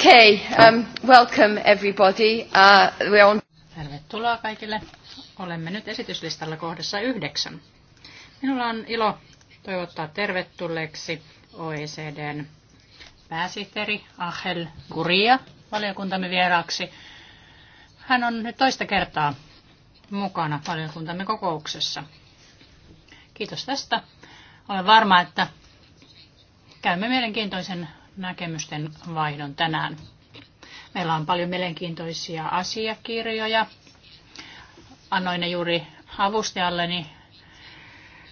Okay, um, welcome everybody. Uh, we on... Tervetuloa kaikille. Olemme nyt esityslistalla kohdassa yhdeksän. Minulla on ilo toivottaa tervetulleeksi OECDn pääsihteeri Ahel Guria valiokuntamme vieraaksi. Hän on nyt toista kertaa mukana valiokuntamme kokouksessa. Kiitos tästä. Olen varma, että käymme mielenkiintoisen näkemysten vaihdon tänään. Meillä on paljon mielenkiintoisia asiakirjoja. Annoin ne juuri avustajalleni,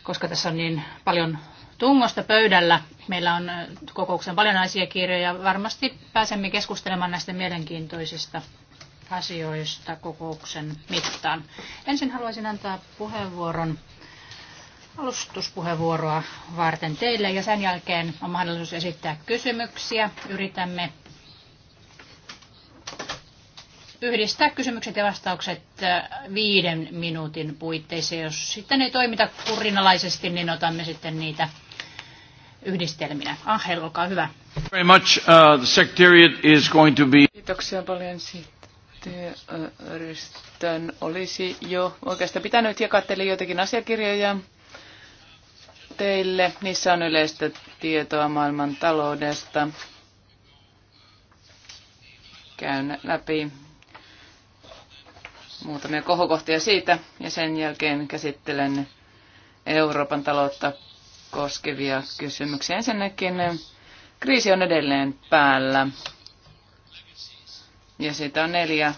koska tässä on niin paljon tungosta pöydällä. Meillä on kokouksen paljon asiakirjoja. Varmasti pääsemme keskustelemaan näistä mielenkiintoisista asioista kokouksen mittaan. Ensin haluaisin antaa puheenvuoron alustuspuheenvuoroa varten teille ja sen jälkeen on mahdollisuus esittää kysymyksiä. Yritämme yhdistää kysymykset ja vastaukset äh, viiden minuutin puitteissa. Jos sitten ei toimita kurinalaisesti, niin otamme sitten niitä yhdistelminä. Ahel, olkaa hyvä. Very much, uh, the secretariat is going to be... Kiitoksia paljon sihteeristön. Olisi jo oikeastaan pitänyt jakaa teille joitakin asiakirjoja, teille. Niissä on yleistä tietoa maailman taloudesta. Käyn läpi muutamia kohokohtia siitä ja sen jälkeen käsittelen Euroopan taloutta koskevia kysymyksiä. Ensinnäkin kriisi on edelleen päällä ja siitä on neljä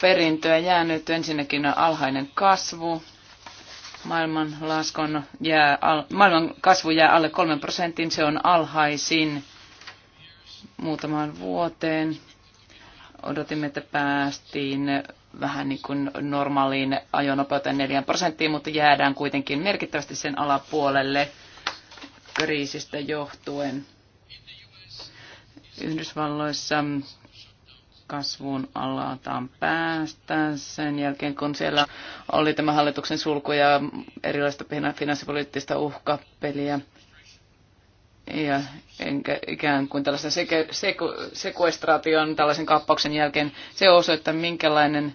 perintöä jäänyt. Ensinnäkin on alhainen kasvu, Maailman, laskon jää, maailman kasvu jää alle 3 prosentin, se on alhaisin muutamaan vuoteen. Odotimme, että päästiin vähän niin kuin normaaliin ajonopeuteen 4 prosenttiin, mutta jäädään kuitenkin merkittävästi sen alapuolelle kriisistä johtuen. Yhdysvalloissa kasvuun alataan päästä sen jälkeen, kun siellä oli tämä hallituksen sulku ja erilaista finanssipoliittista uhkapeliä. Ja enkä, ikään kuin tällaisen seke, seku, sekuestraation, tällaisen kappauksen jälkeen, se osoittaa, minkälainen,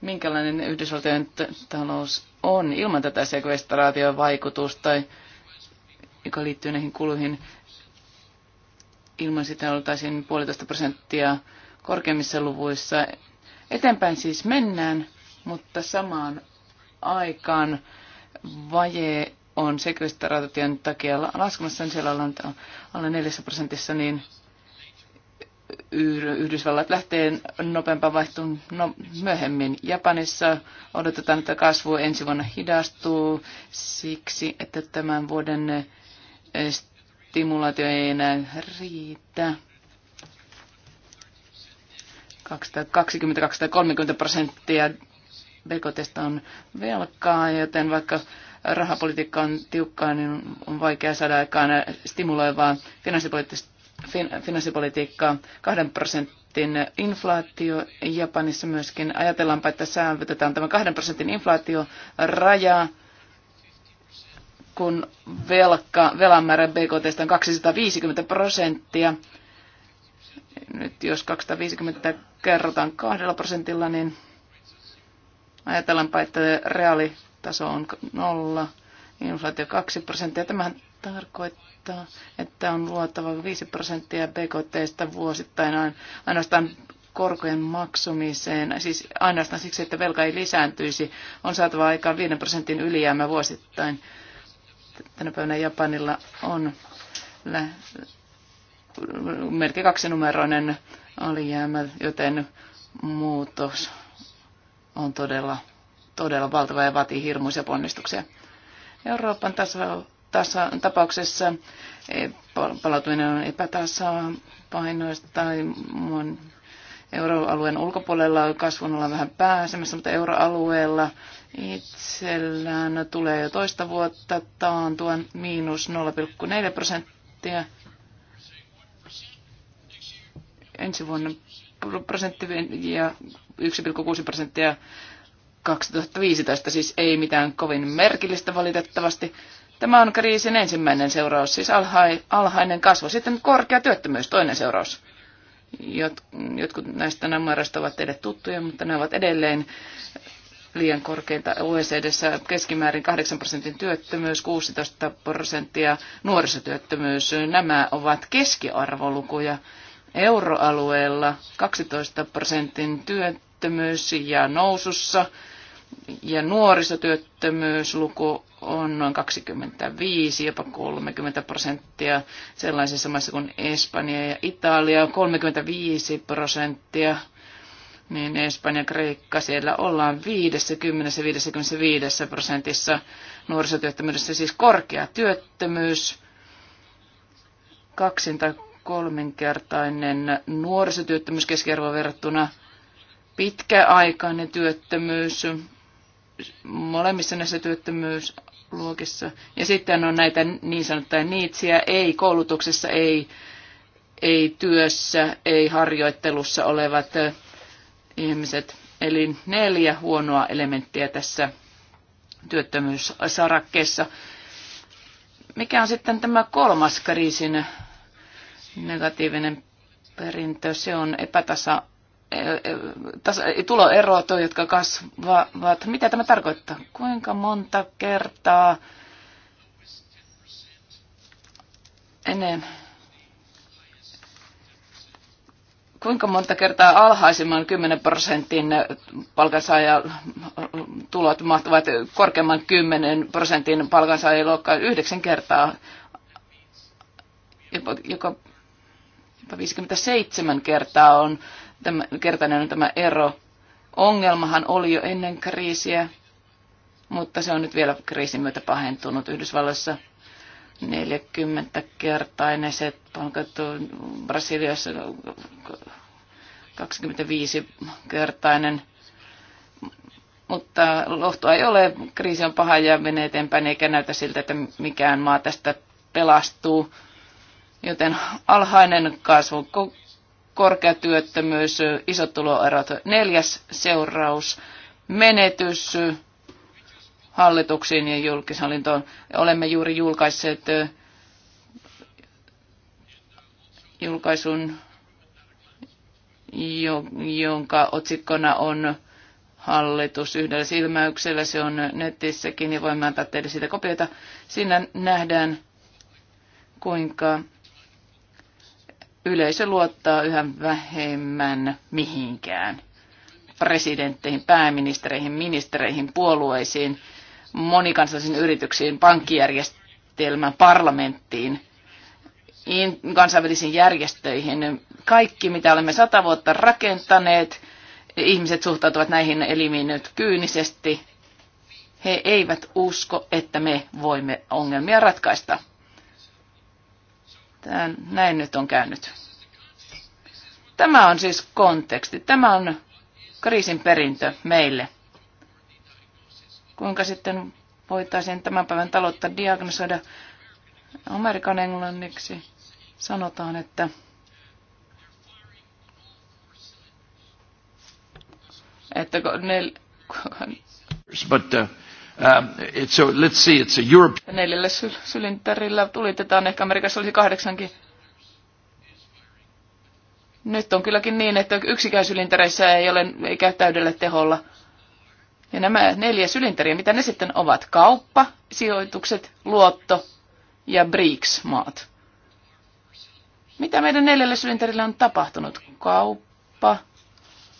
minkälainen Yhdysvaltojen talous on ilman tätä sekuestraation vaikutusta, joka liittyy näihin kuluihin. Ilman sitä oltaisiin puolitoista prosenttia korkeimmissa luvuissa. Eteenpäin siis mennään, mutta samaan aikaan vaje on rautatien takia laskemassa, niin siellä ollaan alle 4 prosentissa, niin Yhdysvallat lähtee nopeampaan vaihtuun no, myöhemmin. Japanissa odotetaan, että kasvu ensi vuonna hidastuu siksi, että tämän vuoden stimulaatio ei enää riitä. 20-30 prosenttia BKT on velkaa, joten vaikka rahapolitiikka on tiukkaa, niin on vaikea saada aikaan stimuloivaa finanssipolitiikkaa. Kahden prosentin inflaatio Japanissa myöskin. Ajatellaanpa, että saavutetaan tämä kahden prosentin inflaatioraja, kun velka, velan määrä BKT on 250 prosenttia. Nyt jos 250 kerrotaan kahdella prosentilla, niin ajatellaanpa, että reaalitaso on nolla, inflaatio 2 prosenttia. Tämähän tarkoittaa, että on luotava 5 prosenttia BKTstä vuosittain ainoastaan korkojen maksumiseen, siis ainoastaan siksi, että velka ei lisääntyisi, on saatava aikaan 5 prosentin ylijäämä vuosittain. Tänä päivänä Japanilla on lä- merkki kaksinumeroinen alijäämä, joten muutos on todella, todella valtava ja vaatii hirmuisia ponnistuksia. Euroopan tasa, tasa, tapauksessa eh, palautuminen on epätasapainoista tai muun euroalueen ulkopuolella kasvun ollaan vähän pääsemässä, mutta euroalueella itsellään tulee jo toista vuotta taantua miinus 0,4 prosenttia ensi vuonna prosentti ja 1,6 prosenttia 2015, siis ei mitään kovin merkillistä valitettavasti. Tämä on kriisin ensimmäinen seuraus, siis alhainen kasvu. Sitten korkea työttömyys, toinen seuraus. Jot, jotkut näistä numeroista ovat teille tuttuja, mutta ne ovat edelleen liian korkeita. OECDssä keskimäärin 8 prosentin työttömyys, 16 prosenttia nuorisotyöttömyys. Nämä ovat keskiarvolukuja euroalueella 12 prosentin työttömyys ja nousussa ja nuorisotyöttömyysluku on noin 25, jopa 30 prosenttia sellaisissa maissa kuin Espanja ja Italia, 35 prosenttia, niin Espanja, Kreikka, siellä ollaan 50-55 prosentissa nuorisotyöttömyydessä, siis korkea työttömyys, kaksin tai kolminkertainen nuorisotyöttömyys keskiarvoon verrattuna pitkäaikainen työttömyys molemmissa näissä työttömyysluokissa. Ja sitten on näitä niin sanottuja niitsiä, ei koulutuksessa, ei, ei työssä, ei harjoittelussa olevat ihmiset. Eli neljä huonoa elementtiä tässä työttömyyssarakkeessa. Mikä on sitten tämä kolmas kriisin negatiivinen perintö, se on epätasa e, e, tasa, e, tuloerot, jotka kasvavat. Mitä tämä tarkoittaa? Kuinka monta kertaa ennen kuinka monta kertaa alhaisimman 10 prosentin palkansaajan tulot mahtuvat korkeamman 10 prosentin palkansaajan luokkaan yhdeksän kertaa, joka 57 kertaa on tämä, kertainen on tämä ero. Ongelmahan oli jo ennen kriisiä, mutta se on nyt vielä kriisin myötä pahentunut Yhdysvalloissa. 40-kertaiset palkat Brasiliassa 25-kertainen. Mutta lohtua ei ole, kriisi on paha ja menee eteenpäin, eikä näytä siltä, että mikään maa tästä pelastuu. Joten alhainen kasvu, korkea työttömyys, isot tuloerot. Neljäs seuraus, menetys hallituksiin ja julkishallintoon. Olemme juuri julkaisseet julkaisun, jonka otsikkona on hallitus yhdellä silmäyksellä. Se on netissäkin ja voimme antaa teille siitä kopioita. Siinä nähdään, kuinka Yleisö luottaa yhä vähemmän mihinkään. Presidentteihin, pääministereihin, ministereihin, puolueisiin, monikansallisiin yrityksiin, pankkijärjestelmään, parlamenttiin, kansainvälisiin järjestöihin. Kaikki, mitä olemme sata vuotta rakentaneet, ihmiset suhtautuvat näihin elimiin nyt kyynisesti. He eivät usko, että me voimme ongelmia ratkaista näin nyt on käynyt. Tämä on siis konteksti. Tämä on kriisin perintö meille. Kuinka sitten voitaisiin tämän päivän taloutta diagnosoida? Amerikan englanniksi sanotaan, että että ne, But, uh, Um, so let's see, it's a Europe. Neljällä syl- sylinterillä tulitetaan, ehkä Amerikassa olisi kahdeksankin. Nyt on kylläkin niin, että yksikään sylintereissä ei ole eikä täydellä teholla. Ja nämä neljä sylinteriä, mitä ne sitten ovat? Kauppa, sijoitukset, luotto ja BRICS-maat. Mitä meidän neljälle sylinterille on tapahtunut? Kauppa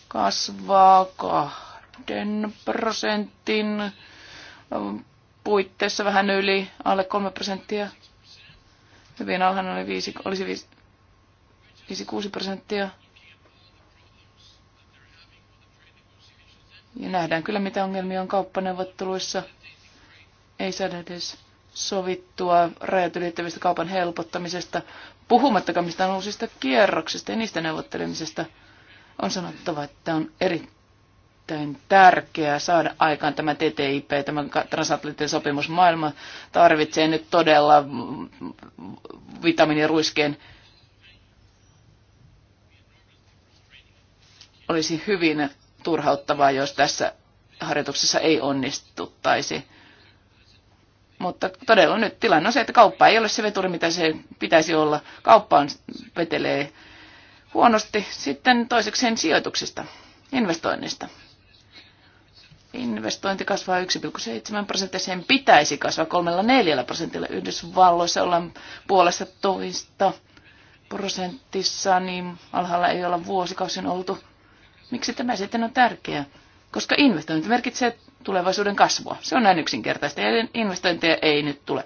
kasvaa kahden prosentin puitteissa vähän yli alle 3 prosenttia. Hyvin alhainen oli 5, olisi 5-6 prosenttia. Ja nähdään kyllä, mitä ongelmia on kauppaneuvotteluissa. Ei saada edes sovittua rajat ylittävistä kaupan helpottamisesta, puhumattakaan mistään uusista kierroksista ja niistä neuvottelemisesta. On sanottava, että on erittäin erittäin tärkeää saada aikaan tämä TTIP, tämä transatlanttinen sopimus. Maailma tarvitsee nyt todella vitamiiniruiskeen. Olisi hyvin turhauttavaa, jos tässä harjoituksessa ei onnistuttaisi. Mutta todella nyt tilanne on se, että kauppa ei ole se veturi, mitä se pitäisi olla. Kauppa on, vetelee huonosti. Sitten toisekseen sijoituksista, investoinnista investointi kasvaa 1,7 prosenttia, sen pitäisi kasvaa 3-4 prosentilla. Yhdysvalloissa ollaan puolessa toista prosentissa, niin alhaalla ei olla vuosikausin oltu. Miksi tämä sitten on tärkeää? Koska investointi merkitsee tulevaisuuden kasvua. Se on näin yksinkertaista, ja investointeja ei nyt tule.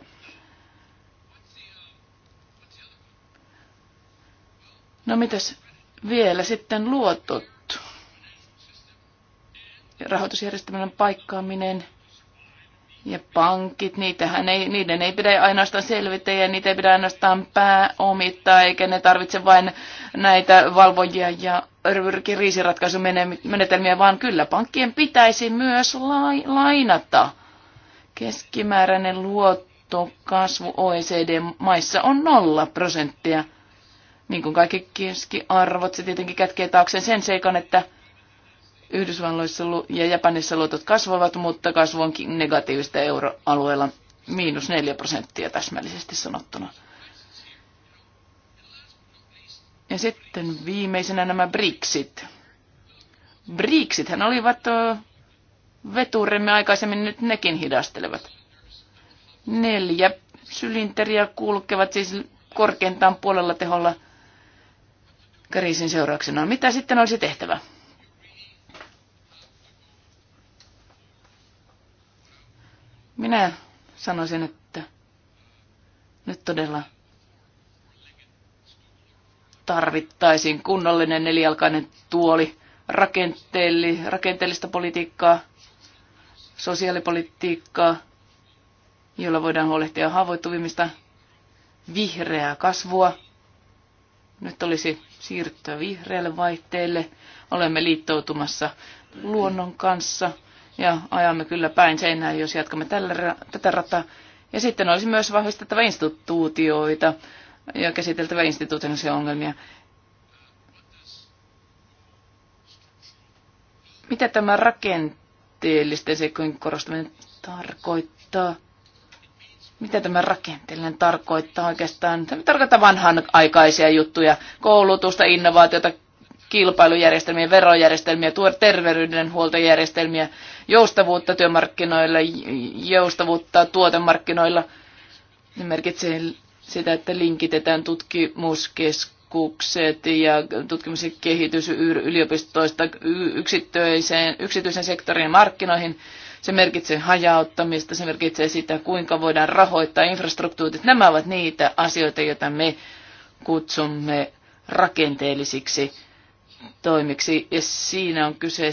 No mitäs vielä sitten luotot? rahoitusjärjestelmän paikkaaminen ja pankit, niitähän ei, niiden ei pidä ainoastaan selvitä ja niitä ei pidä ainoastaan pääomittaa, eikä ne tarvitse vain näitä valvojia ja kriisiratkaisumenetelmiä, vaan kyllä pankkien pitäisi myös lainata. Keskimääräinen luottokasvu OECD-maissa on nolla prosenttia. Niin kuin kaikki keskiarvot, se tietenkin kätkee taakseen sen seikan, että Yhdysvalloissa ja Japanissa luotot kasvavat, mutta kasvu on negatiivista euroalueella miinus 4 prosenttia täsmällisesti sanottuna. Ja sitten viimeisenä nämä Brexit. hän olivat veturemme aikaisemmin, nyt nekin hidastelevat. Neljä sylinteriä kulkevat siis korkeintaan puolella teholla kriisin seurauksena. Mitä sitten olisi tehtävä? Minä sanoisin, että nyt todella tarvittaisiin kunnollinen nelijalkainen tuoli, rakenteelli, rakenteellista politiikkaa, sosiaalipolitiikkaa, jolla voidaan huolehtia haavoittuvimmista, vihreää kasvua. Nyt olisi siirtyä vihreälle vaihteelle. Olemme liittoutumassa luonnon kanssa – ja ajamme kyllä päin seinään, jos jatkamme tällä, tätä rataa. Ja sitten olisi myös vahvistettava instituutioita ja käsiteltävä instituutioisia ongelmia. Mitä tämä rakenteellisten seikkojen korostaminen tarkoittaa? Mitä tämä rakenteellinen tarkoittaa oikeastaan? Tämä tarkoittaa vanhan aikaisia juttuja, koulutusta, innovaatiota, kilpailujärjestelmiä, verojärjestelmiä, terveydenhuoltojärjestelmiä, joustavuutta työmarkkinoilla, joustavuutta tuotemarkkinoilla. Ne merkitsee sitä, että linkitetään tutkimuskeskukset ja tutkimus- ja kehitys yliopistoista yksityiseen, yksityisen sektorin markkinoihin. Se merkitsee hajauttamista, se merkitsee sitä, kuinka voidaan rahoittaa infrastruktuurit. Nämä ovat niitä asioita, joita me kutsumme rakenteellisiksi toimiksi. Ja siinä on kyse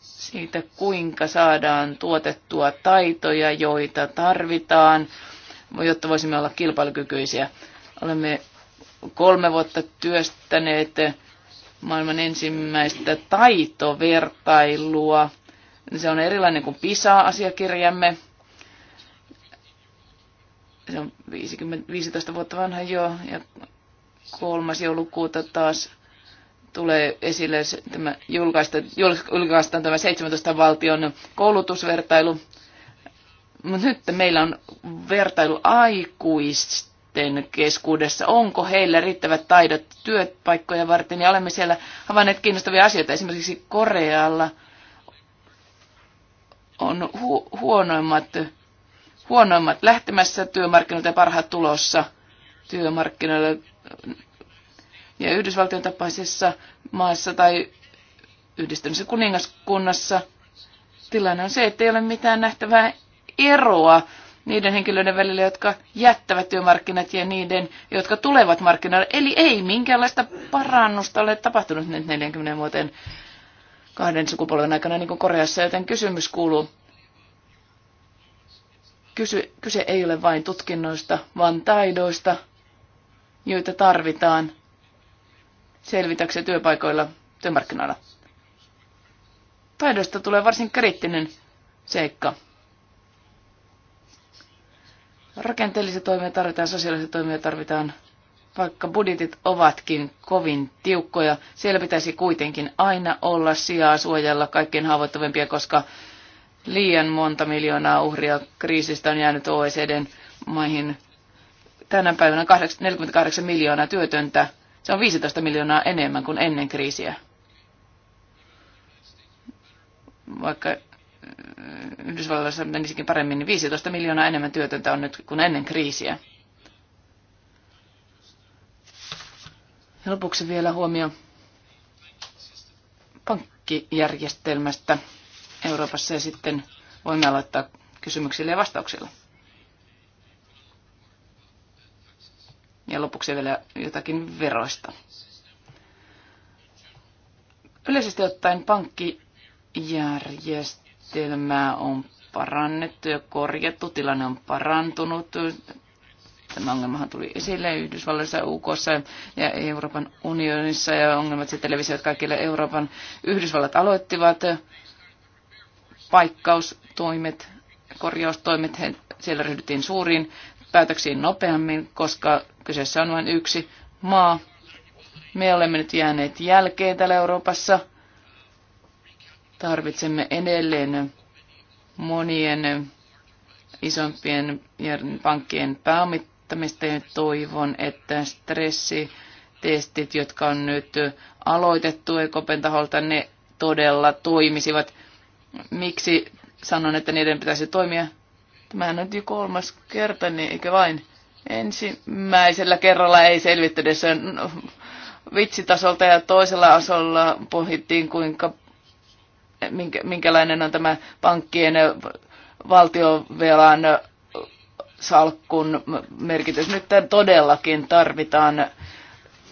siitä, kuinka saadaan tuotettua taitoja, joita tarvitaan, jotta voisimme olla kilpailukykyisiä. Olemme kolme vuotta työstäneet maailman ensimmäistä taitovertailua. Se on erilainen kuin PISA-asiakirjamme. Se on 50, 15 vuotta vanha jo ja kolmas joulukuuta taas tulee esille tämä julkaista, julkaistaan tämä 17 valtion koulutusvertailu. Mutta nyt meillä on vertailu aikuisten keskuudessa. Onko heillä riittävät taidot työpaikkoja varten? Ja olemme siellä havainneet kiinnostavia asioita. Esimerkiksi Korealla on hu- huonoimmat, huonoimmat lähtemässä työmarkkinoilta ja parhaat tulossa työmarkkinoille ja Yhdysvaltion tapaisessa maassa tai yhdistyneessä kuningaskunnassa tilanne on se, että ei ole mitään nähtävää eroa niiden henkilöiden välillä, jotka jättävät työmarkkinat ja niiden, jotka tulevat markkinoille. Eli ei minkäänlaista parannusta ole tapahtunut nyt 40 vuoteen kahden sukupolven aikana, niin kuin Koreassa, joten kysymys kuuluu, kysy, kyse ei ole vain tutkinnoista, vaan taidoista, joita tarvitaan selvitäkseen työpaikoilla työmarkkinoilla. Taidosta tulee varsin kriittinen seikka. Rakenteellisia toimia tarvitaan, sosiaalisia toimia tarvitaan, vaikka budjetit ovatkin kovin tiukkoja. Siellä pitäisi kuitenkin aina olla sijaa suojella kaikkein haavoittuvimpia, koska liian monta miljoonaa uhria kriisistä on jäänyt OECDn maihin. Tänä päivänä 48 miljoonaa työtöntä se on 15 miljoonaa enemmän kuin ennen kriisiä. Vaikka äh, Yhdysvalloissa menisikin paremmin, niin 15 miljoonaa enemmän työtöntä on nyt kuin ennen kriisiä. Ja lopuksi vielä huomio pankkijärjestelmästä Euroopassa ja sitten voimme aloittaa kysymyksillä ja vastauksilla. Ja lopuksi vielä jotakin veroista. Yleisesti ottaen pankkijärjestelmää on parannettu ja korjattu, tilanne on parantunut. Tämä ongelmahan tuli esille Yhdysvalloissa, UK ja Euroopan unionissa ja ongelmat sitten levisivät kaikille Euroopan. Yhdysvallat aloittivat paikkaustoimet, korjaustoimet, siellä ryhdyttiin suuriin päätöksiin nopeammin, koska kyseessä on vain yksi maa. Me olemme nyt jääneet jälkeen täällä Euroopassa. Tarvitsemme edelleen monien isompien pankkien pääomittamista ja toivon, että stressitestit, jotka on nyt aloitettu EKPn taholta, ne todella toimisivat. Miksi sanon, että niiden pitäisi toimia? Tämä on jo kolmas kerta, niin eikö vain? Ensimmäisellä kerralla ei selvitty se sen no, vitsitasolta ja toisella asolla pohittiin, kuinka, minkä, minkälainen on tämä pankkien valtiovelan salkkun merkitys. Nyt todellakin tarvitaan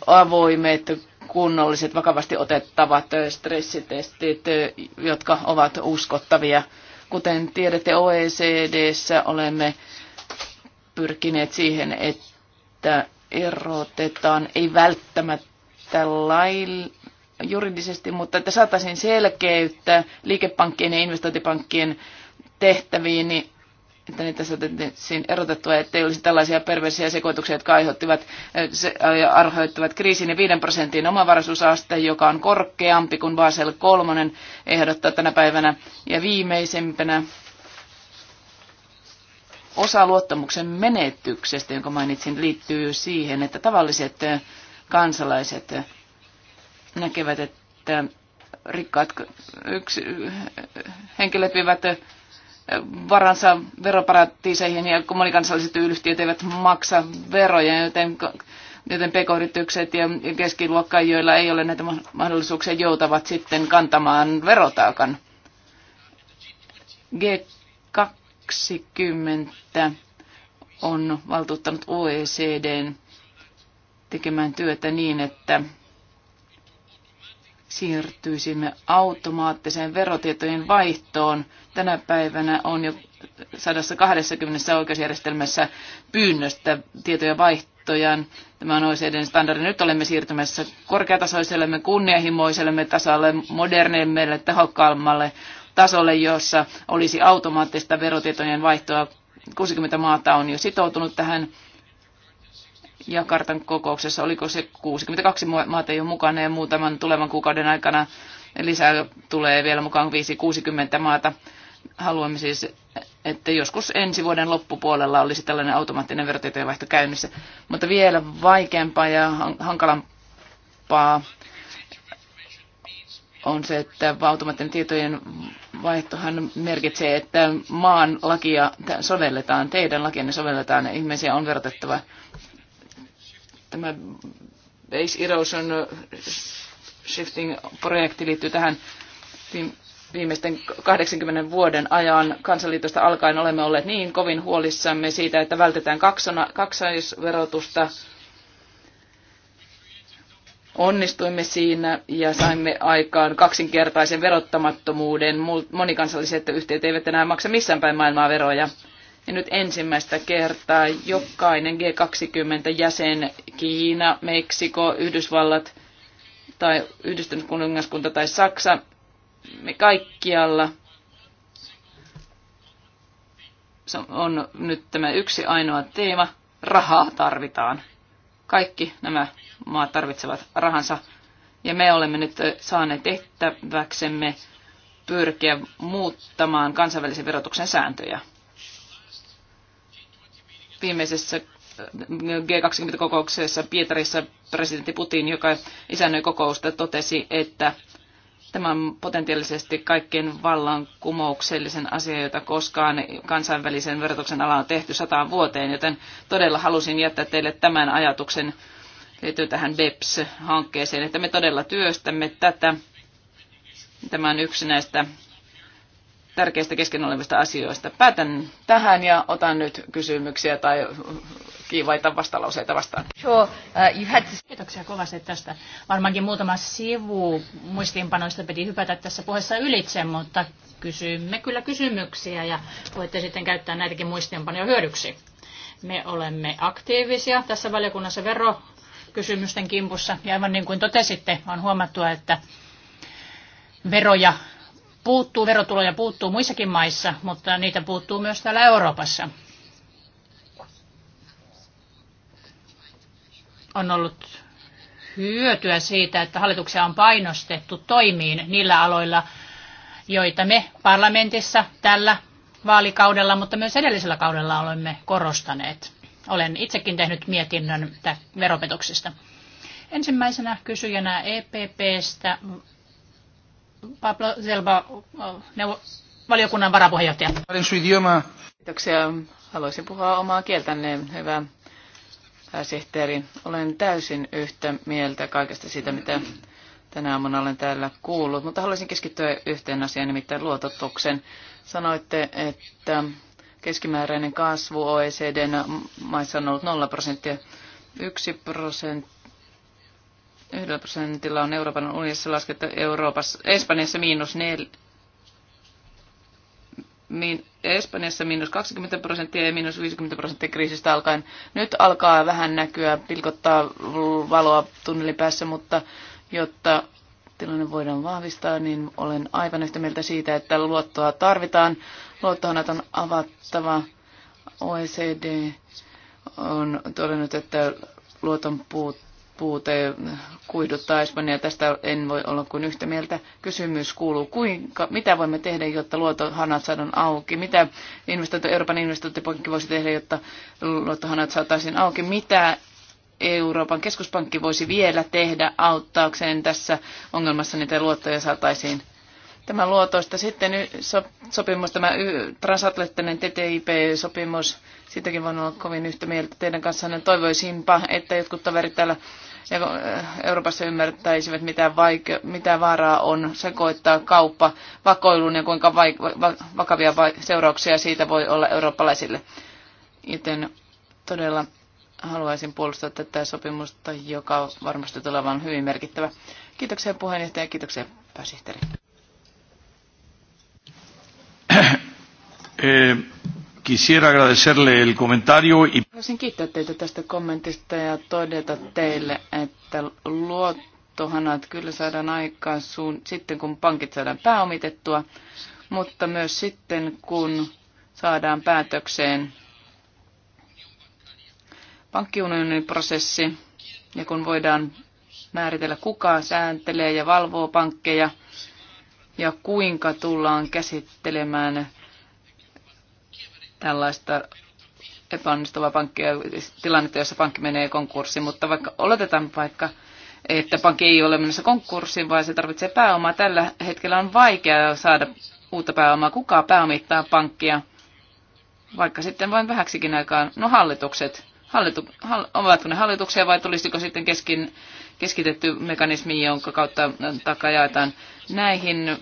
avoimet, kunnolliset, vakavasti otettavat stressitestit, jotka ovat uskottavia Kuten tiedätte, OECDssä olemme pyrkineet siihen, että erotetaan ei välttämättä lailla juridisesti, mutta että saataisiin selkeyttä liikepankkien ja investointipankkien tehtäviin, niin että niitä otettaisiin erotettua, ettei olisi tällaisia perversiä sekoituksia, jotka aiheuttivat, se, arhoittivat kriisin ja 5 prosentin omavaraisuusaste, joka on korkeampi kuin Basel 3 ehdottaa tänä päivänä. Ja viimeisempänä osa luottamuksen menetyksestä, jonka mainitsin, liittyy siihen, että tavalliset kansalaiset näkevät, että rikkaat yksi, henkilöt vivät varansa veroparatiiseihin ja monikansalliset yhtiöt eivät maksa veroja, joten, joten pk-yritykset ja keskiluokka, joilla ei ole näitä mahdollisuuksia, joutavat sitten kantamaan verotaakan. G20 on valtuuttanut OECDn tekemään työtä niin, että siirtyisimme automaattiseen verotietojen vaihtoon. Tänä päivänä on jo 120 oikeusjärjestelmässä pyynnöstä tietoja vaihtojaan. Tämä on OECD standardi. Nyt olemme siirtymässä korkeatasoisellemme, kunnianhimoisellemme tasalle, modernemmelle, tehokkaammalle tasolle, jossa olisi automaattista verotietojen vaihtoa. 60 maata on jo sitoutunut tähän Jakartan kokouksessa, oliko se 62 maata jo mukana ja muutaman tulevan kuukauden aikana lisää tulee vielä mukaan 5-60 maata. Haluamme siis, että joskus ensi vuoden loppupuolella olisi tällainen automaattinen verotietojenvaihto vaihto käynnissä, mutta vielä vaikeampaa ja hankalampaa on se, että automaattinen tietojen vaihtohan merkitsee, että maan lakia sovelletaan, teidän lakianne sovelletaan, ihmisiä on verotettava Tämä Base Erosion äh, Shifting-projekti liittyy tähän viimeisten 80 vuoden ajan kansanliitosta alkaen olemme olleet niin kovin huolissamme siitä, että vältetään kaksona, kaksaisverotusta. Onnistuimme siinä ja saimme aikaan kaksinkertaisen verottamattomuuden. Monikansalliset yhtiöt eivät enää maksa missään päin maailmaa veroja. Ja nyt ensimmäistä kertaa jokainen G20-jäsen, Kiina, Meksiko, Yhdysvallat tai Yhdistynyt kuningaskunta tai Saksa, me kaikkialla on nyt tämä yksi ainoa teema, rahaa tarvitaan. Kaikki nämä maat tarvitsevat rahansa. Ja me olemme nyt saaneet tehtäväksemme pyrkiä muuttamaan kansainvälisen verotuksen sääntöjä viimeisessä äh, G20-kokouksessa Pietarissa presidentti Putin, joka isännöi kokousta, totesi, että tämä on potentiaalisesti kaikkien vallankumouksellisen asia, jota koskaan kansainvälisen verotuksen ala on tehty sataan vuoteen, joten todella halusin jättää teille tämän ajatuksen liittyen tähän BEPS-hankkeeseen, että me todella työstämme tätä. Tämä on yksi näistä tärkeistä kesken olevista asioista. Päätän tähän ja otan nyt kysymyksiä tai kiivaita vastalauseita vastaan. Uh, Kiitoksia kovasti tästä. Varmaankin muutama sivu muistiinpanoista piti hypätä tässä puheessa ylitse, mutta kysymme kyllä kysymyksiä ja voitte sitten käyttää näitäkin muistiinpanoja hyödyksi. Me olemme aktiivisia tässä valiokunnassa verokysymysten kimpussa ja aivan niin kuin totesitte, on huomattu, että veroja puuttuu, verotuloja puuttuu muissakin maissa, mutta niitä puuttuu myös täällä Euroopassa. On ollut hyötyä siitä, että hallituksia on painostettu toimiin niillä aloilla, joita me parlamentissa tällä vaalikaudella, mutta myös edellisellä kaudella olemme korostaneet. Olen itsekin tehnyt mietinnön veropetoksista. Ensimmäisenä kysyjänä EPPstä Pablo Zelba, valiokunnan varapuheenjohtaja. Kiitoksia. Haluaisin puhua omaa kieltänne, hyvä pääsihteeri. Olen täysin yhtä mieltä kaikesta siitä, mitä tänä aamuna olen täällä kuullut, mutta haluaisin keskittyä yhteen asiaan, nimittäin luototuksen. Sanoitte, että keskimääräinen kasvu oecd maissa on ollut 0 prosenttia. 1 prosentti Yhdellä prosentilla on Euroopan unionissa laskettu Euroopassa, Espanjassa miinus nel, min, Espanjassa miinus 20 prosenttia ja miinus 50 prosenttia kriisistä alkaen. Nyt alkaa vähän näkyä, pilkottaa valoa tunnelin päässä, mutta jotta tilanne voidaan vahvistaa, niin olen aivan yhtä mieltä siitä, että luottoa tarvitaan. Luottohanat on avattava. OECD on todennut, että luoton puut puute kuiduttaa Espanjaa. Tästä en voi olla kuin yhtä mieltä. Kysymys kuuluu, kuinka, mitä voimme tehdä, jotta luottohanat saadaan auki? Mitä investointi, Euroopan investointipankki voisi tehdä, jotta luottohanat saataisiin auki? Mitä Euroopan keskuspankki voisi vielä tehdä auttaakseen tässä ongelmassa, niitä luottoja saataisiin Tämä luotoista. Sitten sopimus, tämä transatlanttinen TTIP-sopimus, siitäkin voin olla kovin yhtä mieltä teidän kanssanne. Toivoisinpa, että jotkut toverit täällä eh, Euroopassa ymmärtäisivät, mitä, vaike- mitä vaaraa on sekoittaa kauppa vakoiluun ja kuinka vakavia seurauksia siitä voi olla eurooppalaisille. Joten todella haluaisin puolustaa tätä sopimusta, joka varmasti tulee vain hyvin merkittävä. Kiitoksia puheenjohtaja ja kiitoksia pääsihteeri. Eh, quisiera agradecerle el comentario. Y... Haluaisin kiittää teitä tästä kommentista ja todeta teille, että luottohanat kyllä saadaan aikaan suun, sitten, kun pankit saadaan pääomitettua, mutta myös sitten, kun saadaan päätökseen pankkiunionin prosessi ja kun voidaan määritellä, kuka sääntelee ja valvoo pankkeja ja kuinka tullaan käsittelemään tällaista epäonnistuvaa pankkia, tilannetta, jossa pankki menee konkurssiin, mutta vaikka oletetaan vaikka, että pankki ei ole menossa konkurssiin, vaan se tarvitsee pääomaa. Tällä hetkellä on vaikeaa saada uutta pääomaa. Kuka pääomittaa pankkia? Vaikka sitten vain vähäksikin aikaan. No hallitukset. Hallitu, hall, ovatko ne hallituksia vai tulisiko sitten keskin, keskitetty mekanismi, jonka kautta takaa jaetaan? Näihin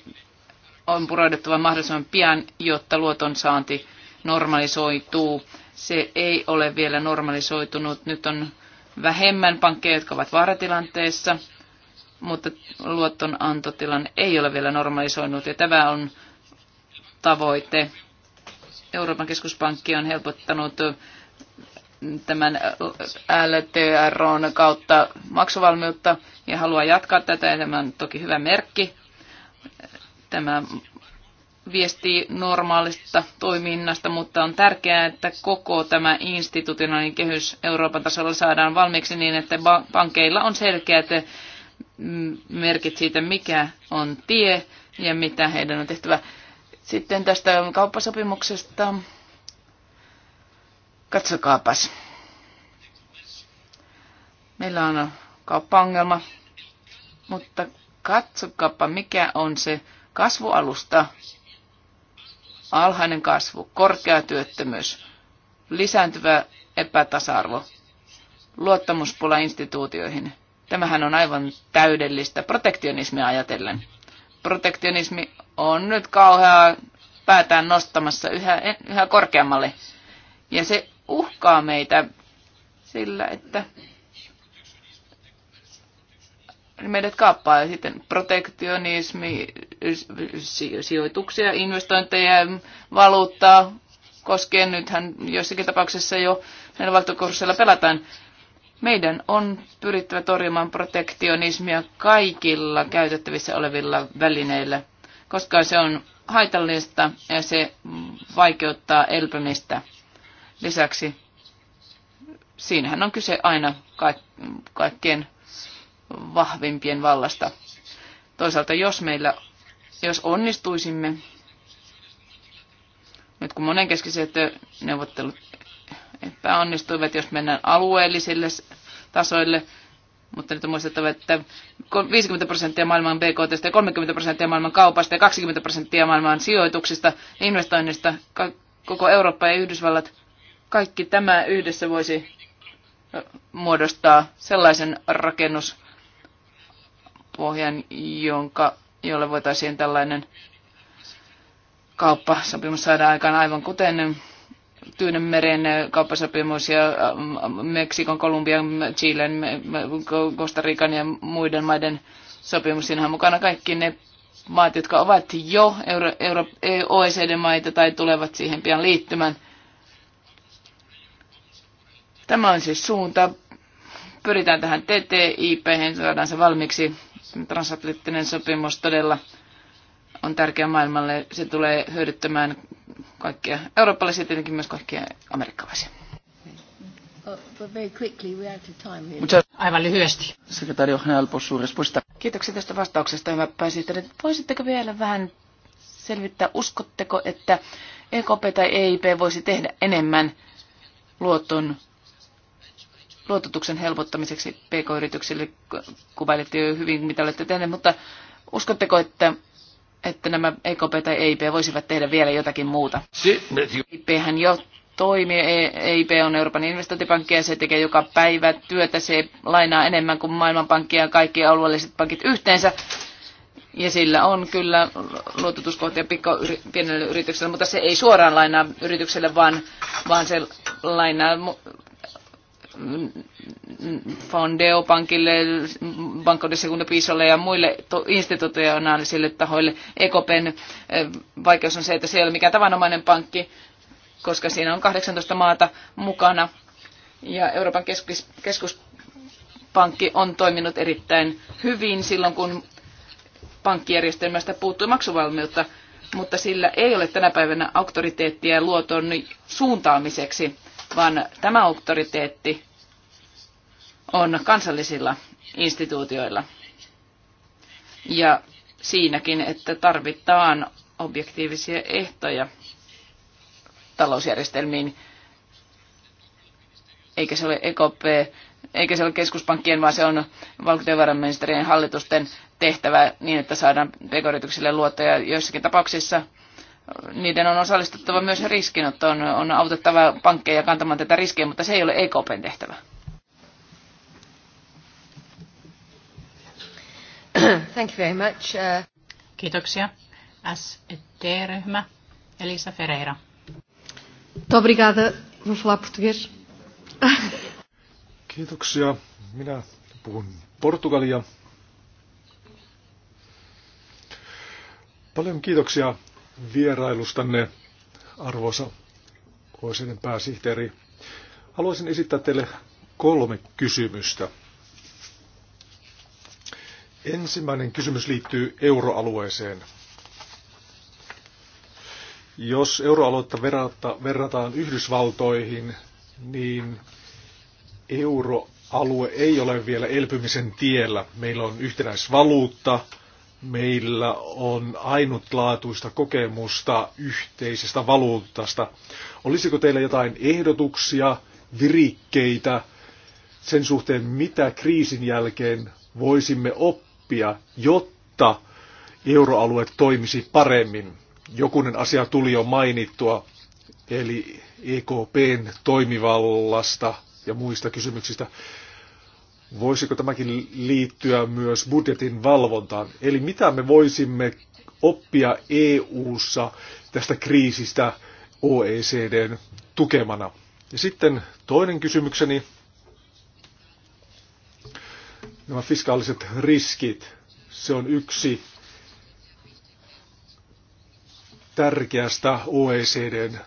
on puroiduttava mahdollisimman pian, jotta luoton saanti normalisoituu. Se ei ole vielä normalisoitunut. Nyt on vähemmän pankkeja, jotka ovat vaaratilanteessa, mutta luottonantotilanne ei ole vielä normalisoinut. Ja tämä on tavoite. Euroopan keskuspankki on helpottanut tämän LTROn kautta maksuvalmiutta ja haluaa jatkaa tätä. Ja tämä on toki hyvä merkki. Tämä viestii normaalista toiminnasta, mutta on tärkeää, että koko tämä institutionaalinen kehys Euroopan tasolla saadaan valmiiksi niin, että pankeilla on selkeät mm, merkit siitä, mikä on tie ja mitä heidän on tehtävä. Sitten tästä kauppasopimuksesta. Katsokaapas. Meillä on kauppaongelma, mutta katsokaapa mikä on se kasvualusta, alhainen kasvu, korkea työttömyys, lisääntyvä epätasa-arvo, luottamuspula instituutioihin. Tämähän on aivan täydellistä protektionismia ajatellen. Protektionismi on nyt kauheaa päätään nostamassa yhä, yhä korkeammalle. Ja se uhkaa meitä sillä, että meidät kaappaa. Ja sitten protektionismi, sijoituksia, investointeja, valuuttaa koskien nythän jossakin tapauksessa jo näillä valtokurssilla pelataan. Meidän on pyrittävä torjumaan protektionismia kaikilla käytettävissä olevilla välineillä, koska se on haitallista ja se vaikeuttaa elpymistä. Lisäksi siinähän on kyse aina kaikkien vahvimpien vallasta. Toisaalta jos meillä, jos onnistuisimme, nyt kun monenkeskiset neuvottelut epäonnistuivat, jos mennään alueellisille tasoille, mutta nyt on muistettava, että 50 prosenttia maailman BKT ja 30 prosenttia maailman kaupasta ja 20 prosenttia maailman sijoituksista investoinnista, koko Eurooppa ja Yhdysvallat, kaikki tämä yhdessä voisi muodostaa sellaisen rakennus, pohjan, jonka, jolle voitaisiin tällainen kauppasopimus saada aikaan aivan kuten Tyynenmeren kauppasopimus ja ähm, Meksikon, Kolumbian, Chilen, Costa Rican ja muiden maiden sopimus. Siinähän mukana kaikki ne maat, jotka ovat jo Euro, Euro, OECD-maita tai tulevat siihen pian liittymään. Tämä on siis suunta. Pyritään tähän TTIP, saadaan se valmiiksi Transatlanttinen sopimus todella on tärkeä maailmalle. Se tulee hyödyttämään kaikkia eurooppalaisia ja tietenkin myös kaikkia amerikkalaisia. Aivan lyhyesti. Sekretari General Kiitoksia tästä vastauksesta, hyvä pääsihteeri. Voisitteko vielä vähän selvittää, uskotteko, että EKP tai EIP voisi tehdä enemmän luoton luototuksen helpottamiseksi pk-yrityksille. Kuvailitte jo hyvin, mitä olette tehneet, mutta uskotteko, että, että nämä EKP tai EIP voisivat tehdä vielä jotakin muuta? EIP e hän jo toimii. EIP e on Euroopan investointipankki ja se tekee joka päivä työtä. Se lainaa enemmän kuin Maailmanpankki ja kaikki alueelliset pankit yhteensä. Ja sillä on kyllä luototuskohtia yri, pienelle yritykselle, mutta se ei suoraan lainaa yritykselle, vaan, vaan se lainaa Fondeo-pankille, Banco de Segunda Pisolle ja muille institutionaalisille tahoille. eKopen eh, vaikeus on se, että se ei ole mikään tavanomainen pankki, koska siinä on 18 maata mukana. Ja Euroopan keskus, keskuspankki on toiminut erittäin hyvin silloin, kun pankkijärjestelmästä puuttui maksuvalmiutta, mutta sillä ei ole tänä päivänä auktoriteettia luoton suuntaamiseksi vaan tämä auktoriteetti on kansallisilla instituutioilla. Ja siinäkin, että tarvitaan objektiivisia ehtoja talousjärjestelmiin, eikä se ole EKP, eikä se ole keskuspankkien, vaan se on valtiovarainministeriön hallitusten tehtävä niin, että saadaan pk luottoja joissakin tapauksissa – niiden on osallistuttava myös riskinottoon, on autettava pankkeja kantamaan tätä riskiä, mutta se ei ole EKPn tehtävä. Thank you very much. Uh... Kiitoksia. ST-ryhmä, Elisa Ferreira. Obrigada. Vou falar português. Kiitoksia. Minä puhun portugalia. Paljon kiitoksia vierailustanne, arvoisa OECDn pääsihteeri. Haluaisin esittää teille kolme kysymystä. Ensimmäinen kysymys liittyy euroalueeseen. Jos euroaluetta verrataan Yhdysvaltoihin, niin euroalue ei ole vielä elpymisen tiellä. Meillä on yhtenäisvaluutta, Meillä on ainutlaatuista kokemusta yhteisestä valuutasta. Olisiko teillä jotain ehdotuksia, virikkeitä sen suhteen, mitä kriisin jälkeen voisimme oppia, jotta euroalue toimisi paremmin? Jokunen asia tuli jo mainittua, eli EKPn toimivallasta ja muista kysymyksistä voisiko tämäkin liittyä myös budjetin valvontaan? Eli mitä me voisimme oppia EU-ssa tästä kriisistä OECDn tukemana? Ja sitten toinen kysymykseni, nämä fiskaaliset riskit. Se on yksi tärkeästä OECDn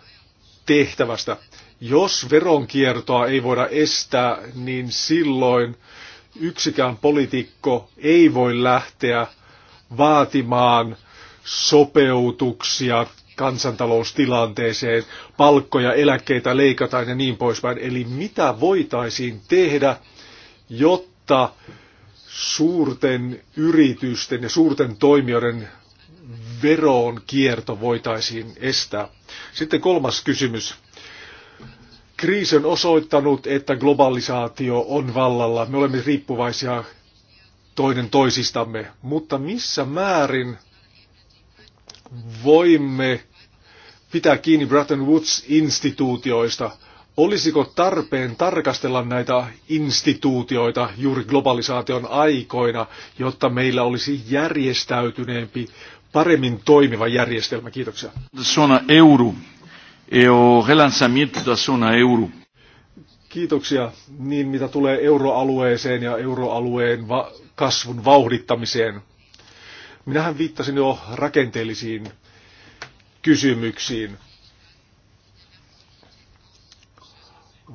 tehtävästä. Jos veronkiertoa ei voida estää, niin silloin yksikään poliitikko ei voi lähteä vaatimaan sopeutuksia kansantaloustilanteeseen, palkkoja, eläkkeitä leikataan ja niin poispäin. Eli mitä voitaisiin tehdä, jotta suurten yritysten ja suurten toimijoiden veronkierto voitaisiin estää. Sitten kolmas kysymys. Kriisi on osoittanut, että globalisaatio on vallalla. Me olemme riippuvaisia toinen toisistamme. Mutta missä määrin voimme pitää kiinni Bretton Woods-instituutioista? Olisiko tarpeen tarkastella näitä instituutioita juuri globalisaation aikoina, jotta meillä olisi järjestäytyneempi, paremmin toimiva järjestelmä? Kiitoksia. Sona euro e relançamento da zona euro. Kiitoksia. Niin mitä tulee euroalueeseen ja euroalueen va- kasvun vauhdittamiseen. Minähän viittasin jo rakenteellisiin kysymyksiin.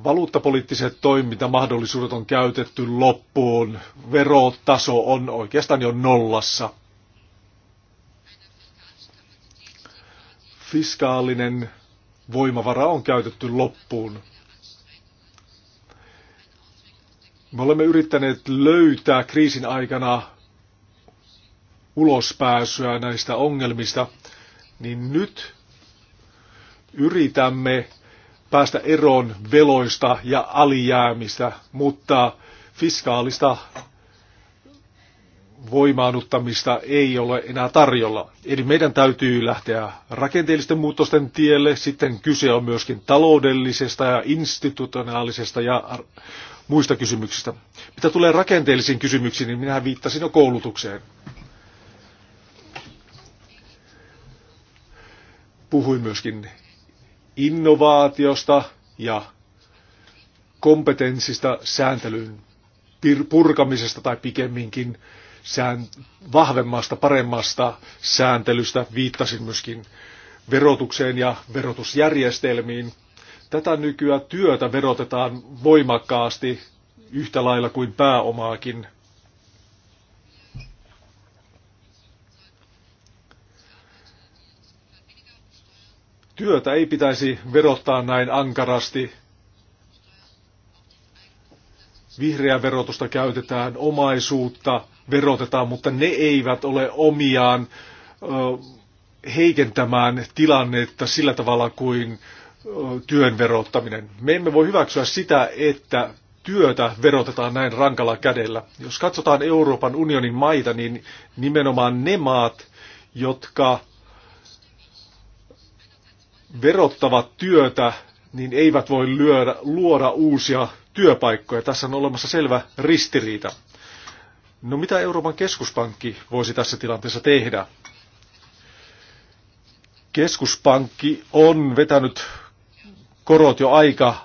Valuuttapoliittiset toimintamahdollisuudet on käytetty loppuun. Verotaso on oikeastaan jo nollassa. Fiskaalinen voimavara on käytetty loppuun. Me olemme yrittäneet löytää kriisin aikana ulospääsyä näistä ongelmista, niin nyt yritämme päästä eroon veloista ja alijäämistä, mutta fiskaalista voimaanuttamista ei ole enää tarjolla. Eli meidän täytyy lähteä rakenteellisten muutosten tielle. Sitten kyse on myöskin taloudellisesta ja institutionaalisesta ja muista kysymyksistä. Mitä tulee rakenteellisiin kysymyksiin, niin minä viittasin jo koulutukseen. Puhuin myöskin innovaatiosta ja kompetenssista sääntelyn purkamisesta tai pikemminkin sään, vahvemmasta, paremmasta sääntelystä. Viittasin myöskin verotukseen ja verotusjärjestelmiin. Tätä nykyä työtä verotetaan voimakkaasti yhtä lailla kuin pääomaakin. Työtä ei pitäisi verottaa näin ankarasti. Vihreää verotusta käytetään omaisuutta, verotetaan, mutta ne eivät ole omiaan heikentämään tilannetta sillä tavalla kuin työn verottaminen. Me emme voi hyväksyä sitä, että työtä verotetaan näin rankalla kädellä. Jos katsotaan Euroopan unionin maita, niin nimenomaan ne maat, jotka verottavat työtä, niin eivät voi lyödä, luoda uusia työpaikkoja. Tässä on olemassa selvä ristiriita. No mitä Euroopan keskuspankki voisi tässä tilanteessa tehdä? Keskuspankki on vetänyt korot jo aika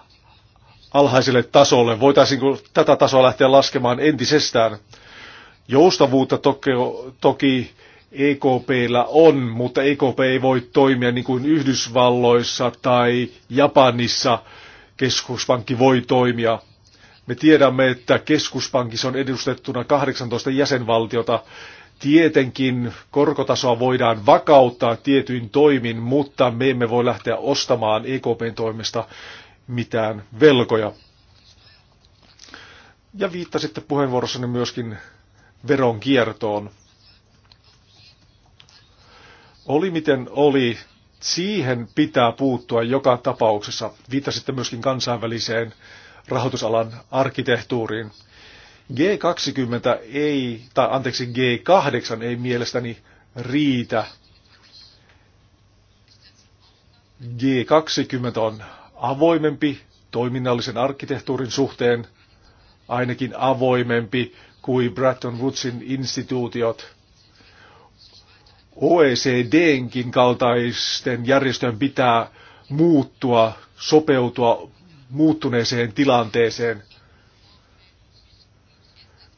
alhaiselle tasolle. Voitaisiinko tätä tasoa lähteä laskemaan entisestään? Joustavuutta toki, toki EKPllä on, mutta EKP ei voi toimia niin kuin Yhdysvalloissa tai Japanissa keskuspankki voi toimia. Me tiedämme, että keskuspankissa on edustettuna 18 jäsenvaltiota. Tietenkin korkotasoa voidaan vakauttaa tietyin toimin, mutta me emme voi lähteä ostamaan EKPn toimesta mitään velkoja. Ja viittasitte puheenvuorossani myöskin veronkiertoon. Oli miten oli, siihen pitää puuttua joka tapauksessa. Viittasitte myöskin kansainväliseen rahoitusalan arkkitehtuuriin. G20 ei, tai anteeksi, G8 ei mielestäni riitä. G20 on avoimempi toiminnallisen arkkitehtuurin suhteen, ainakin avoimempi kuin Bretton Woodsin instituutiot. OECDnkin kaltaisten järjestöjen pitää muuttua, sopeutua muuttuneeseen tilanteeseen,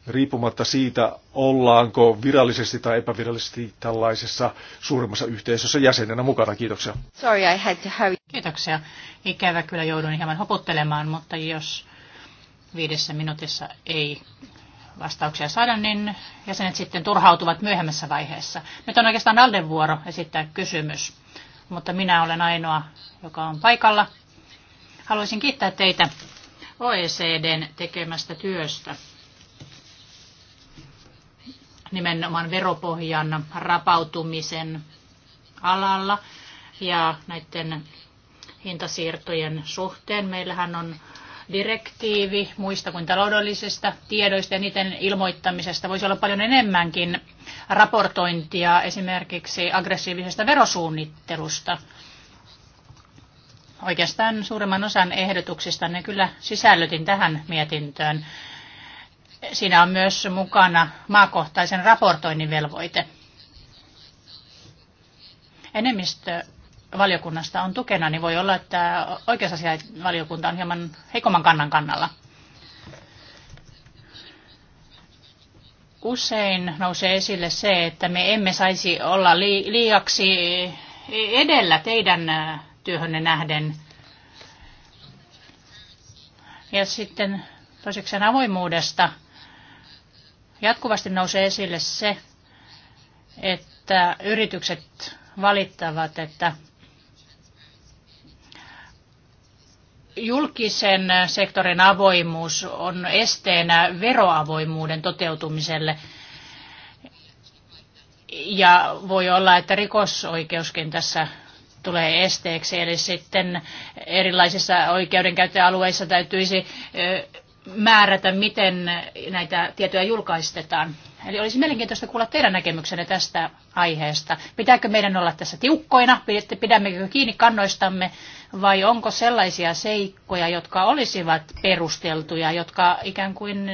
riippumatta siitä, ollaanko virallisesti tai epävirallisesti tällaisessa suuremmassa yhteisössä jäsenenä mukana. Kiitoksia. Sorry, I had to hurry. Kiitoksia. Ikävä kyllä joudun hieman hoputtelemaan, mutta jos viidessä minuutissa ei vastauksia saada, niin jäsenet sitten turhautuvat myöhemmässä vaiheessa. Nyt on oikeastaan Alden vuoro esittää kysymys, mutta minä olen ainoa, joka on paikalla – Haluaisin kiittää teitä OECDn tekemästä työstä nimenomaan veropohjan rapautumisen alalla ja näiden hintasiirtojen suhteen. Meillähän on direktiivi muista kuin taloudellisista tiedoista ja niiden ilmoittamisesta voisi olla paljon enemmänkin raportointia esimerkiksi aggressiivisesta verosuunnittelusta. Oikeastaan suuremman osan ehdotuksista ne kyllä sisällytin tähän mietintöön. Siinä on myös mukana maakohtaisen raportoinnin velvoite. Enemmistö valiokunnasta on tukena, niin voi olla, että valiokunta on hieman heikomman kannan kannalla. Usein nousee esille se, että me emme saisi olla liiaksi edellä teidän työhönne nähden. Ja sitten toiseksi avoimuudesta jatkuvasti nousee esille se, että yritykset valittavat, että julkisen sektorin avoimuus on esteenä veroavoimuuden toteutumiselle. Ja voi olla, että rikosoikeuskin tässä tulee esteeksi. Eli sitten erilaisissa oikeudenkäyttöalueissa täytyisi määrätä, miten näitä tietoja julkaistetaan. Eli olisi mielenkiintoista kuulla teidän näkemyksenne tästä aiheesta. Pitääkö meidän olla tässä tiukkoina, pidämmekö kiinni kannoistamme, vai onko sellaisia seikkoja, jotka olisivat perusteltuja, jotka ikään kuin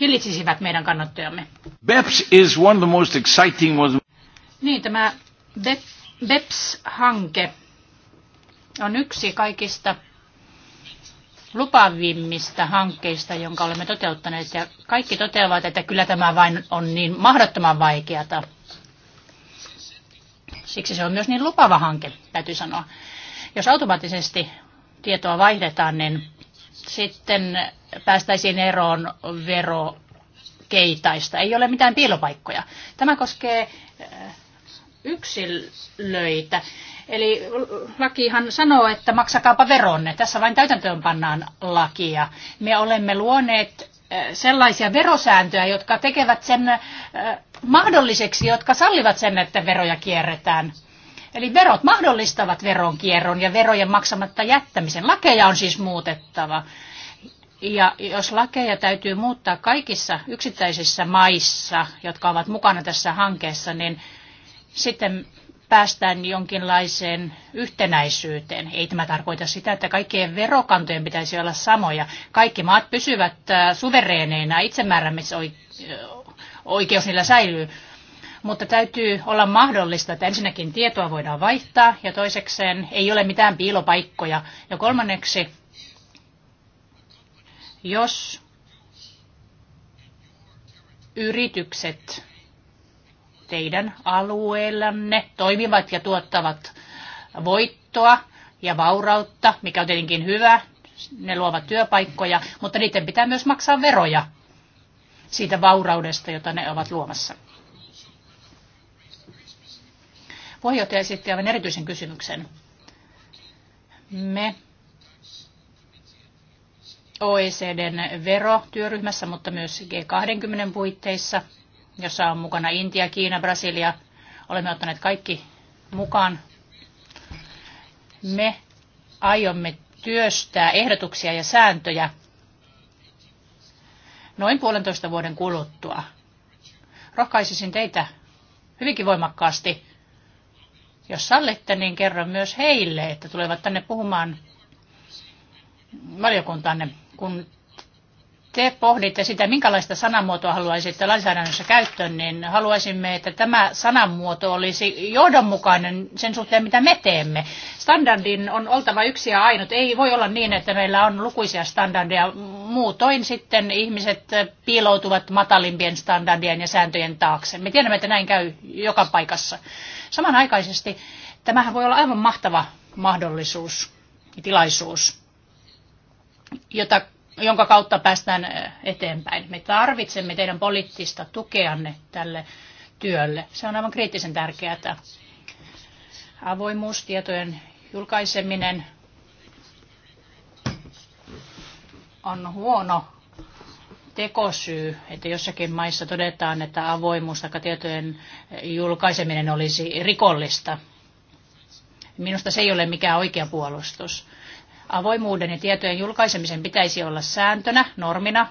hillitsisivät meidän kannattajamme? BEPS is one of the most exciting ones. Niin, tämä BEPS BEPS-hanke on yksi kaikista lupavimmista hankkeista, jonka olemme toteuttaneet. Ja kaikki toteavat, että kyllä tämä vain on niin mahdottoman vaikeata. Siksi se on myös niin lupava hanke, täytyy sanoa. Jos automaattisesti tietoa vaihdetaan, niin sitten päästäisiin eroon verokeitaista. Ei ole mitään piilopaikkoja. Tämä koskee yksilöitä. Eli lakihan sanoo, että maksakaapa veronne. Tässä vain täytäntöön pannaan lakia. Me olemme luoneet äh, sellaisia verosääntöjä, jotka tekevät sen äh, mahdolliseksi, jotka sallivat sen, että veroja kierretään. Eli verot mahdollistavat veronkierron ja verojen maksamatta jättämisen. Lakeja on siis muutettava. Ja jos lakeja täytyy muuttaa kaikissa yksittäisissä maissa, jotka ovat mukana tässä hankkeessa, niin sitten päästään jonkinlaiseen yhtenäisyyteen. Ei tämä tarkoita sitä, että kaikkien verokantojen pitäisi olla samoja. Kaikki maat pysyvät äh, suvereeneina, itsemääräämisoikeus niillä säilyy. Mutta täytyy olla mahdollista, että ensinnäkin tietoa voidaan vaihtaa ja toisekseen ei ole mitään piilopaikkoja. Ja kolmanneksi, jos yritykset teidän alueellanne toimivat ja tuottavat voittoa ja vaurautta, mikä on tietenkin hyvä. Ne luovat työpaikkoja, mutta niiden pitää myös maksaa veroja siitä vauraudesta, jota ne ovat luomassa. Puheenjohtaja esitti aivan erityisen kysymyksen. Me OECDn verotyöryhmässä, mutta myös G20 puitteissa – jossa on mukana Intia, Kiina, Brasilia. Olemme ottaneet kaikki mukaan. Me aiomme työstää ehdotuksia ja sääntöjä noin puolentoista vuoden kuluttua. Rohkaisisin teitä hyvinkin voimakkaasti. Jos sallitte, niin kerron myös heille, että tulevat tänne puhumaan valiokuntaanne, kun te pohditte sitä, minkälaista sanamuotoa haluaisitte lainsäädännössä käyttöön, niin haluaisimme, että tämä sanamuoto olisi johdonmukainen sen suhteen, mitä me teemme. Standardin on oltava yksi ja ainut. Ei voi olla niin, että meillä on lukuisia standardeja. Muutoin sitten ihmiset piiloutuvat matalimpien standardien ja sääntöjen taakse. Me tiedämme, että näin käy joka paikassa. Samanaikaisesti tämähän voi olla aivan mahtava mahdollisuus ja tilaisuus jota jonka kautta päästään eteenpäin. Me tarvitsemme teidän poliittista tukeanne tälle työlle. Se on aivan kriittisen tärkeää. Avoimuus, tietojen julkaiseminen on huono tekosyy, että jossakin maissa todetaan, että avoimuus tai tietojen julkaiseminen olisi rikollista. Minusta se ei ole mikään oikea puolustus. Avoimuuden ja tietojen julkaisemisen pitäisi olla sääntönä, normina.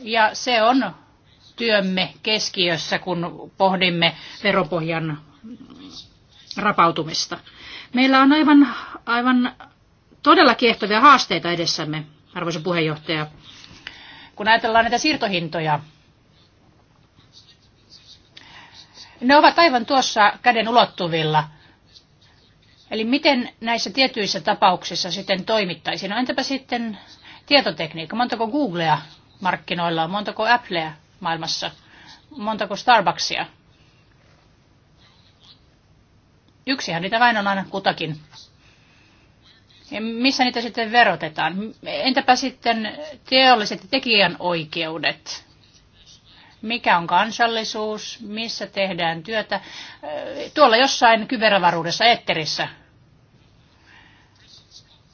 Ja se on työmme keskiössä, kun pohdimme veropohjan rapautumista. Meillä on aivan, aivan todella kiehtovia haasteita edessämme, arvoisa puheenjohtaja. Kun ajatellaan näitä siirtohintoja, ne ovat aivan tuossa käden ulottuvilla – Eli miten näissä tietyissä tapauksissa sitten toimittaisiin? No entäpä sitten tietotekniikka? Montako Googlea markkinoilla on? Montako Applea maailmassa? Montako Starbucksia? Yksihän niitä vain on aina kutakin. Ja missä niitä sitten verotetaan? Entäpä sitten teolliset ja tekijänoikeudet? mikä on kansallisuus, missä tehdään työtä. Tuolla jossain kyberavaruudessa, etterissä?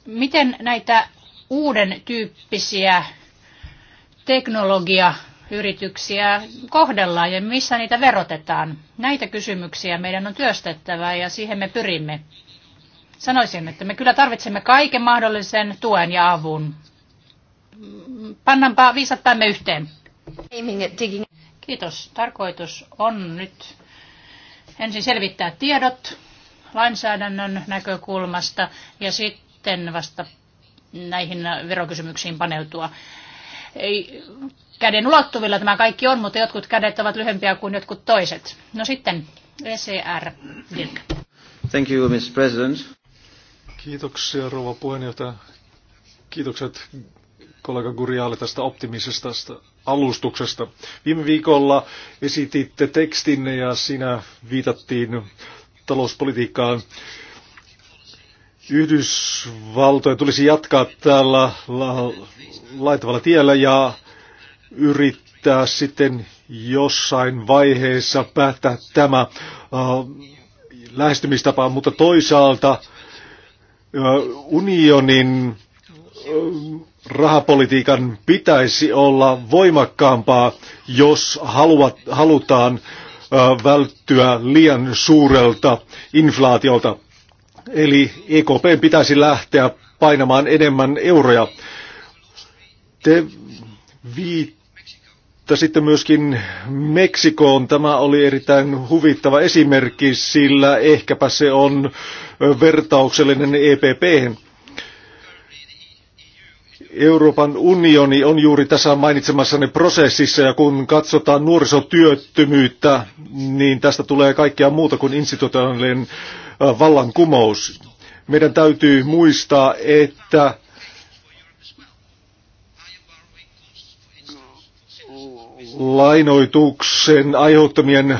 Miten näitä uuden tyyppisiä teknologiayrityksiä kohdellaan ja missä niitä verotetaan? Näitä kysymyksiä meidän on työstettävä ja siihen me pyrimme. Sanoisin, että me kyllä tarvitsemme kaiken mahdollisen tuen ja avun. Pannaanpa viisat päämme yhteen. Kiitos. Tarkoitus on nyt ensin selvittää tiedot lainsäädännön näkökulmasta ja sitten vasta näihin verokysymyksiin paneutua. Ei, käden ulottuvilla tämä kaikki on, mutta jotkut kädet ovat lyhempiä kuin jotkut toiset. No sitten ECR. Dirk. Thank you, Mr. President. Kiitoksia, rouva puheenjohtaja. Kiitokset kollega Gurjaali tästä optimisesta alustuksesta. Viime viikolla esititte tekstin ja siinä viitattiin talouspolitiikkaan. Yhdysvaltoja tulisi jatkaa täällä la- laitavalla tiellä ja yrittää sitten jossain vaiheessa päättää tämä äh, lähestymistapa, mutta toisaalta äh, unionin äh, rahapolitiikan pitäisi olla voimakkaampaa, jos haluat, halutaan välttyä liian suurelta inflaatiolta. Eli EKP pitäisi lähteä painamaan enemmän euroja. Te viittasitte myöskin Meksikoon. Tämä oli erittäin huvittava esimerkki, sillä ehkäpä se on vertauksellinen EPP. -hän. Euroopan unioni on juuri tässä mainitsemassanne prosessissa ja kun katsotaan nuorisotyöttömyyttä, niin tästä tulee kaikkea muuta kuin institutionaalinen äh, vallankumous. Meidän täytyy muistaa, että lainoituksen aiheuttamien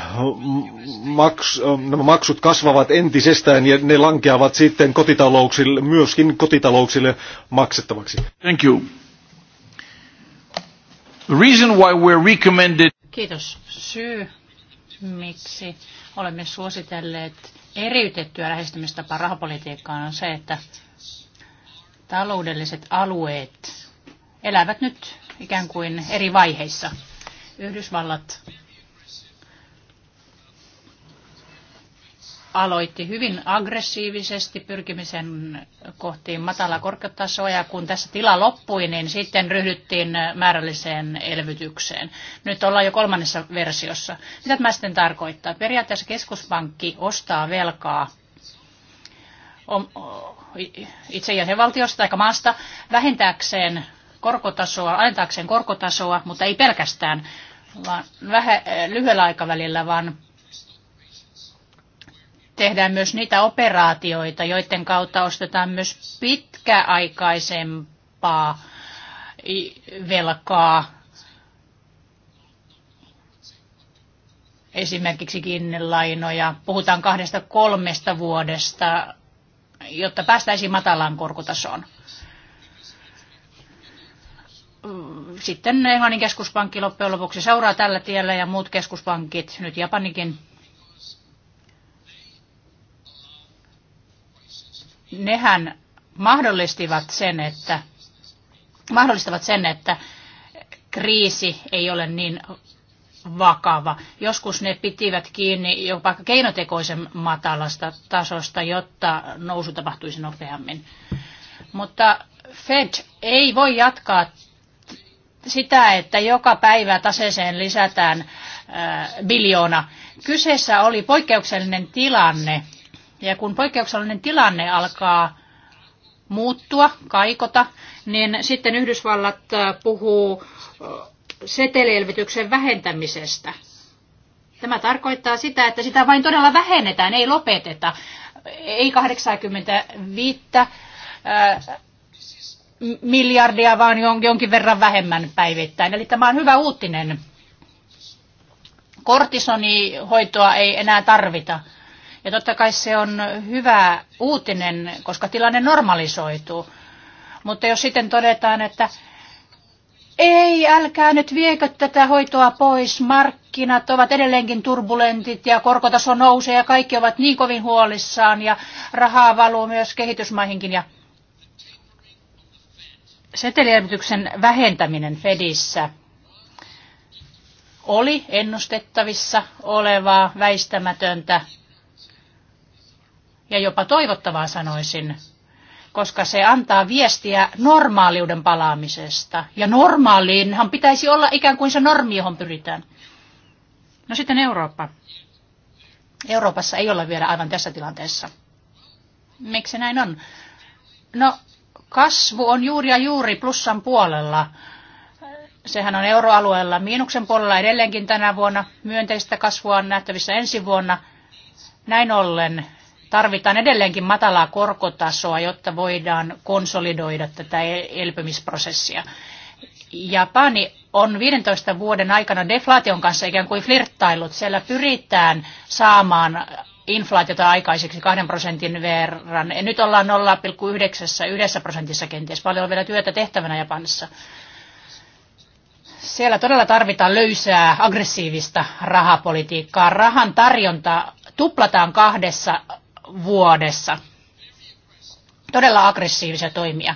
maks, nämä maksut kasvavat entisestään ja ne lankeavat sitten kotitalouksille, myöskin kotitalouksille maksettavaksi. Thank you. The reason why we're recommended... Kiitos. Syy, miksi olemme suositelleet eriytettyä lähestymistapaa rahapolitiikkaan on se, että taloudelliset alueet elävät nyt ikään kuin eri vaiheissa. Yhdysvallat aloitti hyvin aggressiivisesti pyrkimisen kohti matala korkotasoa ja kun tässä tila loppui, niin sitten ryhdyttiin määrälliseen elvytykseen. Nyt ollaan jo kolmannessa versiossa. Mitä tämä sitten tarkoittaa? Periaatteessa keskuspankki ostaa velkaa itse jäsenvaltiosta tai maasta vähentääkseen korkotasoa, alentaakseen korkotasoa, mutta ei pelkästään, vaan vähän eh, lyhyellä aikavälillä, vaan tehdään myös niitä operaatioita, joiden kautta ostetaan myös pitkäaikaisempaa velkaa. Esimerkiksi kiinnelainoja. Puhutaan kahdesta kolmesta vuodesta, jotta päästäisiin matalaan korkotasoon. sitten Englannin keskuspankki loppujen lopuksi seuraa tällä tiellä ja muut keskuspankit, nyt Japanikin, nehän mahdollistivat sen, että, mahdollistavat sen, että kriisi ei ole niin vakava. Joskus ne pitivät kiinni jopa keinotekoisen matalasta tasosta, jotta nousu tapahtuisi nopeammin. Mutta Fed ei voi jatkaa sitä, että joka päivä taseeseen lisätään äh, biljoona. Kyseessä oli poikkeuksellinen tilanne. Ja kun poikkeuksellinen tilanne alkaa muuttua, kaikota, niin sitten Yhdysvallat äh, puhuu äh, setelielvytyksen vähentämisestä. Tämä tarkoittaa sitä, että sitä vain todella vähennetään, ei lopeteta. Ei 85 miljardia, vaan jonkin verran vähemmän päivittäin. Eli tämä on hyvä uutinen. Kortisonihoitoa ei enää tarvita. Ja totta kai se on hyvä uutinen, koska tilanne normalisoituu. Mutta jos sitten todetaan, että ei, älkää nyt viekö tätä hoitoa pois, markkinat ovat edelleenkin turbulentit ja korkotaso nousee ja kaikki ovat niin kovin huolissaan ja rahaa valuu myös kehitysmaihinkin ja setelielvytyksen vähentäminen Fedissä oli ennustettavissa olevaa, väistämätöntä ja jopa toivottavaa sanoisin, koska se antaa viestiä normaaliuden palaamisesta. Ja normaaliinhan pitäisi olla ikään kuin se normi, johon pyritään. No sitten Eurooppa. Euroopassa ei olla vielä aivan tässä tilanteessa. Miksi näin on? No, kasvu on juuri ja juuri plussan puolella. Sehän on euroalueella miinuksen puolella edelleenkin tänä vuonna. Myönteistä kasvua on nähtävissä ensi vuonna. Näin ollen tarvitaan edelleenkin matalaa korkotasoa, jotta voidaan konsolidoida tätä elpymisprosessia. Japani on 15 vuoden aikana deflaation kanssa ikään kuin flirttailut. Siellä pyritään saamaan inflaatiota aikaiseksi kahden prosentin verran. Nyt ollaan 0,9 prosentissa kenties. Paljon on vielä työtä tehtävänä Japanissa. Siellä todella tarvitaan löysää, aggressiivista rahapolitiikkaa. Rahan tarjonta tuplataan kahdessa vuodessa. Todella aggressiivisia toimia.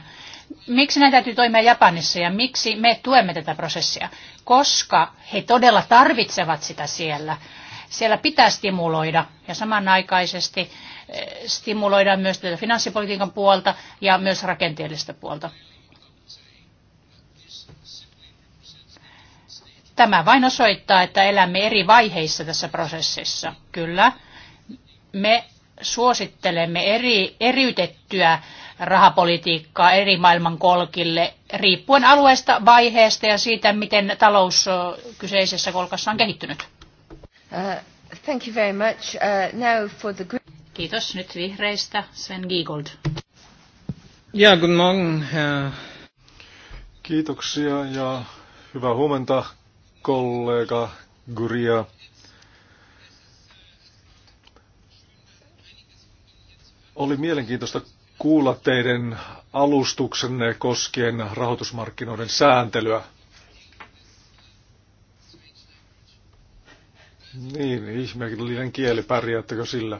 Miksi näitä täytyy toimia Japanissa ja miksi me tuemme tätä prosessia? Koska he todella tarvitsevat sitä siellä siellä pitää stimuloida ja samanaikaisesti eh, stimuloidaan myös tätä finanssipolitiikan puolta ja myös rakenteellista puolta. Tämä vain osoittaa, että elämme eri vaiheissa tässä prosessissa. Kyllä, me suosittelemme eri, eriytettyä rahapolitiikkaa eri maailmankolkille riippuen alueesta, vaiheesta ja siitä, miten talous eh, kyseisessä kolkassa on kehittynyt. Uh, thank you very much. Uh, now for the Kiitos. Nyt vihreistä Sven Giegold. Ja, yeah, guten Herr. Kiitoksia ja hyvää huomenta, kollega Guria. Oli mielenkiintoista kuulla teidän alustuksenne koskien rahoitusmarkkinoiden sääntelyä. Niin, ihmeellinen kieli, pärjäättekö sillä?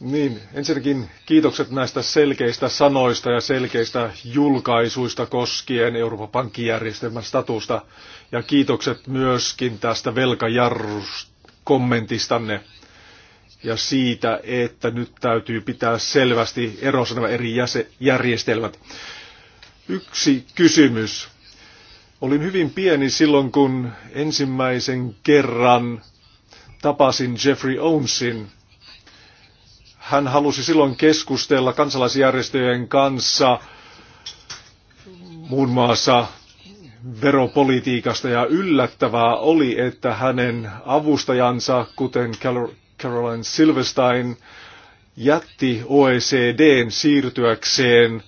Niin, ensinnäkin kiitokset näistä selkeistä sanoista ja selkeistä julkaisuista koskien Euroopan pankkijärjestelmän statusta. Ja kiitokset myöskin tästä velkajarruskommentistanne ja siitä, että nyt täytyy pitää selvästi erossa nämä eri järjestelmät. Yksi kysymys. Olin hyvin pieni silloin, kun ensimmäisen kerran tapasin Jeffrey Owensin. Hän halusi silloin keskustella kansalaisjärjestöjen kanssa muun muassa veropolitiikasta ja yllättävää oli, että hänen avustajansa, kuten Caroline Silverstein, jätti OECDn siirtyäkseen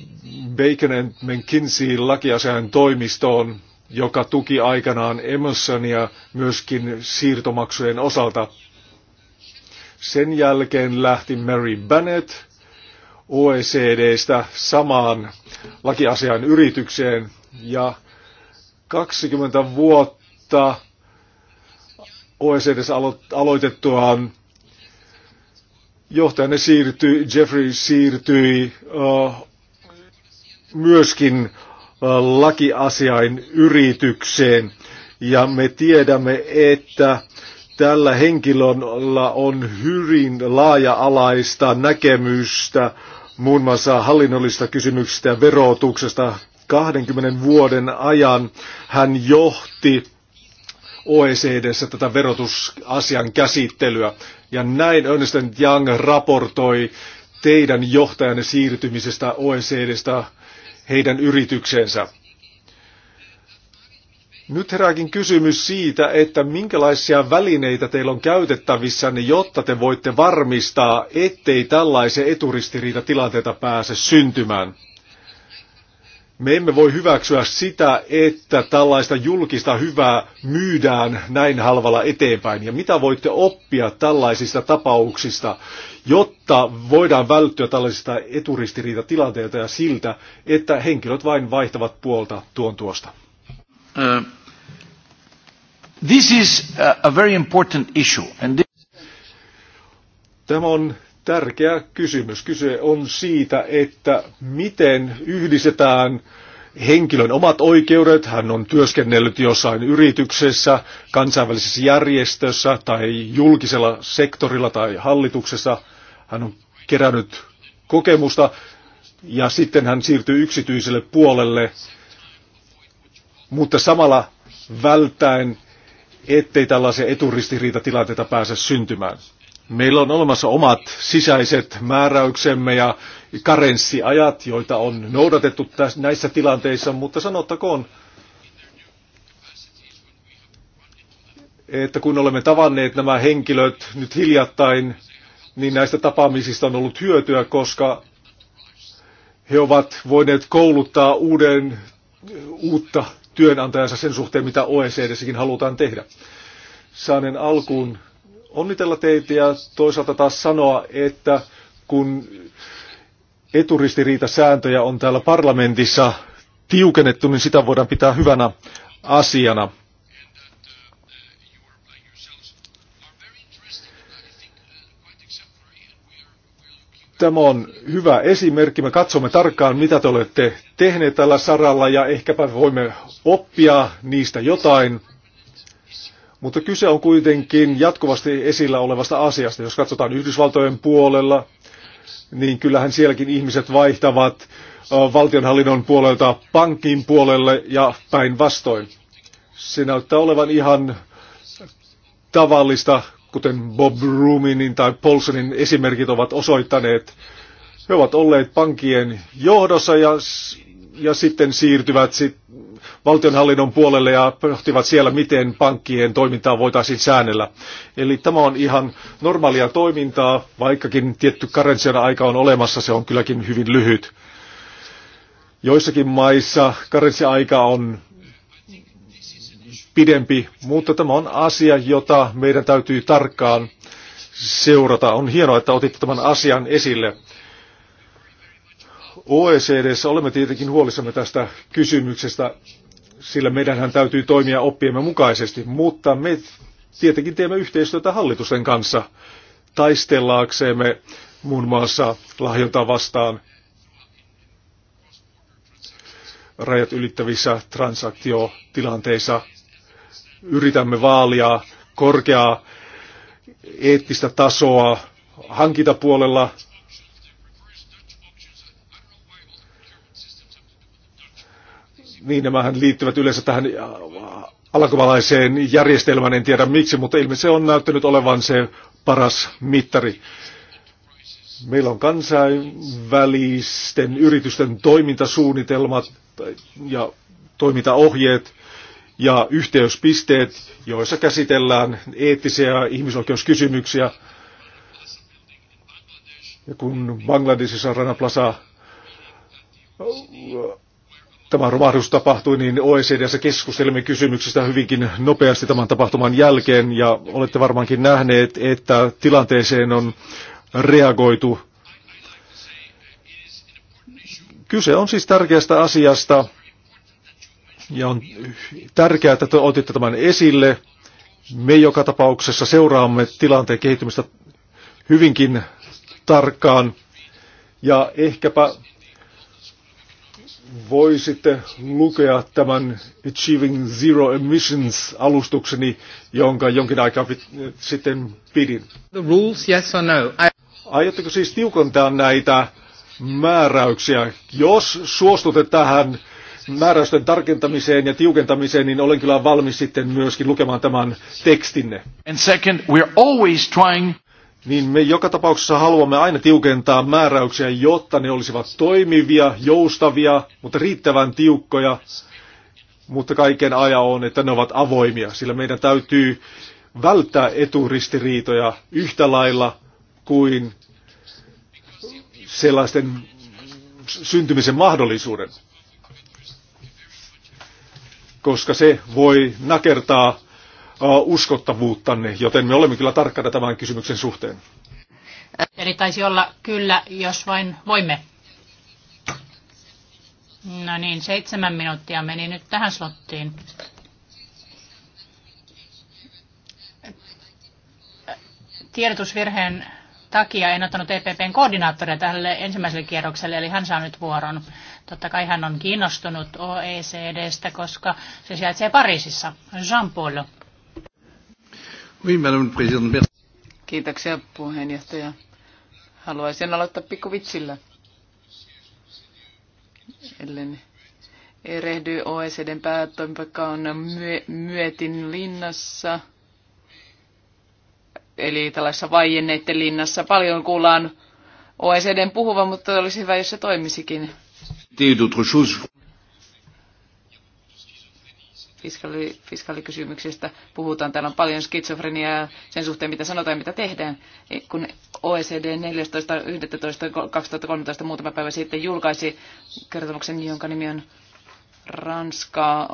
and McKinseyin lakiasian toimistoon, joka tuki aikanaan Emersonia myöskin siirtomaksujen osalta. Sen jälkeen lähti Mary Bennett OECDstä samaan lakiasian yritykseen ja 20 vuotta OECDssä alo- aloitettuaan johtajana siirtyi, Jeffrey siirtyi uh, myöskin äh, lakiasiain yritykseen. Ja me tiedämme, että tällä henkilöllä on hyvin laaja-alaista näkemystä muun muassa hallinnollista kysymyksistä ja verotuksesta. 20 vuoden ajan hän johti OECDssä tätä verotusasian käsittelyä. Ja näin Ernest Young raportoi teidän johtajanne siirtymisestä OECDstä heidän yrityksensä. Nyt herääkin kysymys siitä, että minkälaisia välineitä teillä on käytettävissänne, jotta te voitte varmistaa, ettei tällaisia eturistiriitatilanteita pääse syntymään. Me emme voi hyväksyä sitä, että tällaista julkista hyvää myydään näin halvalla eteenpäin. Ja mitä voitte oppia tällaisista tapauksista, jotta voidaan välttyä tällaisista eturistiriitatilanteilta ja siltä, että henkilöt vain vaihtavat puolta tuon tuosta? Uh, this is a very important issue. And this... Tämä on tärkeä kysymys. Kyse on siitä, että miten yhdistetään henkilön omat oikeudet, hän on työskennellyt jossain yrityksessä, kansainvälisessä järjestössä tai julkisella sektorilla tai hallituksessa, hän on kerännyt kokemusta ja sitten hän siirtyy yksityiselle puolelle, mutta samalla välttäen, ettei tällaisia eturistiriitatilanteita pääse syntymään. Meillä on olemassa omat sisäiset määräyksemme ja karenssiajat, joita on noudatettu näissä tilanteissa, mutta sanottakoon, että kun olemme tavanneet nämä henkilöt nyt hiljattain, niin näistä tapaamisista on ollut hyötyä, koska he ovat voineet kouluttaa uuden, uutta työnantajansa sen suhteen, mitä OECDssäkin halutaan tehdä. Saanen alkuun onnitella teitä ja toisaalta taas sanoa, että kun eturistiriitasääntöjä on täällä parlamentissa tiukennettu, niin sitä voidaan pitää hyvänä asiana. Tämä on hyvä esimerkki. Me katsomme tarkkaan, mitä te olette tehneet tällä saralla ja ehkäpä voimme oppia niistä jotain. Mutta kyse on kuitenkin jatkuvasti esillä olevasta asiasta. Jos katsotaan Yhdysvaltojen puolella, niin kyllähän sielläkin ihmiset vaihtavat valtionhallinnon puolelta pankin puolelle ja päinvastoin. Se näyttää olevan ihan tavallista, kuten Bob Ruminin tai Paulsonin esimerkit ovat osoittaneet. He ovat olleet pankien johdossa ja, ja sitten siirtyvät sitten valtionhallinnon puolelle ja pohtivat siellä, miten pankkien toimintaa voitaisiin säännellä. Eli tämä on ihan normaalia toimintaa, vaikkakin tietty karenssiana aika on olemassa, se on kylläkin hyvin lyhyt. Joissakin maissa karenssiaika on pidempi, mutta tämä on asia, jota meidän täytyy tarkkaan seurata. On hienoa, että otitte tämän asian esille. OECDssä olemme tietenkin huolissamme tästä kysymyksestä, sillä meidänhän täytyy toimia oppiemme mukaisesti, mutta me tietenkin teemme yhteistyötä hallitusten kanssa taistellaakseemme muun muassa lahjontaa vastaan rajat ylittävissä transaktiotilanteissa. Yritämme vaalia korkeaa eettistä tasoa hankintapuolella Niin nämähän liittyvät yleensä tähän alkomalaiseen järjestelmään, en tiedä miksi, mutta ilmeisesti se on näyttänyt olevan se paras mittari. Meillä on kansainvälisten yritysten toimintasuunnitelmat ja toimintaohjeet ja yhteyspisteet, joissa käsitellään eettisiä ihmisoikeuskysymyksiä. Ja kun Bangladesissa Rana Plaza tämä romahdus tapahtui, niin OECDssä keskustelimme kysymyksistä hyvinkin nopeasti tämän tapahtuman jälkeen ja olette varmaankin nähneet, että tilanteeseen on reagoitu. Kyse on siis tärkeästä asiasta ja on tärkeää, että te otitte tämän esille. Me joka tapauksessa seuraamme tilanteen kehittymistä hyvinkin tarkkaan ja ehkäpä voisitte lukea tämän Achieving Zero Emissions alustukseni, jonka jonkin aikaa pit- sitten pidin. The rules, yes or no? I... Aiotteko siis tiukentaa näitä määräyksiä? Jos suostutte tähän määräysten tarkentamiseen ja tiukentamiseen, niin olen kyllä valmis sitten myöskin lukemaan tämän tekstinne. And second, we're always trying niin me joka tapauksessa haluamme aina tiukentaa määräyksiä, jotta ne olisivat toimivia, joustavia, mutta riittävän tiukkoja. Mutta kaiken aja on, että ne ovat avoimia, sillä meidän täytyy välttää eturistiriitoja yhtä lailla kuin sellaisten syntymisen mahdollisuuden, koska se voi nakertaa uskottavuuttanne, joten me olemme kyllä tarkkana tämän kysymyksen suhteen. Eli taisi olla kyllä, jos vain voimme. No niin, seitsemän minuuttia meni nyt tähän slottiin. Tiedotusvirheen takia en ottanut EPPn koordinaattoria tälle ensimmäiselle kierrokselle, eli hän saa nyt vuoron. Totta kai hän on kiinnostunut OECDstä, koska se sijaitsee Pariisissa. Jean-Paul. Oui, madame Kiitoksia puheenjohtaja. Haluaisin aloittaa pikkuvitsillä. Ellen erehdy OECDn päätoimipaikka on Myötin linnassa, eli tällaisessa vaienneiden linnassa. Paljon kuullaan OECDn puhuvan, mutta olisi hyvä, jos se toimisikin fiskaali, fiskaalikysymyksistä puhutaan. Täällä on paljon skitsofreniaa sen suhteen, mitä sanotaan ja mitä tehdään. Kun OECD 14.11.2013 muutama päivä sitten julkaisi kertomuksen, jonka nimi on Ranskaa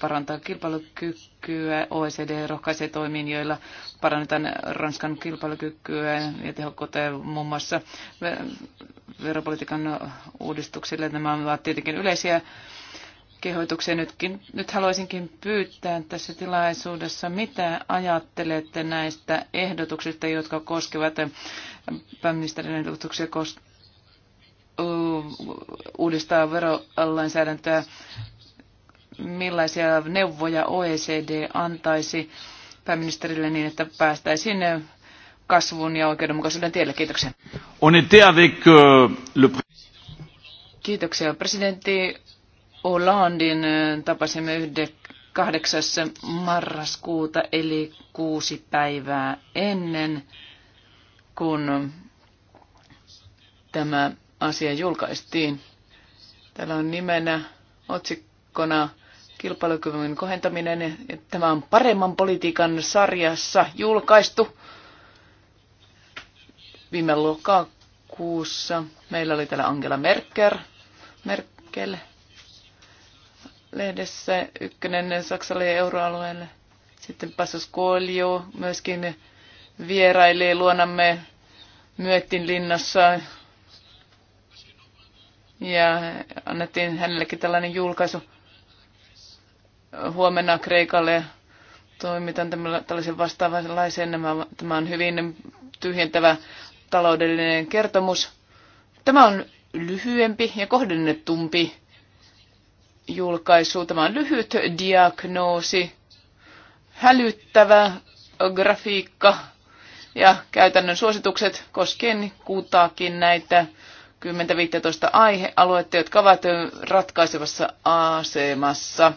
parantaa kilpailukykyä. OECD rohkaisee toimiin, joilla parannetaan Ranskan kilpailukykyä ja tehokkuutta muun muassa veropolitiikan uudistuksille. Nämä ovat tietenkin yleisiä kehoituksia nytkin. Nyt haluaisinkin pyytää tässä tilaisuudessa, mitä ajattelette näistä ehdotuksista, jotka koskevat pääministerin ehdotuksia kos- uudistaa verolainsäädäntöä. Millaisia neuvoja OECD antaisi pääministerille niin, että päästäisiin kasvun ja oikeudenmukaisuuden tielle? Kiitoksia. On euh, Kiitoksia. Presidentti Olandin tapasimme 8. marraskuuta, eli kuusi päivää ennen kun tämä asia julkaistiin. Täällä on nimenä otsikkona kilpailukyvyn kohentaminen. Tämä on paremman politiikan sarjassa julkaistu viime lokakuussa. Meillä oli täällä Angela Merkel, Merkel lehdessä ykkönen Saksalle ja euroalueelle. Sitten Passos Koljo myöskin vieraili luonamme Myöttin linnassa ja annettiin hänellekin tällainen julkaisu huomenna Kreikalle toimitan tällaisen vastaavanlaisen. Tämä on hyvin tyhjentävä taloudellinen kertomus. Tämä on lyhyempi ja kohdennetumpi julkaisu. Tämä on lyhyt diagnoosi, hälyttävä grafiikka ja käytännön suositukset koskien kuutaakin näitä 10-15 aihealuetta, jotka ovat ratkaisevassa asemassa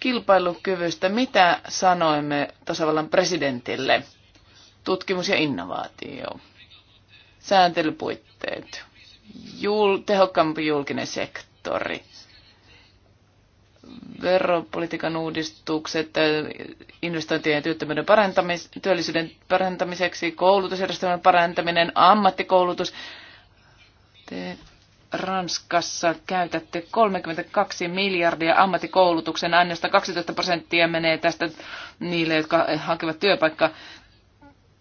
kilpailukyvystä. Mitä sanoimme tasavallan presidentille? Tutkimus ja innovaatio. Sääntelypuitteet. Jul, tehokkaampi julkinen sektori veropolitiikan uudistukset investointien ja työttömyyden parantamis, työllisyyden parantamiseksi, koulutusjärjestelmän parantaminen, ammattikoulutus. Te Ranskassa käytätte 32 miljardia ammattikoulutuksen, ainoastaan 12 prosenttia menee tästä niille, jotka hakevat työpaikkaa.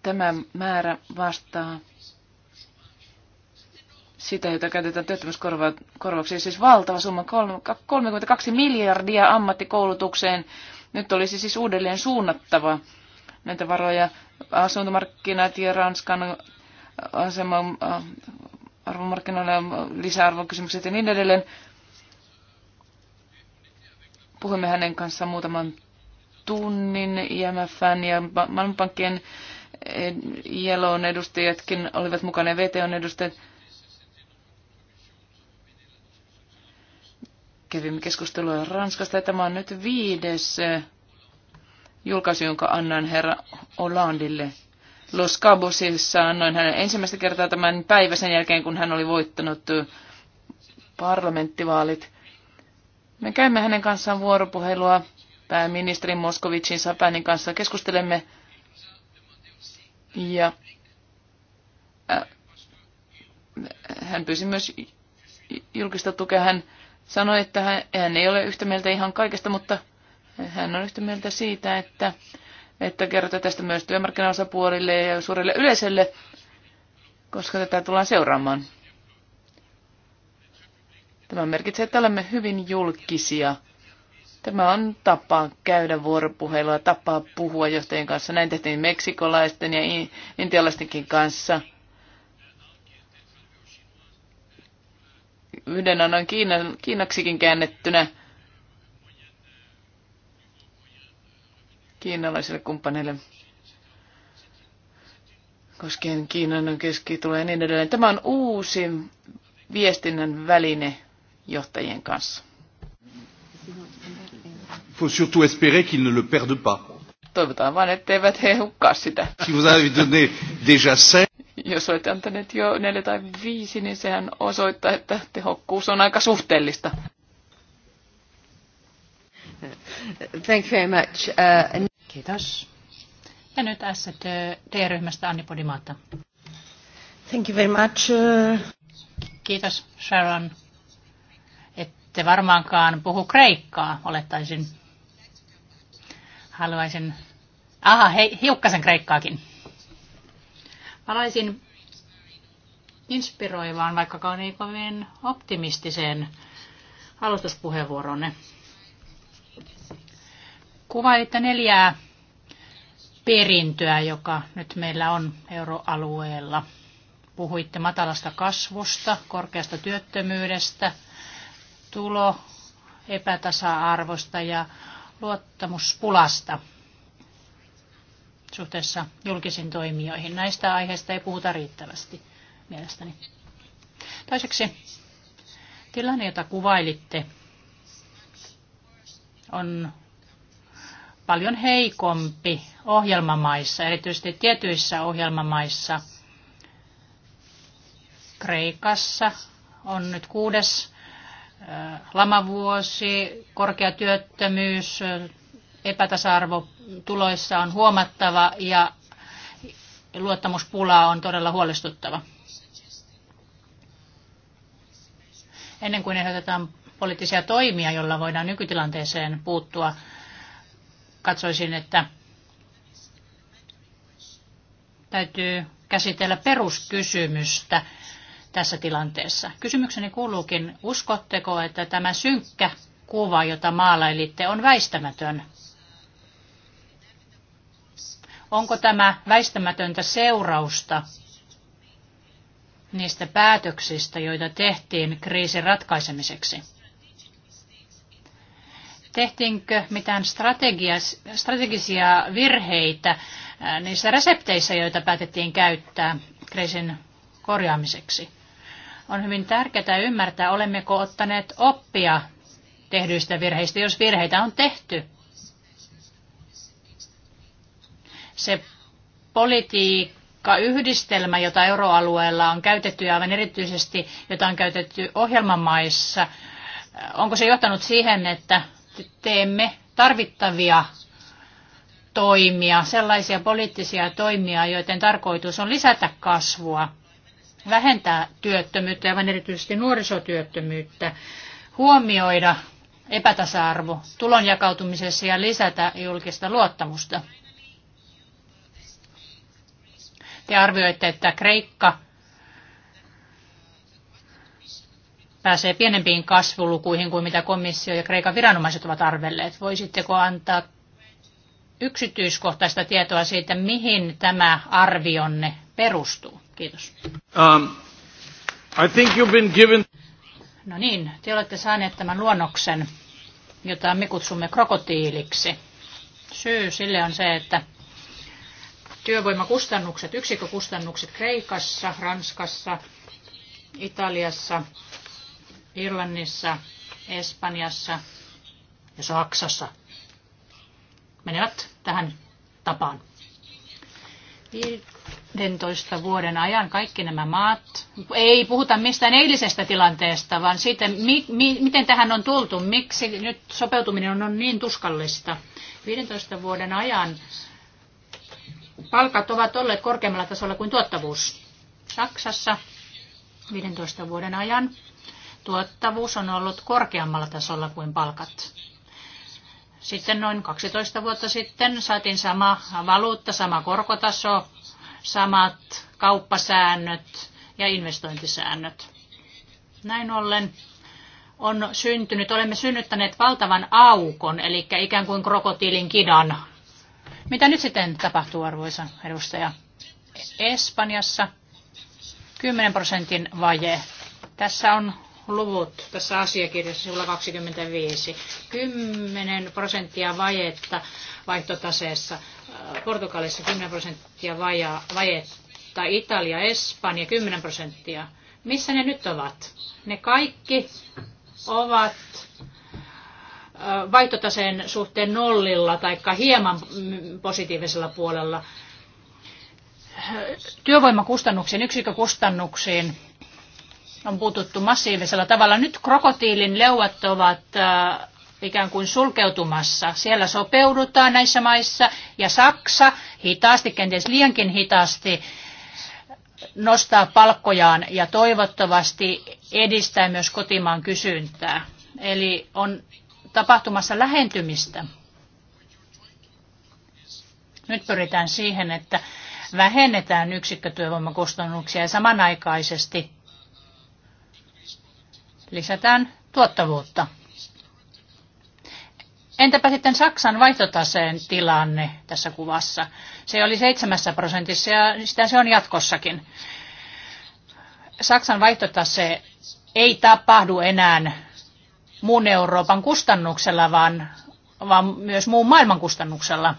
Tämä määrä vastaa sitä, jota käytetään työttömyyskorvauksiin, siis valtava summa, 32 miljardia ammattikoulutukseen. Nyt olisi siis uudelleen suunnattava näitä varoja. Asuntomarkkinat ja Ranskan äh, asema äh, arvomarkkinoilla ja lisäarvokysymykset ja niin edelleen. Puhuimme hänen kanssaan muutaman tunnin IMFn ja Maailmanpankkien ILOn eh, edustajatkin olivat mukana ja VTOn edustajat kävimme keskustelua Ranskasta. Ja tämä on nyt viides eh, julkaisu, jonka annan herra Olandille. Los Cabosissa annoin hänen ensimmäistä kertaa tämän päivän sen jälkeen, kun hän oli voittanut eh, parlamenttivaalit. Me käymme hänen kanssaan vuoropuhelua pääministerin Moskovicin Sapänin kanssa. Keskustelemme ja eh, hän pyysi myös julkista tukea. Hän sanoi, että hän ei ole yhtä mieltä ihan kaikesta, mutta hän on yhtä mieltä siitä, että, että kerrotaan tästä myös työmarkkinaosapuolille ja suurelle yleisölle, koska tätä tullaan seuraamaan. Tämä merkitsee, että olemme hyvin julkisia. Tämä on tapa käydä vuoropuhelua, tapa puhua johtajien kanssa. Näin tehtiin meksikolaisten ja intialaistenkin kanssa – yhden annan Kiinan, Kiinaksikin käännettynä kiinalaisille kumppaneille koskien Kiinan keski tulee niin edelleen. Tämä on uusi viestinnän väline johtajien kanssa. Faut surtout espérer qu'ils ne le perdent pas. Toivotaan vain, etteivät he hukkaa sitä. Si vous avez donné déjà 5, jos olette antaneet jo neljä tai viisi, niin sehän osoittaa, että tehokkuus on aika suhteellista. Thank you very much. Uh, Kiitos. Ja nyt ST-ryhmästä Anni Podimaatta. Thank you very much. Uh, Kiitos Sharon. Ette varmaankaan puhu kreikkaa, olettaisin. Haluaisin... Aha, hei, hiukkasen kreikkaakin palaisin inspiroivaan, vaikkakaan ei kovin optimistiseen alustuspuheenvuoronne. Kuvailitte neljää perintöä, joka nyt meillä on euroalueella. Puhuitte matalasta kasvusta, korkeasta työttömyydestä, tulo epätasa-arvosta ja luottamuspulasta suhteessa julkisiin toimijoihin. Näistä aiheista ei puhuta riittävästi mielestäni. Toiseksi tilanne, jota kuvailitte, on paljon heikompi ohjelmamaissa, erityisesti tietyissä ohjelmamaissa. Kreikassa on nyt kuudes lamavuosi, korkea työttömyys, epätasa-arvo tuloissa on huomattava ja luottamuspula on todella huolestuttava. Ennen kuin ehdotetaan poliittisia toimia, joilla voidaan nykytilanteeseen puuttua, katsoisin, että täytyy käsitellä peruskysymystä tässä tilanteessa. Kysymykseni kuuluukin, uskotteko, että tämä synkkä kuva, jota maalailitte, on väistämätön? Onko tämä väistämätöntä seurausta niistä päätöksistä, joita tehtiin kriisin ratkaisemiseksi? Tehtiinkö mitään strategisia virheitä äh, niissä resepteissä, joita päätettiin käyttää kriisin korjaamiseksi? On hyvin tärkeää ymmärtää, olemmeko ottaneet oppia tehdyistä virheistä, jos virheitä on tehty se politiikka, yhdistelmä, jota euroalueella on käytetty ja aivan erityisesti, jota on käytetty ohjelmamaissa, onko se johtanut siihen, että teemme tarvittavia toimia, sellaisia poliittisia toimia, joiden tarkoitus on lisätä kasvua, vähentää työttömyyttä, aivan erityisesti nuorisotyöttömyyttä, huomioida epätasa-arvo tulon jakautumisessa ja lisätä julkista luottamusta. Te arvioitte, että Kreikka pääsee pienempiin kasvulukuihin kuin mitä komissio ja Kreikan viranomaiset ovat arvelleet. Voisitteko antaa yksityiskohtaista tietoa siitä, mihin tämä arvionne perustuu? Kiitos. Um, I think you've been given... No niin, te olette saaneet tämän luonnoksen, jota me kutsumme krokotiiliksi. Syy sille on se, että työvoimakustannukset, yksikkökustannukset Kreikassa, Ranskassa, Italiassa, Irlannissa, Espanjassa ja Saksassa menevät tähän tapaan. 15 vuoden ajan kaikki nämä maat, ei puhuta mistään eilisestä tilanteesta, vaan siitä, mi, mi, miten tähän on tultu, miksi nyt sopeutuminen on niin tuskallista. 15 vuoden ajan palkat ovat olleet korkeammalla tasolla kuin tuottavuus. Saksassa 15 vuoden ajan tuottavuus on ollut korkeammalla tasolla kuin palkat. Sitten noin 12 vuotta sitten saatiin sama valuutta, sama korkotaso, samat kauppasäännöt ja investointisäännöt. Näin ollen on syntynyt, olemme synnyttäneet valtavan aukon, eli ikään kuin krokotiilin kidan mitä nyt sitten tapahtuu, arvoisa edustaja? Espanjassa 10 prosentin vaje. Tässä on luvut tässä asiakirjassa sivulla 25. 10 prosenttia vajetta vaihtotaseessa. Portugalissa 10 prosenttia vajetta. Italia, Espanja 10 prosenttia. Missä ne nyt ovat? Ne kaikki ovat vaihtotaseen suhteen nollilla tai hieman positiivisella puolella. Työvoimakustannuksiin, yksikkökustannuksiin on puututtu massiivisella tavalla. Nyt krokotiilin leuat ovat ikään kuin sulkeutumassa. Siellä sopeudutaan näissä maissa ja Saksa hitaasti, kenties liiankin hitaasti, nostaa palkkojaan ja toivottavasti edistää myös kotimaan kysyntää. Eli on tapahtumassa lähentymistä. Nyt pyritään siihen, että vähennetään yksikkötyövoimakustannuksia ja samanaikaisesti lisätään tuottavuutta. Entäpä sitten Saksan vaihtotaseen tilanne tässä kuvassa? Se oli 7 prosentissa ja sitä se on jatkossakin. Saksan vaihtotase ei tapahdu enää muun Euroopan kustannuksella, vaan, vaan myös muun maailman kustannuksella.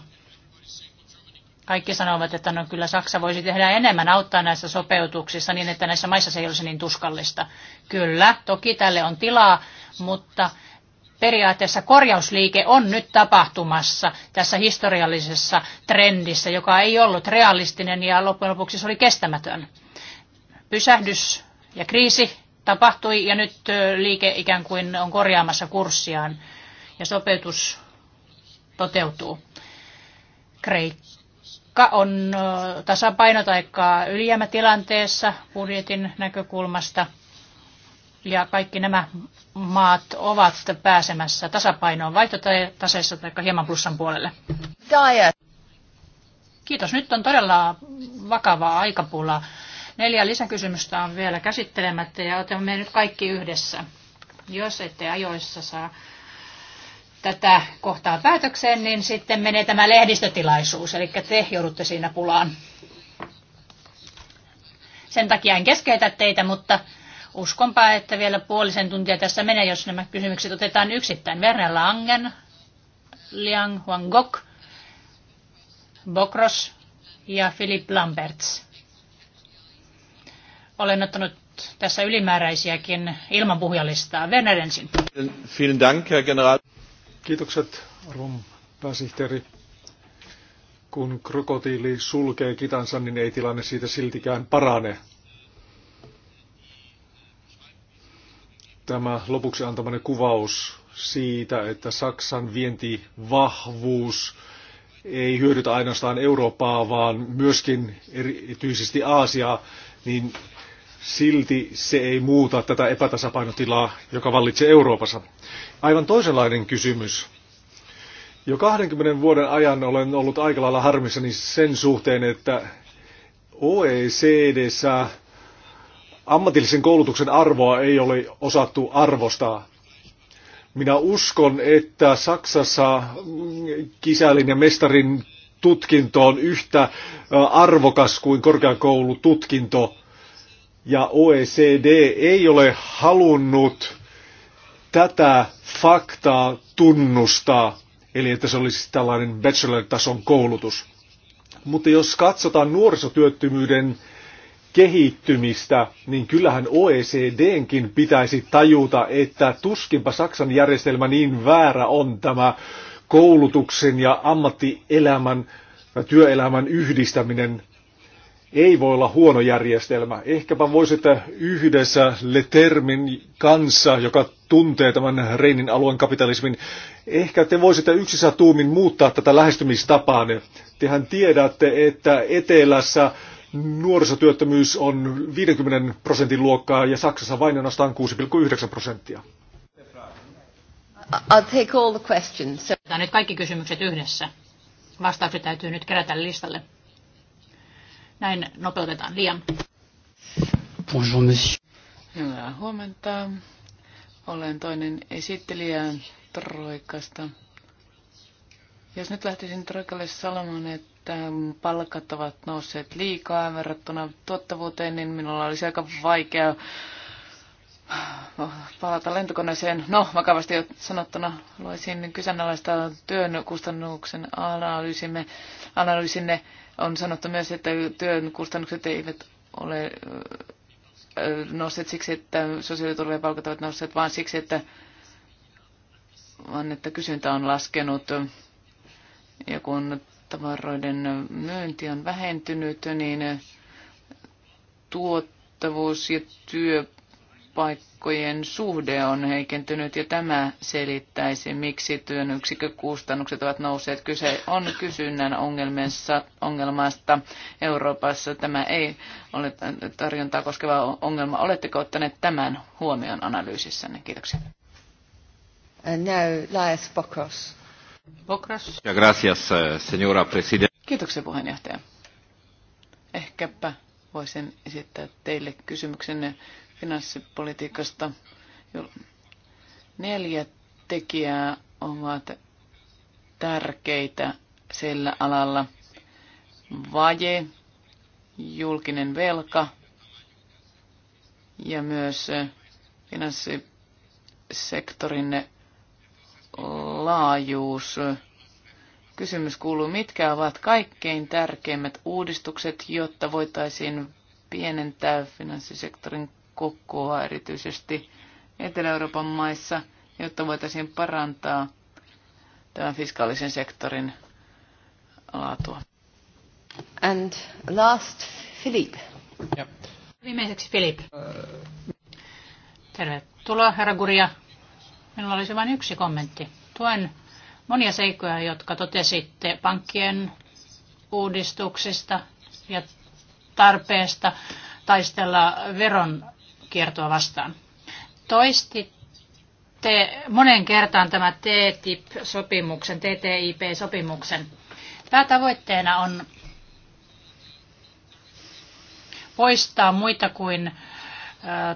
Kaikki sanovat, että no kyllä Saksa voisi tehdä enemmän auttaa näissä sopeutuksissa niin, että näissä maissa se ei olisi niin tuskallista. Kyllä, toki tälle on tilaa, mutta periaatteessa korjausliike on nyt tapahtumassa tässä historiallisessa trendissä, joka ei ollut realistinen ja loppujen lopuksi se oli kestämätön. Pysähdys ja kriisi tapahtui ja nyt liike ikään kuin on korjaamassa kurssiaan ja sopeutus toteutuu. Kreikka on tasapaino- ylijäämätilanteessa budjetin näkökulmasta ja kaikki nämä maat ovat pääsemässä tasapainoon vaihtotaseessa tai hieman plussan puolelle. Diet. Kiitos. Nyt on todella vakavaa aikapulaa. Neljä lisäkysymystä on vielä käsittelemättä ja otamme nyt kaikki yhdessä. Jos ette ajoissa saa tätä kohtaa päätökseen, niin sitten menee tämä lehdistötilaisuus, eli te joudutte siinä pulaan. Sen takia en keskeytä teitä, mutta uskonpa, että vielä puolisen tuntia tässä menee, jos nämä kysymykset otetaan yksittäin. Verne Langen, Liang Gok, Bokros ja Philip Lamberts. Olen ottanut tässä ylimääräisiäkin ilman puhujalistaa. Werner ensin. Vielen Dank, Herr General. Kiitokset, arvon pääsihteeri. Kun krokotiili sulkee kitansa, niin ei tilanne siitä siltikään parane. Tämä lopuksi antamani kuvaus siitä, että Saksan vientivahvuus ei hyödytä ainoastaan Eurooppaa, vaan myöskin erityisesti Aasiaa, niin silti se ei muuta tätä epätasapainotilaa, joka vallitsee Euroopassa. Aivan toisenlainen kysymys. Jo 20 vuoden ajan olen ollut aika lailla harmissani sen suhteen, että OECDssä ammatillisen koulutuksen arvoa ei ole osattu arvostaa. Minä uskon, että Saksassa kisälin ja mestarin tutkinto on yhtä arvokas kuin korkeakoulututkinto ja OECD ei ole halunnut tätä faktaa tunnustaa, eli että se olisi tällainen bachelor-tason koulutus. Mutta jos katsotaan nuorisotyöttömyyden kehittymistä, niin kyllähän OECDnkin pitäisi tajuta, että tuskinpa Saksan järjestelmä niin väärä on tämä koulutuksen ja ammattielämän ja työelämän yhdistäminen ei voi olla huono järjestelmä. Ehkäpä voisitte yhdessä Letermin kanssa, joka tuntee tämän Reinin alueen kapitalismin, ehkä te voisitte yksissä tuumin muuttaa tätä lähestymistapaa. Tehän tiedätte, että etelässä nuorisotyöttömyys on 50 prosentin luokkaa ja Saksassa vain ainoastaan 6,9 prosenttia. I'll take all the questions. Otetaan nyt kaikki kysymykset yhdessä. Vastaukset täytyy nyt kerätä listalle. Näin nopeutetaan liian. Bonjour, monsieur. Hyvää huomenta. Olen toinen esittelijä Troikasta. Jos nyt lähtisin Troikalle sanomaan, että palkat ovat nousseet liikaa verrattuna tuottavuuteen, niin minulla olisi aika vaikea palata lentokoneeseen. No, vakavasti sanottuna luisin kyseenalaista työn kustannuksen analyysimme, analyysinne on sanottu myös, että työn kustannukset eivät ole nousseet siksi, että sosiaaliturva ja palkat ovat nousseet, vaan siksi, että, vaan että kysyntä on laskenut. Ja kun tavaroiden myynti on vähentynyt, niin tuottavuus ja työ työpaikkojen suhde on heikentynyt ja tämä selittäisi, miksi työn yksikkökustannukset ovat nousseet. Kyse on kysynnän ongelmassa, ongelmasta Euroopassa. Tämä ei ole tarjontaa koskeva ongelma. Oletteko ottaneet tämän huomioon analyysissänne? Kiitoksia. Ja gracias, eh, Kiitoksia puheenjohtaja. Ehkäpä voisin esittää teille kysymyksen finanssipolitiikasta. Neljä tekijää ovat tärkeitä sillä alalla. Vaje, julkinen velka ja myös finanssisektorin laajuus. Kysymys kuuluu, mitkä ovat kaikkein tärkeimmät uudistukset, jotta voitaisiin pienentää finanssisektorin kokoa erityisesti Etelä-Euroopan maissa, jotta voitaisiin parantaa tämän fiskaalisen sektorin laatua. And last, Philip. Yep. Viimeiseksi Philip. Tervetuloa, herra Guria. Minulla olisi vain yksi kommentti. Tuen monia seikkoja, jotka totesitte pankkien uudistuksista ja tarpeesta taistella veron kiertoa vastaan. Toistitte monen kertaan tämä TTIP-sopimuksen, TTIP-sopimuksen. Päätavoitteena on poistaa muita kuin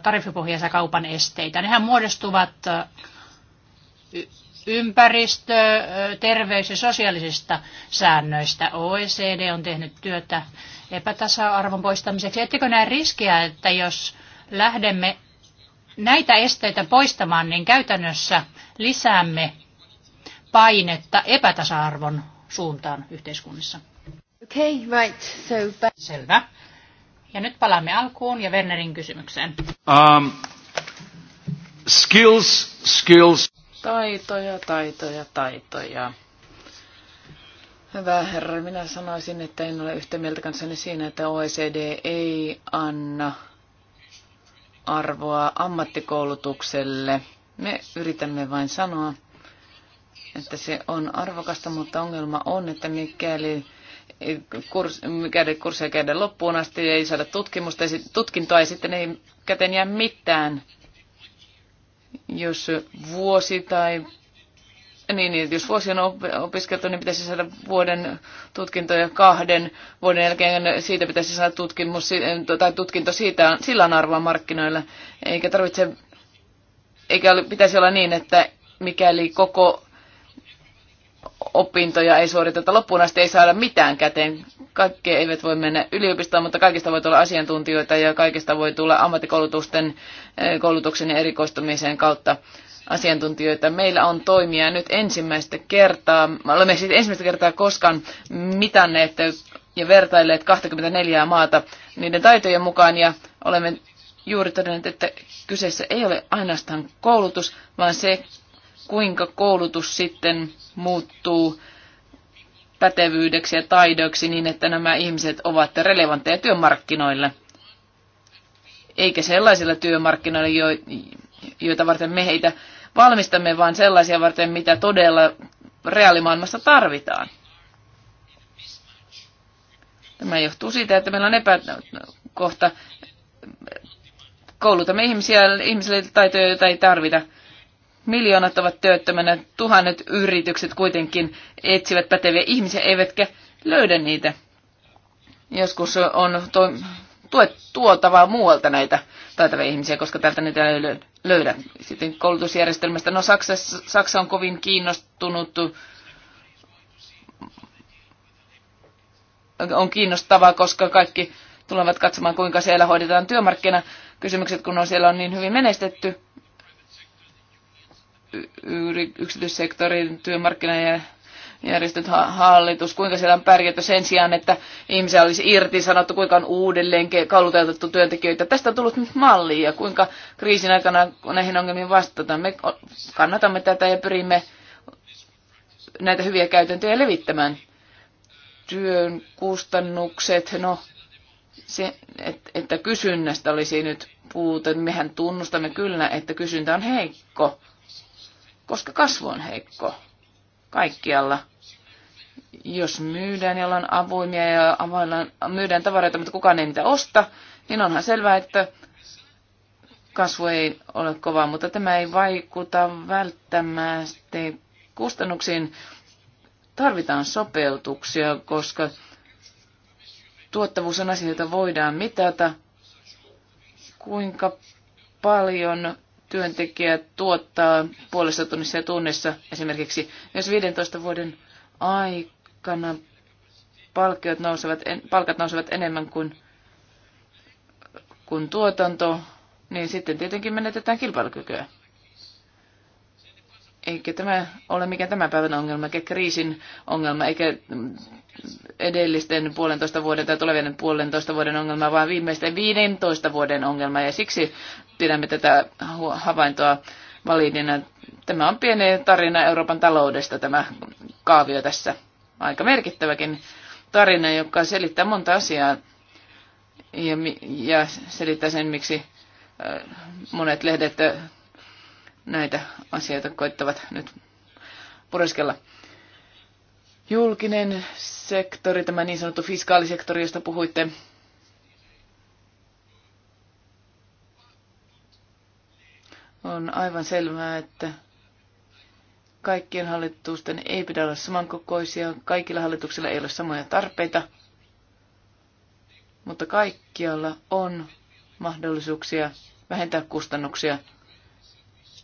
tariffipohjaisia kaupan esteitä. Nehän muodostuvat ympäristö-, terveys- ja sosiaalisista säännöistä. OECD on tehnyt työtä epätasa-arvon poistamiseksi. Ettekö näe riskiä, että jos lähdemme näitä esteitä poistamaan, niin käytännössä lisäämme painetta epätasa-arvon suuntaan yhteiskunnissa. Okay, right. so back... Selvä. Ja nyt palaamme alkuun ja Wernerin kysymykseen. Um, skills, skills. Taitoja, taitoja, taitoja. Hyvä herra, minä sanoisin, että en ole yhtä mieltä kanssani siinä, että OECD ei anna arvoa ammattikoulutukselle. Me yritämme vain sanoa, että se on arvokasta, mutta ongelma on, että mikäli kurs, kursseja käydä loppuun asti ja ei saada tutkimusta, tutkintoa ja sitten ei käteen jää mitään. Jos vuosi tai niin, niin jos vuosi on opiskeltu, niin pitäisi saada vuoden tutkinto ja kahden vuoden jälkeen siitä pitäisi saada tutkimus, tai tutkinto siitä, sillä on arvoa markkinoilla. Eikä tarvitse, eikä pitäisi olla niin, että mikäli koko opintoja ei suoriteta loppuun asti, ei saada mitään käteen. Kaikki eivät voi mennä yliopistoon, mutta kaikista voi tulla asiantuntijoita ja kaikista voi tulla ammattikoulutusten eh, koulutuksen ja erikoistumisen kautta asiantuntijoita. Meillä on toimia nyt ensimmäistä kertaa, olemme siis ensimmäistä kertaa koskaan mitanneet ja vertailleet 24 maata niiden taitojen mukaan ja olemme juuri todenneet, että kyseessä ei ole ainoastaan koulutus, vaan se, kuinka koulutus sitten muuttuu pätevyydeksi ja taidoiksi niin, että nämä ihmiset ovat relevantteja työmarkkinoille. Eikä sellaisilla työmarkkinoilla, joita varten me heitä valmistamme, vain sellaisia varten, mitä todella reaalimaailmassa tarvitaan. Tämä johtuu siitä, että meillä on epäkohta. Koulutamme ihmisiä, ihmisille taitoja, joita ei tarvita. Miljoonat ovat työttömänä, tuhannet yritykset kuitenkin etsivät päteviä ihmisiä, eivätkä löydä niitä. Joskus on tuet, tuotava muualta näitä taitavia ihmisiä, koska täältä niitä ei löydä. Sitten koulutusjärjestelmästä. No Saksa, Saksa on kovin kiinnostunut on kiinnostavaa, koska kaikki tulevat katsomaan, kuinka siellä hoidetaan kysymykset kun on siellä on niin hyvin menestetty yksityissektorin työmarkkina- ja järjestöt, hallitus, kuinka siellä on pärjätty sen sijaan, että ihmisiä olisi irti sanottu, kuinka on uudelleen kaluteltu työntekijöitä. Tästä on tullut nyt malli ja kuinka kriisin aikana näihin ongelmiin vastataan. Me kannatamme tätä ja pyrimme näitä hyviä käytäntöjä levittämään. Työn kustannukset, no se, että kysynnästä olisi nyt puute, mehän tunnustamme kyllä, että kysyntä on heikko, koska kasvu on heikko kaikkialla jos myydään ja ollaan avoimia ja availlaan, myydään tavaroita, mutta kukaan ei niitä osta, niin onhan selvää, että kasvu ei ole kova, mutta tämä ei vaikuta välttämättä kustannuksiin. Tarvitaan sopeutuksia, koska tuottavuus on asia, jota voidaan mitata. Kuinka paljon työntekijä tuottaa puolessa tunnissa ja tunnissa esimerkiksi, myös 15 vuoden aikaa aikana palkkiot nousevat, palkat nousevat enemmän kuin, kuin tuotanto, niin sitten tietenkin menetetään kilpailukykyä. Eikä tämä ole mikään tämän päivän ongelma, eikä kriisin ongelma, eikä edellisten puolentoista vuoden tai tulevien puolentoista vuoden ongelma, vaan viimeisten 15 vuoden ongelma. Ja siksi pidämme tätä havaintoa validina. Tämä on pieni tarina Euroopan taloudesta, tämä kaavio tässä aika merkittäväkin tarina, joka selittää monta asiaa ja, ja selittää sen, miksi monet lehdet näitä asioita koittavat nyt pureskella. Julkinen sektori, tämä niin sanottu fiskaalisektori, josta puhuitte, on aivan selvää, että Kaikkien hallitusten ei pidä olla samankokoisia, kaikilla hallituksilla ei ole samoja tarpeita, mutta kaikkialla on mahdollisuuksia vähentää kustannuksia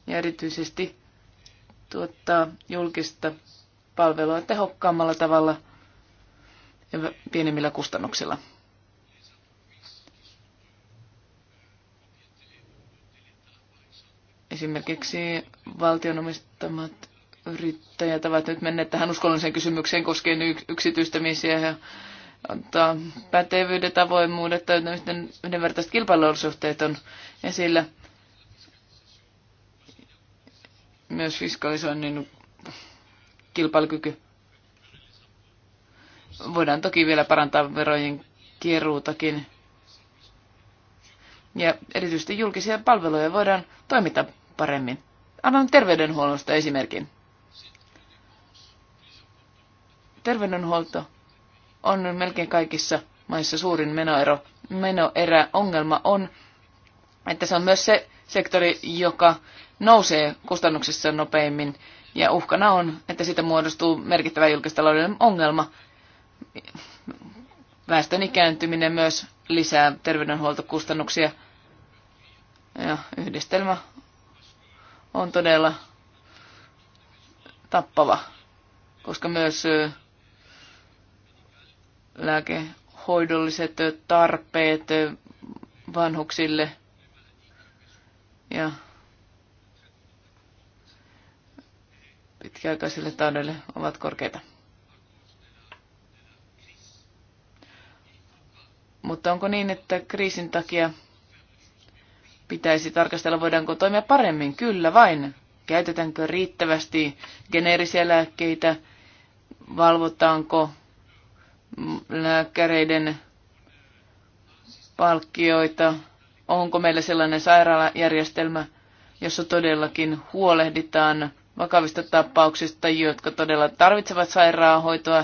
ja erityisesti tuottaa julkista palvelua tehokkaammalla tavalla ja pienemmillä kustannuksilla. Esimerkiksi valtionomistamat yrittäjät ovat nyt menneet tähän uskonnolliseen kysymykseen koskien yksityistämisiä ja antaa pätevyydet, avoimuudet tai yhdenvertaiset kilpailuolosuhteet on esillä. Myös fiskalisoinnin kilpailukyky. Voidaan toki vielä parantaa verojen kieruutakin. Ja erityisesti julkisia palveluja voidaan toimita paremmin. Annan terveydenhuollosta esimerkin. Terveydenhuolto on melkein kaikissa maissa suurin menoero. Menoerä ongelma on, että se on myös se sektori, joka nousee kustannuksissa nopeimmin ja uhkana on, että siitä muodostuu merkittävä julkistalouden ongelma. Väestön ikääntyminen myös lisää terveydenhuoltokustannuksia. Ja yhdistelmä on todella tappava, koska myös lääkehoidolliset tarpeet vanhuksille ja pitkäaikaisille taudeille ovat korkeita. Mutta onko niin, että kriisin takia pitäisi tarkastella, voidaanko toimia paremmin? Kyllä vain. Käytetäänkö riittävästi geneerisiä lääkkeitä? Valvotaanko lääkäreiden palkkioita, onko meillä sellainen sairaalajärjestelmä, jossa todellakin huolehditaan vakavista tapauksista, jotka todella tarvitsevat sairaanhoitoa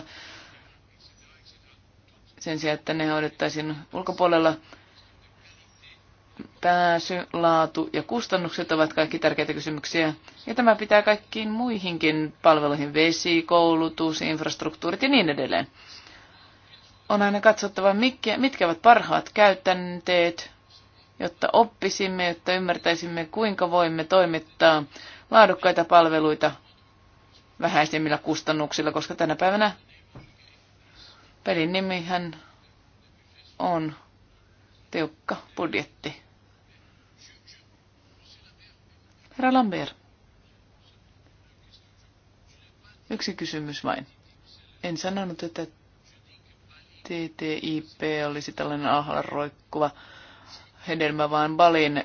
sen sijaan, että ne hoidettaisiin ulkopuolella. Pääsy, laatu ja kustannukset ovat kaikki tärkeitä kysymyksiä. Ja tämä pitää kaikkiin muihinkin palveluihin, vesi, koulutus, infrastruktuurit ja niin edelleen. On aina katsottava, mitkä, mitkä ovat parhaat käytänteet, jotta oppisimme, jotta ymmärtäisimme, kuinka voimme toimittaa laadukkaita palveluita vähäisemmillä kustannuksilla, koska tänä päivänä pelin nimihän on tiukka budjetti. Herra Lambert, yksi kysymys vain. En sanonut, että TTIP olisi tällainen alhaalla roikkuva hedelmä, vaan Balin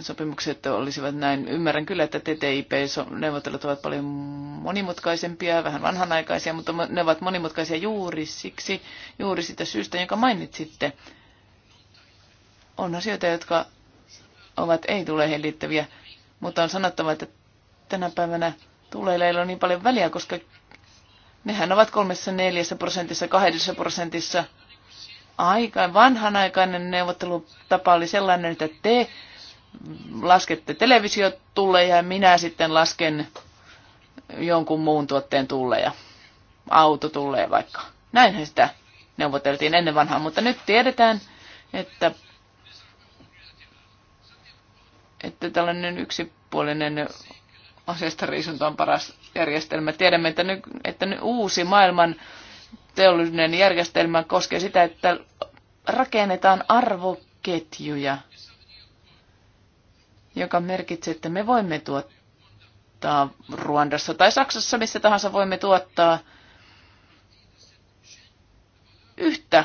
sopimukset olisivat näin. Ymmärrän kyllä, että TTIP-neuvottelut ovat paljon monimutkaisempia, vähän vanhanaikaisia, mutta ne ovat monimutkaisia juuri siksi, juuri sitä syystä, jonka mainitsitte. On asioita, jotka ovat ei tule liittyviä, mutta on sanottava, että tänä päivänä tuleilla ei ole niin paljon väliä, koska Nehän ovat kolmessa neljässä prosentissa, kahdessa prosentissa. Aika vanhanaikainen neuvottelutapa oli sellainen, että te laskette televisiotulleja ja minä sitten lasken jonkun muun tuotteen tulleja. Auto tulee vaikka. Näinhän sitä neuvoteltiin ennen vanhaa, mutta nyt tiedetään, että, että tällainen yksipuolinen asiasta on paras järjestelmä. Tiedämme, että, ny, että ny uusi maailman teollinen järjestelmä koskee sitä, että rakennetaan arvoketjuja, joka merkitsee, että me voimme tuottaa Ruandassa tai Saksassa, missä tahansa voimme tuottaa yhtä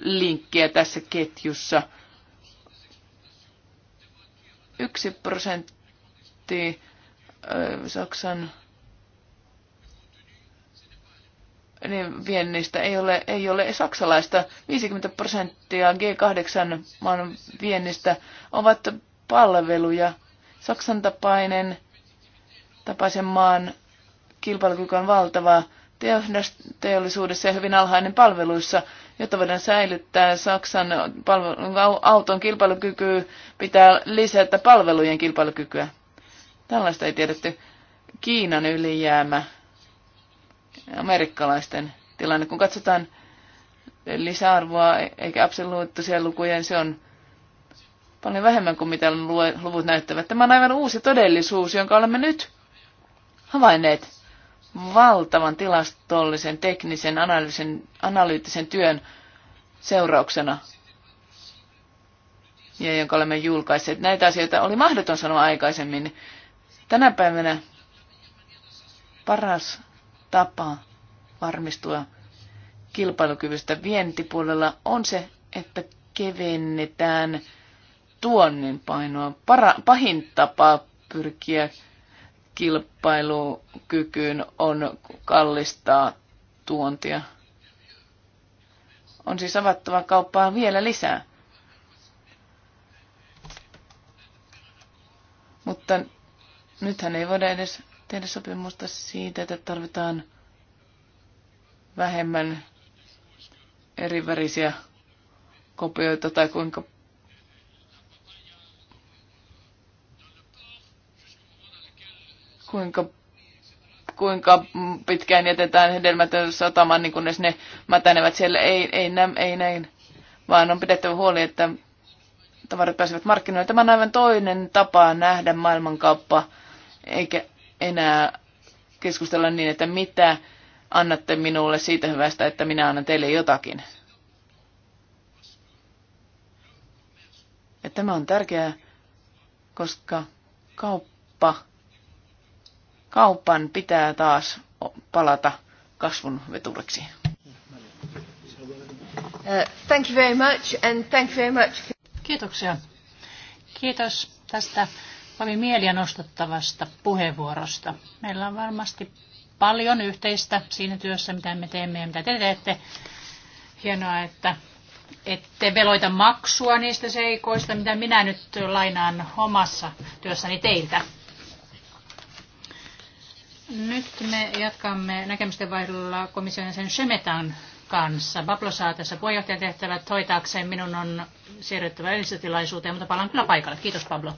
linkkiä tässä ketjussa. Yksi prosentti otti Saksan niin viennistä ei ole, ei ole saksalaista. 50 prosenttia G8 maan viennistä ovat palveluja. Saksan tapainen tapaisen maan kilpailukyky on valtava teollisuudessa ja hyvin alhainen palveluissa. Jotta voidaan säilyttää Saksan auton kilpailukykyä. pitää lisätä palvelujen kilpailukykyä. Tällaista ei tiedetty. Kiinan ylijäämä, amerikkalaisten tilanne. Kun katsotaan lisäarvoa eikä absoluuttisia lukuja, niin se on paljon vähemmän kuin mitä luvut näyttävät. Tämä on aivan uusi todellisuus, jonka olemme nyt havainneet valtavan tilastollisen, teknisen, analyysin, analyyttisen työn seurauksena, ja jonka olemme julkaisseet. Näitä asioita oli mahdoton sanoa aikaisemmin. Tänä päivänä paras tapa varmistua kilpailukyvystä vientipuolella on se, että kevennetään tuonnin painoa. Para, pahin tapa pyrkiä kilpailukykyyn on kallistaa tuontia. On siis avattava kauppaa vielä lisää. Mutta Nythän ei voida edes tehdä sopimusta siitä, että tarvitaan vähemmän erivärisiä kopioita tai kuinka kuinka kuinka pitkään jätetään hedelmät satamaan, niin kunnes ne mätänevät siellä. Ei, ei, näin, ei näin, vaan on pidettävä huoli, että tavarat pääsevät markkinoille. Tämä on aivan toinen tapa nähdä maailmankauppa eikä enää keskustella niin, että mitä annatte minulle siitä hyvästä, että minä annan teille jotakin. Ja tämä on tärkeää, koska kauppa, kaupan pitää taas palata kasvun veturiksi. Uh, thank you very much and thank you very much. Kiitoksia. Kiitos tästä paljon mieliä nostattavasta puheenvuorosta. Meillä on varmasti paljon yhteistä siinä työssä, mitä me teemme ja mitä te teette. Hienoa, että ette veloita maksua niistä seikoista, mitä minä nyt lainaan omassa työssäni teiltä. Nyt me jatkamme näkemysten vaihdolla komission sen Shemetan kanssa. Pablo saa tässä puheenjohtajan tehtävät hoitaakseen. Minun on siirryttävä yleisötilaisuuteen, mutta palaan kyllä paikalle. Kiitos Pablo.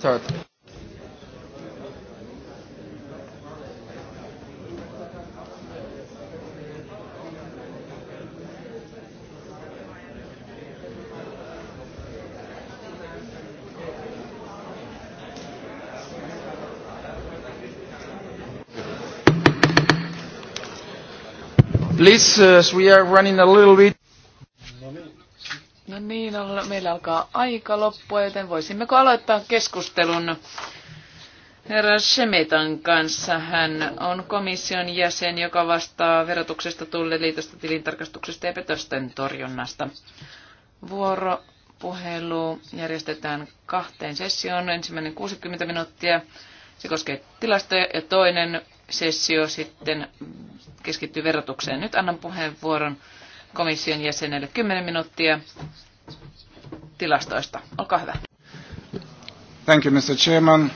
start. Please, uh, we are running a little bit olla, meillä alkaa aika loppua, joten voisimmeko aloittaa keskustelun herra Shemetan kanssa. Hän on komission jäsen, joka vastaa verotuksesta, tulleliitosta, tilintarkastuksesta ja petosten torjunnasta. Vuoropuhelu järjestetään kahteen sessioon. Ensimmäinen 60 minuuttia. Se koskee tilastoja ja toinen sessio sitten keskittyy verotukseen. Nyt annan puheenvuoron komission jäsenelle 10 minuuttia tilastoista. Olkaa hyvä. Thank you, Mr. Chairman.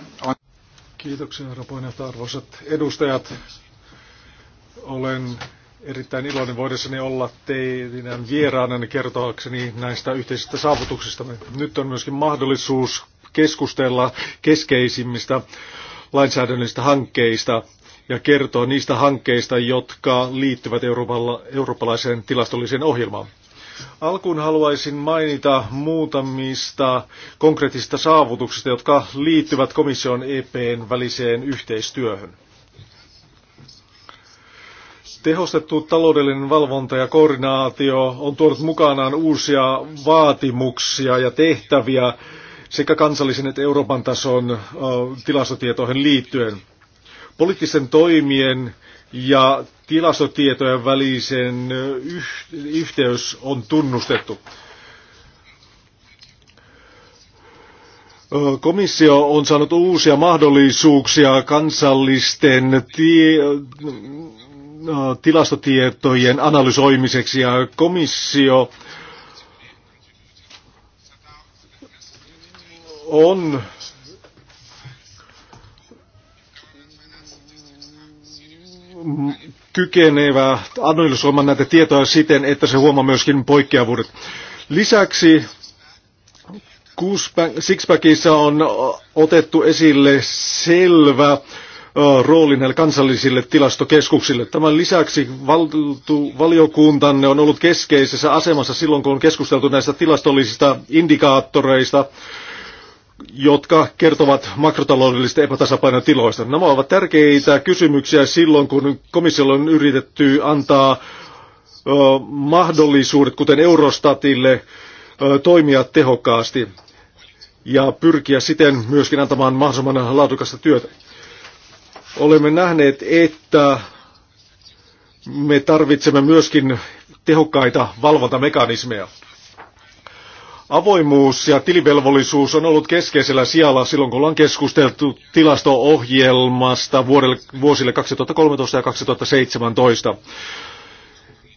Kiitoksia, herra puheenjohtaja, arvoisat edustajat. Olen erittäin iloinen voidessani olla teidän vieraananne kertoakseni näistä yhteisistä saavutuksista. Nyt on myöskin mahdollisuus keskustella keskeisimmistä lainsäädännöllisistä hankkeista ja kertoa niistä hankkeista, jotka liittyvät eurooppalaiseen tilastolliseen ohjelmaan. Alkuun haluaisin mainita muutamista konkreettista saavutuksista, jotka liittyvät komission EPn väliseen yhteistyöhön. Tehostettu taloudellinen valvonta ja koordinaatio on tuonut mukanaan uusia vaatimuksia ja tehtäviä sekä kansallisen että Euroopan tason tilastotietoihin liittyen. Poliittisten toimien ja tilastotietojen välisen yhteys on tunnustettu. Komissio on saanut uusia mahdollisuuksia kansallisten tie, tilastotietojen analysoimiseksi ja komissio on kykenevä analysoimaan näitä tietoja siten, että se huomaa myöskin poikkeavuudet. Lisäksi Sixpackissa on otettu esille selvä rooli näille kansallisille tilastokeskuksille. Tämän lisäksi valtu, valiokuntanne on ollut keskeisessä asemassa silloin, kun on keskusteltu näistä tilastollisista indikaattoreista jotka kertovat makrotaloudellisista epätasapainotiloista. Nämä ovat tärkeitä kysymyksiä silloin, kun komissiolla on yritetty antaa ö, mahdollisuudet, kuten Eurostatille, ö, toimia tehokkaasti ja pyrkiä siten myöskin antamaan mahdollisimman laadukasta työtä. Olemme nähneet, että me tarvitsemme myöskin tehokkaita valvontamekanismeja. Avoimuus ja tilivelvollisuus on ollut keskeisellä sijalla silloin, kun ollaan keskusteltu tilasto-ohjelmasta vuosille 2013 ja 2017.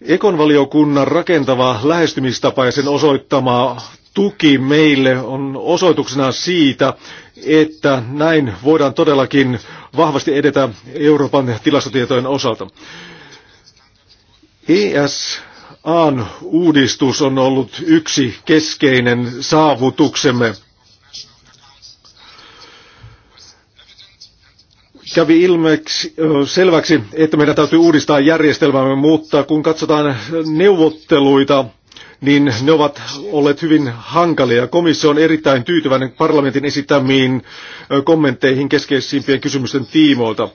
Ekon valiokunnan rakentava lähestymistapa ja sen osoittama tuki meille on osoituksena siitä, että näin voidaan todellakin vahvasti edetä Euroopan tilastotietojen osalta. ES Aan uudistus on ollut yksi keskeinen saavutuksemme. Kävi ilmeksi, selväksi, että meidän täytyy uudistaa järjestelmämme, mutta kun katsotaan neuvotteluita, niin ne ovat olleet hyvin hankalia. Komissio on erittäin tyytyväinen parlamentin esittämiin kommentteihin keskeisimpien kysymysten tiimoilta.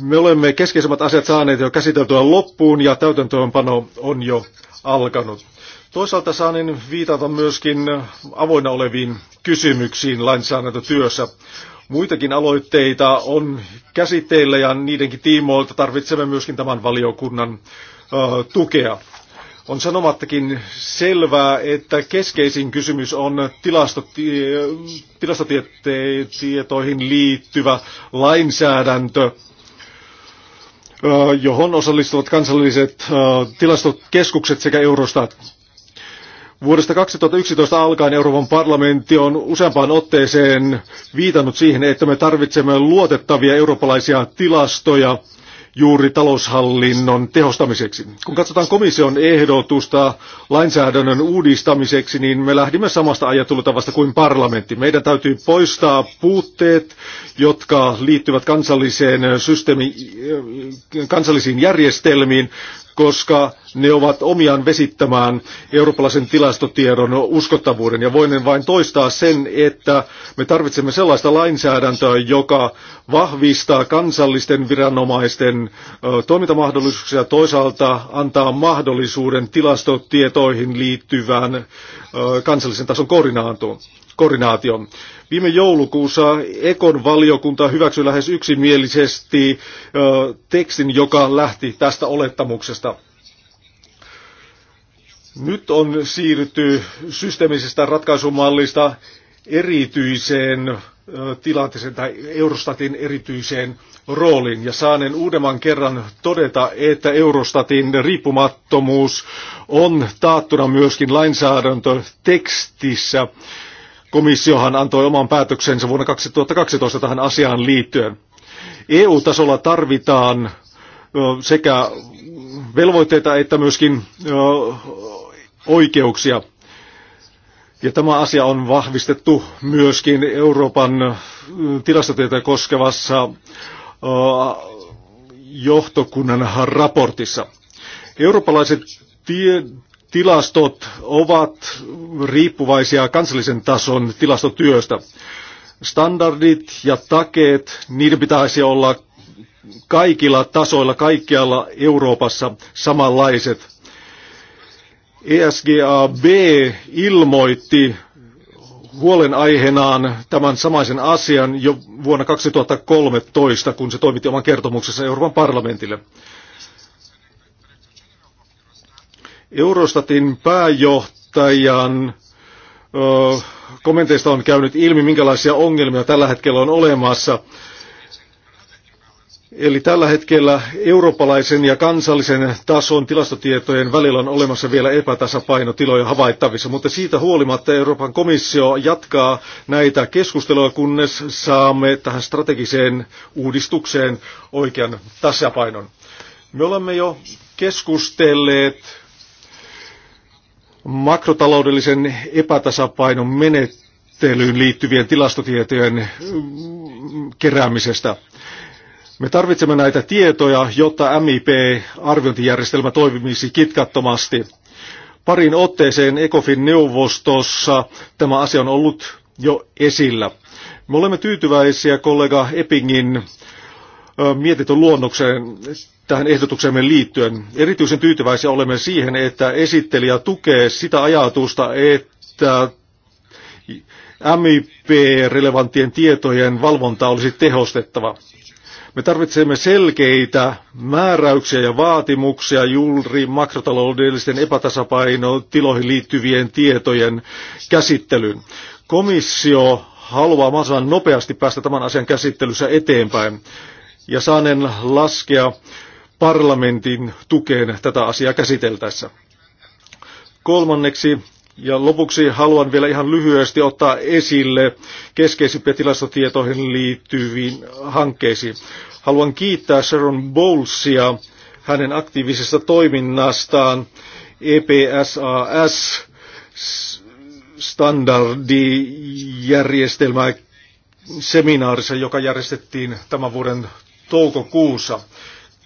Me olemme keskeisimmät asiat saaneet jo käsiteltyä loppuun ja täytäntöönpano on jo alkanut. Toisaalta saanin viitata myöskin avoinna oleviin kysymyksiin lainsäädäntötyössä. Muitakin aloitteita on käsitteillä ja niidenkin tiimoilta tarvitsemme myöskin tämän valiokunnan ö, tukea. On sanomattakin selvää, että keskeisin kysymys on tilastotietoihin liittyvä lainsäädäntö Äh, johon osallistuvat kansalliset äh, tilastokeskukset sekä Eurostat. Vuodesta 2011 alkaen Euroopan parlamentti on useampaan otteeseen viitannut siihen, että me tarvitsemme luotettavia eurooppalaisia tilastoja juuri taloushallinnon tehostamiseksi. Kun katsotaan komission ehdotusta lainsäädännön uudistamiseksi, niin me lähdimme samasta ajattelutavasta kuin parlamentti. Meidän täytyy poistaa puutteet, jotka liittyvät kansalliseen systeemi, kansallisiin järjestelmiin, koska ne ovat omiaan vesittämään eurooppalaisen tilastotiedon uskottavuuden. Ja voin vain toistaa sen, että me tarvitsemme sellaista lainsäädäntöä, joka vahvistaa kansallisten viranomaisten toimintamahdollisuuksia ja toisaalta antaa mahdollisuuden tilastotietoihin liittyvään kansallisen tason koordinaatioon Viime joulukuussa Ekon valiokunta hyväksyi lähes yksimielisesti ö, tekstin, joka lähti tästä olettamuksesta. Nyt on siirrytty systeemisestä ratkaisumallista erityiseen tilanteeseen tai Eurostatin erityiseen rooliin. Ja saanen uudemman kerran todeta, että Eurostatin riippumattomuus on taattuna myöskin lainsäädäntötekstissä. tekstissä Komissiohan antoi oman päätöksensä vuonna 2012 tähän asiaan liittyen. EU-tasolla tarvitaan sekä velvoitteita että myöskin oikeuksia. Ja tämä asia on vahvistettu myöskin Euroopan tilastotietoja koskevassa johtokunnan raportissa. Eurooppalaiset tie- tilastot ovat riippuvaisia kansallisen tason tilastotyöstä. Standardit ja takeet, niiden pitäisi olla kaikilla tasoilla, kaikkialla Euroopassa samanlaiset. ESGAB ilmoitti huolenaiheenaan tämän samaisen asian jo vuonna 2013, kun se toimitti oman kertomuksensa Euroopan parlamentille. Eurostatin pääjohtajan ö, kommenteista on käynyt ilmi, minkälaisia ongelmia tällä hetkellä on olemassa. Eli tällä hetkellä eurooppalaisen ja kansallisen tason tilastotietojen välillä on olemassa vielä epätasapainotiloja havaittavissa, mutta siitä huolimatta Euroopan komissio jatkaa näitä keskusteluja, kunnes saamme tähän strategiseen uudistukseen oikean tasapainon. Me olemme jo keskustelleet makrotaloudellisen epätasapainon menettelyyn liittyvien tilastotietojen mm, keräämisestä. Me tarvitsemme näitä tietoja, jotta MIP-arviointijärjestelmä toimisi kitkattomasti. Parin otteeseen ECOFIN neuvostossa tämä asia on ollut jo esillä. Me olemme tyytyväisiä kollega Eppingin mietintöluonnokseen. luonnokseen tähän ehdotukseemme liittyen. Erityisen tyytyväisiä olemme siihen, että esittelijä tukee sitä ajatusta, että MIP-relevanttien tietojen valvonta olisi tehostettava. Me tarvitsemme selkeitä määräyksiä ja vaatimuksia juuri makrotaloudellisten epätasapainotiloihin liittyvien tietojen käsittelyyn. Komissio haluaa mahdollisimman nopeasti päästä tämän asian käsittelyssä eteenpäin. Ja saanen laskea parlamentin tukeen tätä asiaa käsiteltäessä. Kolmanneksi ja lopuksi haluan vielä ihan lyhyesti ottaa esille keskeisimpiä tilastotietoihin liittyviin hankkeisiin. Haluan kiittää Sharon Bowlesia hänen aktiivisesta toiminnastaan EPSAS standardijärjestelmä seminaarissa, joka järjestettiin tämän vuoden toukokuussa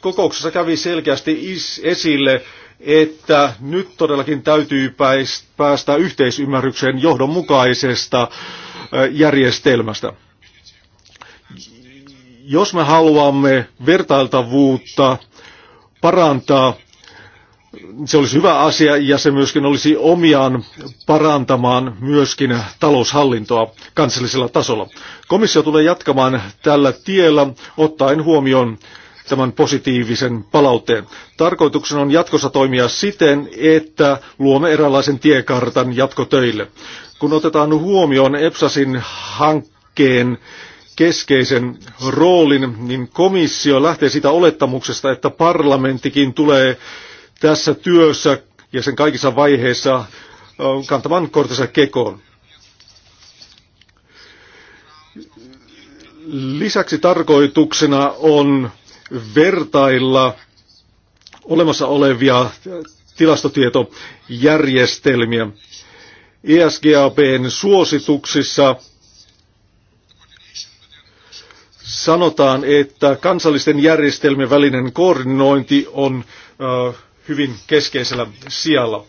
kokouksessa kävi selkeästi esille, että nyt todellakin täytyy päästä yhteisymmärrykseen johdonmukaisesta järjestelmästä. Jos me haluamme vertailtavuutta parantaa, se olisi hyvä asia ja se myöskin olisi omiaan parantamaan myöskin taloushallintoa kansallisella tasolla. Komissio tulee jatkamaan tällä tiellä ottaen huomioon tämän positiivisen palautteen. Tarkoituksena on jatkossa toimia siten, että luomme eräänlaisen tiekartan jatkotöille. Kun otetaan huomioon EPSASin hankkeen keskeisen roolin, niin komissio lähtee sitä olettamuksesta, että parlamenttikin tulee tässä työssä ja sen kaikissa vaiheissa kantamaan kortensa kekoon. Lisäksi tarkoituksena on vertailla olemassa olevia tilastotietojärjestelmiä. ESGAPn suosituksissa sanotaan, että kansallisten järjestelmien välinen koordinointi on hyvin keskeisellä sijalla.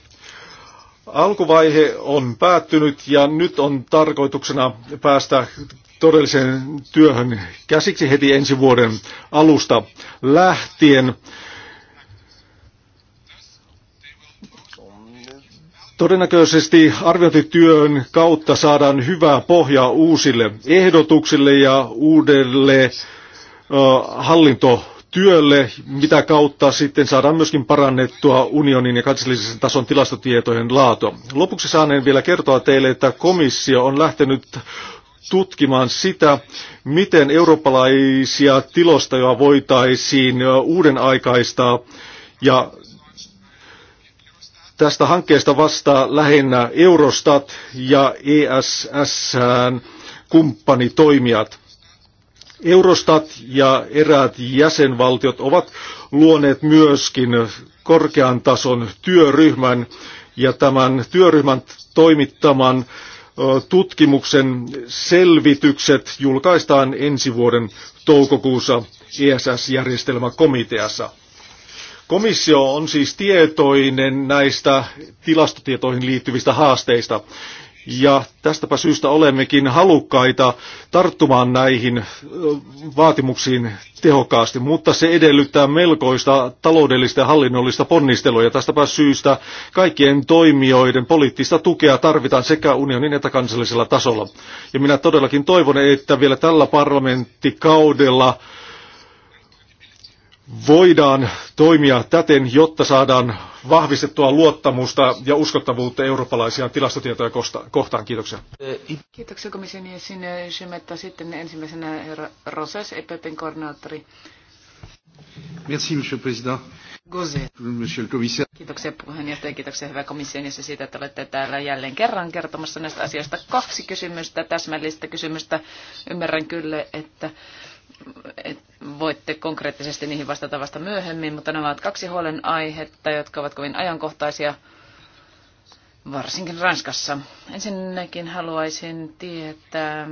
Alkuvaihe on päättynyt ja nyt on tarkoituksena päästä todelliseen työhön käsiksi heti ensi vuoden alusta lähtien. Todennäköisesti arviointityön kautta saadaan hyvää pohjaa uusille ehdotuksille ja uudelle hallintotyölle, mitä kautta sitten saadaan myöskin parannettua unionin ja kansallisen tason tilastotietojen laatua. Lopuksi saaneen vielä kertoa teille, että komissio on lähtenyt tutkimaan sitä, miten eurooppalaisia tilostajia voitaisiin uuden aikaistaa ja Tästä hankkeesta vastaa lähinnä Eurostat ja ESSn kumppanitoimijat. Eurostat ja eräät jäsenvaltiot ovat luoneet myöskin korkean tason työryhmän ja tämän työryhmän toimittaman tutkimuksen selvitykset julkaistaan ensi vuoden toukokuussa ESS-järjestelmäkomiteassa. Komissio on siis tietoinen näistä tilastotietoihin liittyvistä haasteista ja tästäpä syystä olemmekin halukkaita tarttumaan näihin vaatimuksiin tehokkaasti, mutta se edellyttää melkoista taloudellista ja hallinnollista ponnistelua. Ja tästäpä syystä kaikkien toimijoiden poliittista tukea tarvitaan sekä unionin että kansallisella tasolla. Ja minä todellakin toivon, että vielä tällä parlamenttikaudella voidaan toimia täten, jotta saadaan vahvistettua luottamusta ja uskottavuutta eurooppalaisia tilastotietoja kohtaan. Kiitoksia. Kiitoksia komission jäsen Semetta. Sitten ensimmäisenä herra Roses, EPPn koordinaattori. Merci, monsieur président. Kiitoksia puheenjohtaja, kiitoksia hyvä komission jäsen siitä, että olette täällä jälleen kerran kertomassa näistä asioista. Kaksi kysymystä, täsmällistä kysymystä. Ymmärrän kyllä, että, että voitte konkreettisesti niihin vastata vasta myöhemmin, mutta nämä ovat kaksi huolenaihetta, jotka ovat kovin ajankohtaisia, varsinkin Ranskassa. Ensinnäkin haluaisin tietää,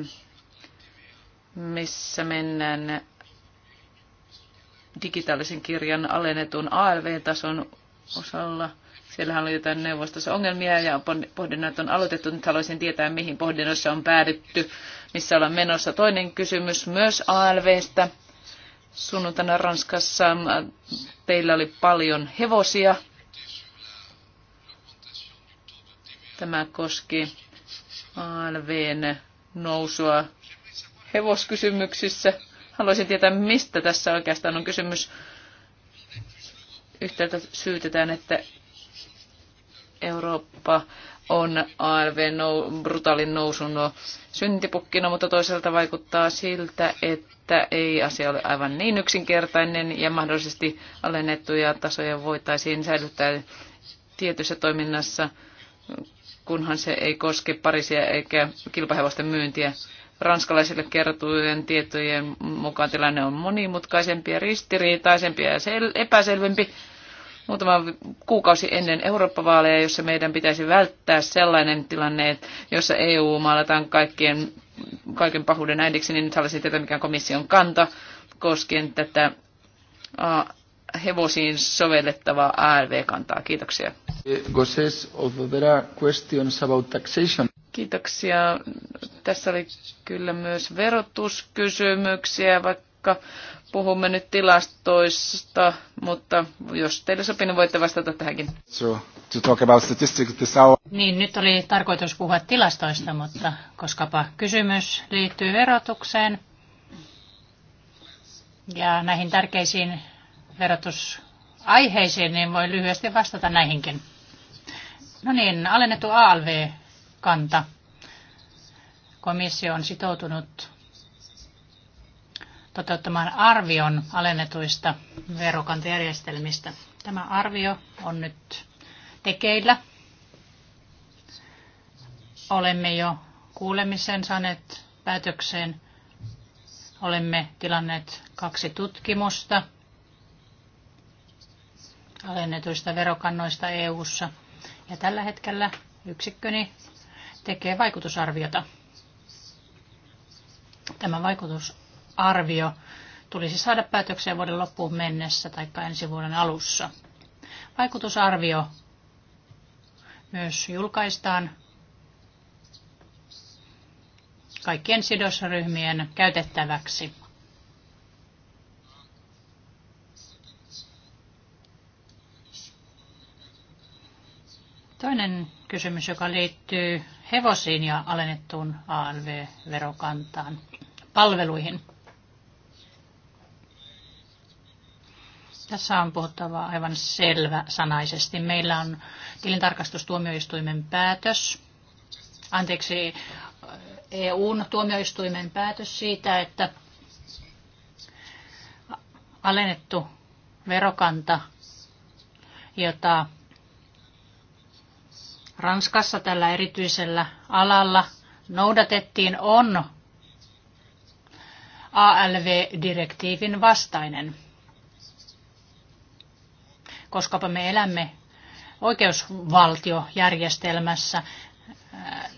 missä mennään digitaalisen kirjan alennetun ALV-tason osalla. Siellähän oli jotain neuvostossa ongelmia ja pohdinnat on aloitettu. Nyt haluaisin tietää, mihin pohdinnoissa on päädytty, missä ollaan menossa. Toinen kysymys myös ALVstä. Sunnuntaina Ranskassa teillä oli paljon hevosia. Tämä koski ALVn nousua hevoskysymyksissä. Haluaisin tietää, mistä tässä oikeastaan on kysymys. Yhtäältä syytetään, että Eurooppa on ALVn nou, brutaalin nousun no, syntipukkina, mutta toisaalta vaikuttaa siltä, että ei asia ole aivan niin yksinkertainen ja mahdollisesti alennettuja tasoja voitaisiin säilyttää tietyssä toiminnassa, kunhan se ei koske parisia eikä kilpahevosten myyntiä. Ranskalaisille kertujen tietojen mukaan tilanne on monimutkaisempi ja ristiriitaisempi ja sel- epäselvempi muutama kuukausi ennen Eurooppa-vaaleja, jossa meidän pitäisi välttää sellainen tilanne, jossa EU maalataan kaikkien, kaiken pahuuden äidiksi, niin nyt haluaisin tietää, mikä on komission kanta koskien tätä a, hevosiin sovellettavaa ALV-kantaa. Kiitoksia. Kiitoksia. Tässä oli kyllä myös verotuskysymyksiä, vaikka puhumme nyt tilastoista, mutta jos teille sopii, niin voitte vastata tähänkin. So, to talk about statistics this hour. Niin, nyt oli tarkoitus puhua tilastoista, mutta koskapa kysymys liittyy verotukseen ja näihin tärkeisiin verotusaiheisiin, niin voi lyhyesti vastata näihinkin. No niin, alennettu ALV-kanta. Komissio on sitoutunut toteuttamaan arvion alennetuista verokantajärjestelmistä. Tämä arvio on nyt tekeillä. Olemme jo kuulemisen saaneet päätökseen. Olemme tilanneet kaksi tutkimusta alennetuista verokannoista EU:ssa ja tällä hetkellä yksikköni tekee vaikutusarviota. Tämä vaikutus arvio tulisi saada päätökseen vuoden loppuun mennessä tai ensi vuoden alussa. Vaikutusarvio myös julkaistaan kaikkien sidosryhmien käytettäväksi. Toinen kysymys, joka liittyy hevosiin ja alennettuun ALV-verokantaan, palveluihin. Tässä on puhuttava aivan selvä sanaisesti. Meillä on tilintarkastustuomioistuimen päätös, anteeksi, EUn tuomioistuimen päätös siitä, että alennettu verokanta, jota Ranskassa tällä erityisellä alalla noudatettiin, on ALV-direktiivin vastainen koska me elämme oikeusvaltiojärjestelmässä,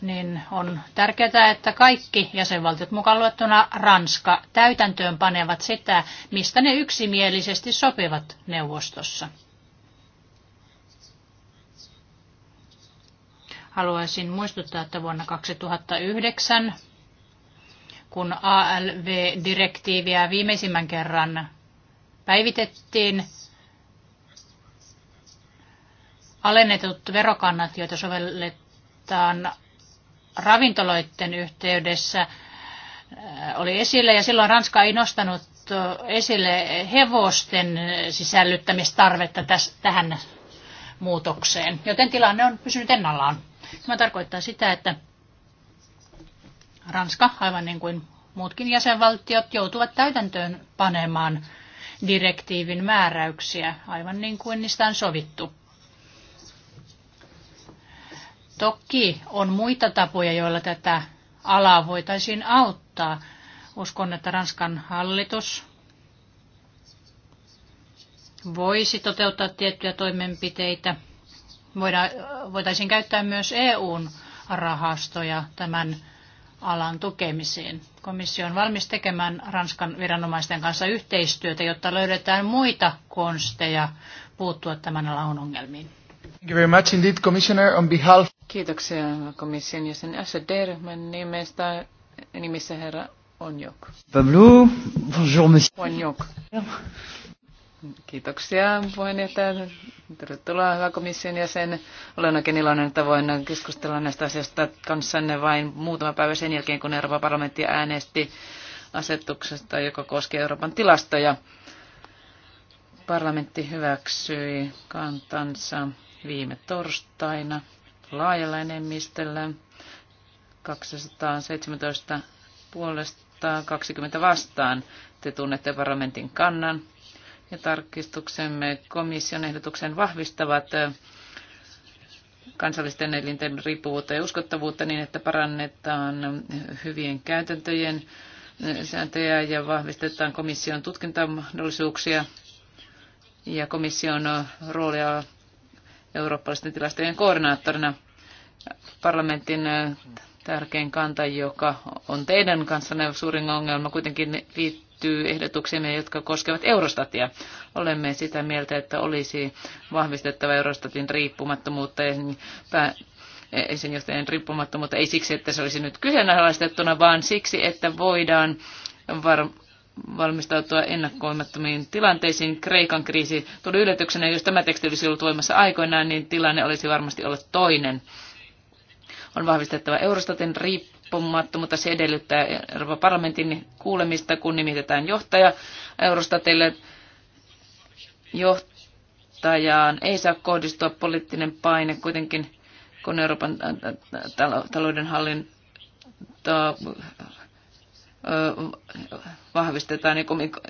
niin on tärkeää, että kaikki jäsenvaltiot mukaan luettuna Ranska täytäntöön panevat sitä, mistä ne yksimielisesti sopivat neuvostossa. Haluaisin muistuttaa, että vuonna 2009, kun ALV-direktiiviä viimeisimmän kerran päivitettiin, alennetut verokannat, joita sovelletaan ravintoloiden yhteydessä, äh, oli esille ja silloin Ranska ei nostanut äh, esille hevosten sisällyttämistarvetta täs, tähän muutokseen, joten tilanne on pysynyt ennallaan. Tämä tarkoittaa sitä, että Ranska, aivan niin kuin muutkin jäsenvaltiot, joutuvat täytäntöön panemaan direktiivin määräyksiä, aivan niin kuin niistä on sovittu. Toki on muita tapoja, joilla tätä alaa voitaisiin auttaa. Uskon, että Ranskan hallitus voisi toteuttaa tiettyjä toimenpiteitä. Voidaan, voitaisiin käyttää myös EUn rahastoja tämän alan tukemiseen. Komissio on valmis tekemään Ranskan viranomaisten kanssa yhteistyötä, jotta löydetään muita konsteja puuttua tämän alan ongelmiin. Thank you very much indeed, Commissioner, on behalf... Kiitoksia komission jäsen Asher-Derman nimestä, nimissä herra Onjok. Pablo, bonjour monsieur. Onjok. Kiitoksia puheenjohtaja. Tervetuloa hyvä komission jäsen. Olen oikein iloinen, että voin keskustella näistä asioista kanssanne vain muutama päivä sen jälkeen, kun Euroopan parlamentti äänesti asetuksesta, joka koskee Euroopan tilastoja. Parlamentti hyväksyi kantansa viime torstaina laajalla enemmistöllä 217 puolesta 20 vastaan. Te tunnette parlamentin kannan ja tarkistuksemme komission ehdotuksen vahvistavat kansallisten elinten riippuvuutta ja uskottavuutta niin, että parannetaan hyvien käytäntöjen sääntöjä ja vahvistetaan komission tutkintamahdollisuuksia ja komission roolia eurooppalaisten tilastojen koordinaattorina parlamentin tärkein kanta, joka on teidän kanssanne suurin ongelma, kuitenkin liittyy ehdotuksiimme, jotka koskevat Eurostatia. Olemme sitä mieltä, että olisi vahvistettava Eurostatin riippumattomuutta ja pää- riippumattomuutta, ei siksi, että se olisi nyt kyseenalaistettuna, vaan siksi, että voidaan var- valmistautua ennakkoimattomiin tilanteisiin. Kreikan kriisi tuli yllätyksenä, jos tämä teksti olisi ollut voimassa aikoinaan, niin tilanne olisi varmasti ollut toinen. On vahvistettava Eurostatin riippumattomuutta. Se edellyttää Euroopan parlamentin kuulemista, kun nimitetään johtaja Eurostatille. Johtajaan ei saa kohdistua poliittinen paine kuitenkin, kun Euroopan äh, äh, talouden hallinto vahvistetaan, ja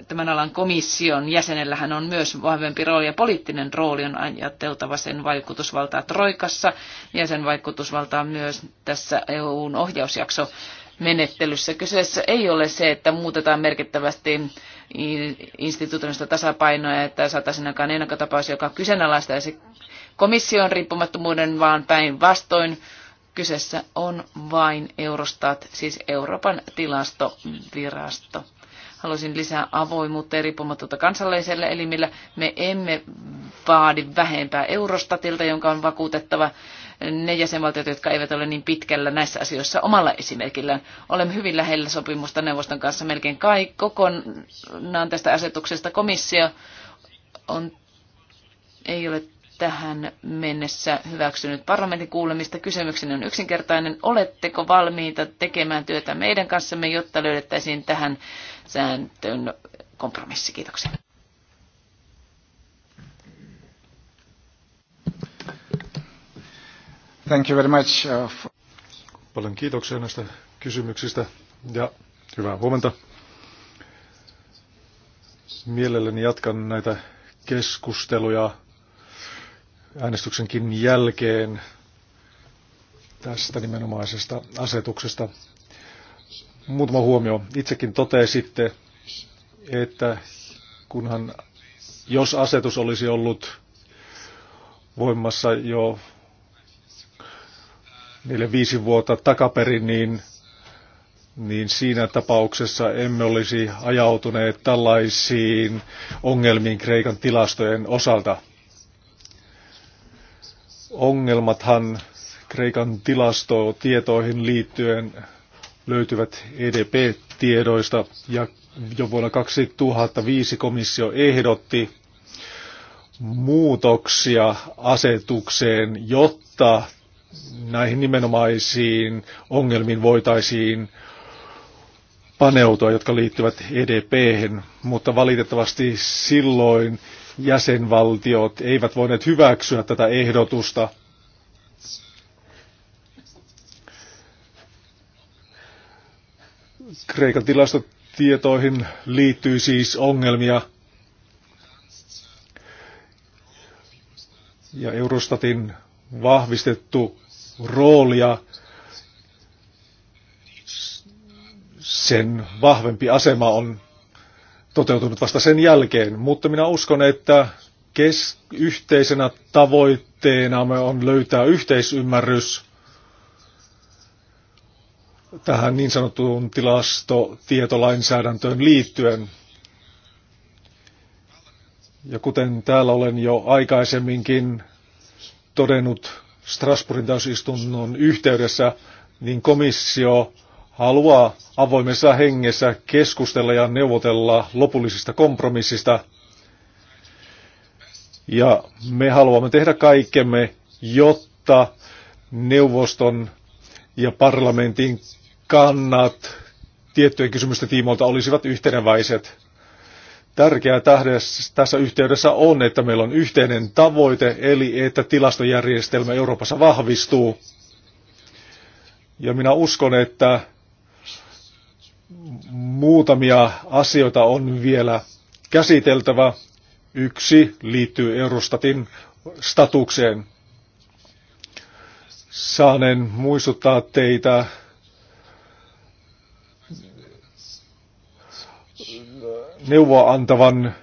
tämän alan komission jäsenellähän on myös vahvempi rooli, ja poliittinen rooli on ajateltava sen vaikutusvaltaa Troikassa, ja sen vaikutusvaltaa myös tässä EUn ohjausjakso menettelyssä. Kyseessä ei ole se, että muutetaan merkittävästi instituutioista tasapainoa, että saataisiin aikaan ennakkotapaus, joka kyseenalaistaisi komission riippumattomuuden, vaan päinvastoin Kyseessä on vain Eurostat, siis Euroopan tilastovirasto. Haluaisin lisää avoimuutta ja riippumatonta kansalliselle elimillä. Me emme vaadi vähempää Eurostatilta, jonka on vakuutettava ne jäsenvaltiot, jotka eivät ole niin pitkällä näissä asioissa omalla esimerkillään. Olemme hyvin lähellä sopimusta neuvoston kanssa melkein kai kokonaan tästä asetuksesta. Komissio on, ei ole tähän mennessä hyväksynyt parlamentin kuulemista. Kysymykseni on yksinkertainen. Oletteko valmiita tekemään työtä meidän kanssamme, jotta löydettäisiin tähän sääntöön kompromissi? Kiitoksia. Thank you very much. Uh, Paljon kiitoksia näistä kysymyksistä ja hyvää huomenta. Mielelläni jatkan näitä keskusteluja äänestyksenkin jälkeen tästä nimenomaisesta asetuksesta. Muutama huomio. Itsekin totesitte, että kunhan, jos asetus olisi ollut voimassa jo 4-5 vuotta takaperin, niin, niin siinä tapauksessa emme olisi ajautuneet tällaisiin ongelmiin Kreikan tilastojen osalta ongelmathan Kreikan tilastotietoihin liittyen löytyvät EDP-tiedoista ja jo vuonna 2005 komissio ehdotti muutoksia asetukseen, jotta näihin nimenomaisiin ongelmiin voitaisiin paneutua, jotka liittyvät edp -hen. mutta valitettavasti silloin jäsenvaltiot eivät voineet hyväksyä tätä ehdotusta. Kreikan tilastotietoihin liittyy siis ongelmia. Ja Eurostatin vahvistettu roolia, sen vahvempi asema on toteutunut vasta sen jälkeen, mutta minä uskon, että kes- yhteisenä me on löytää yhteisymmärrys tähän niin sanottuun tilastotietolainsäädäntöön liittyen. Ja kuten täällä olen jo aikaisemminkin todennut Strasbourgin täysistunnon yhteydessä, niin komissio haluaa avoimessa hengessä keskustella ja neuvotella lopullisista kompromissista. Ja me haluamme tehdä kaikkemme, jotta neuvoston ja parlamentin kannat tiettyjen kysymysten tiimoilta olisivat yhteneväiset. Tärkeää tässä yhteydessä on, että meillä on yhteinen tavoite, eli että tilastojärjestelmä Euroopassa vahvistuu. Ja minä uskon, että Muutamia asioita on vielä käsiteltävä. Yksi liittyy Eurostatin statukseen. Saanen muistuttaa teitä neuvoa antavan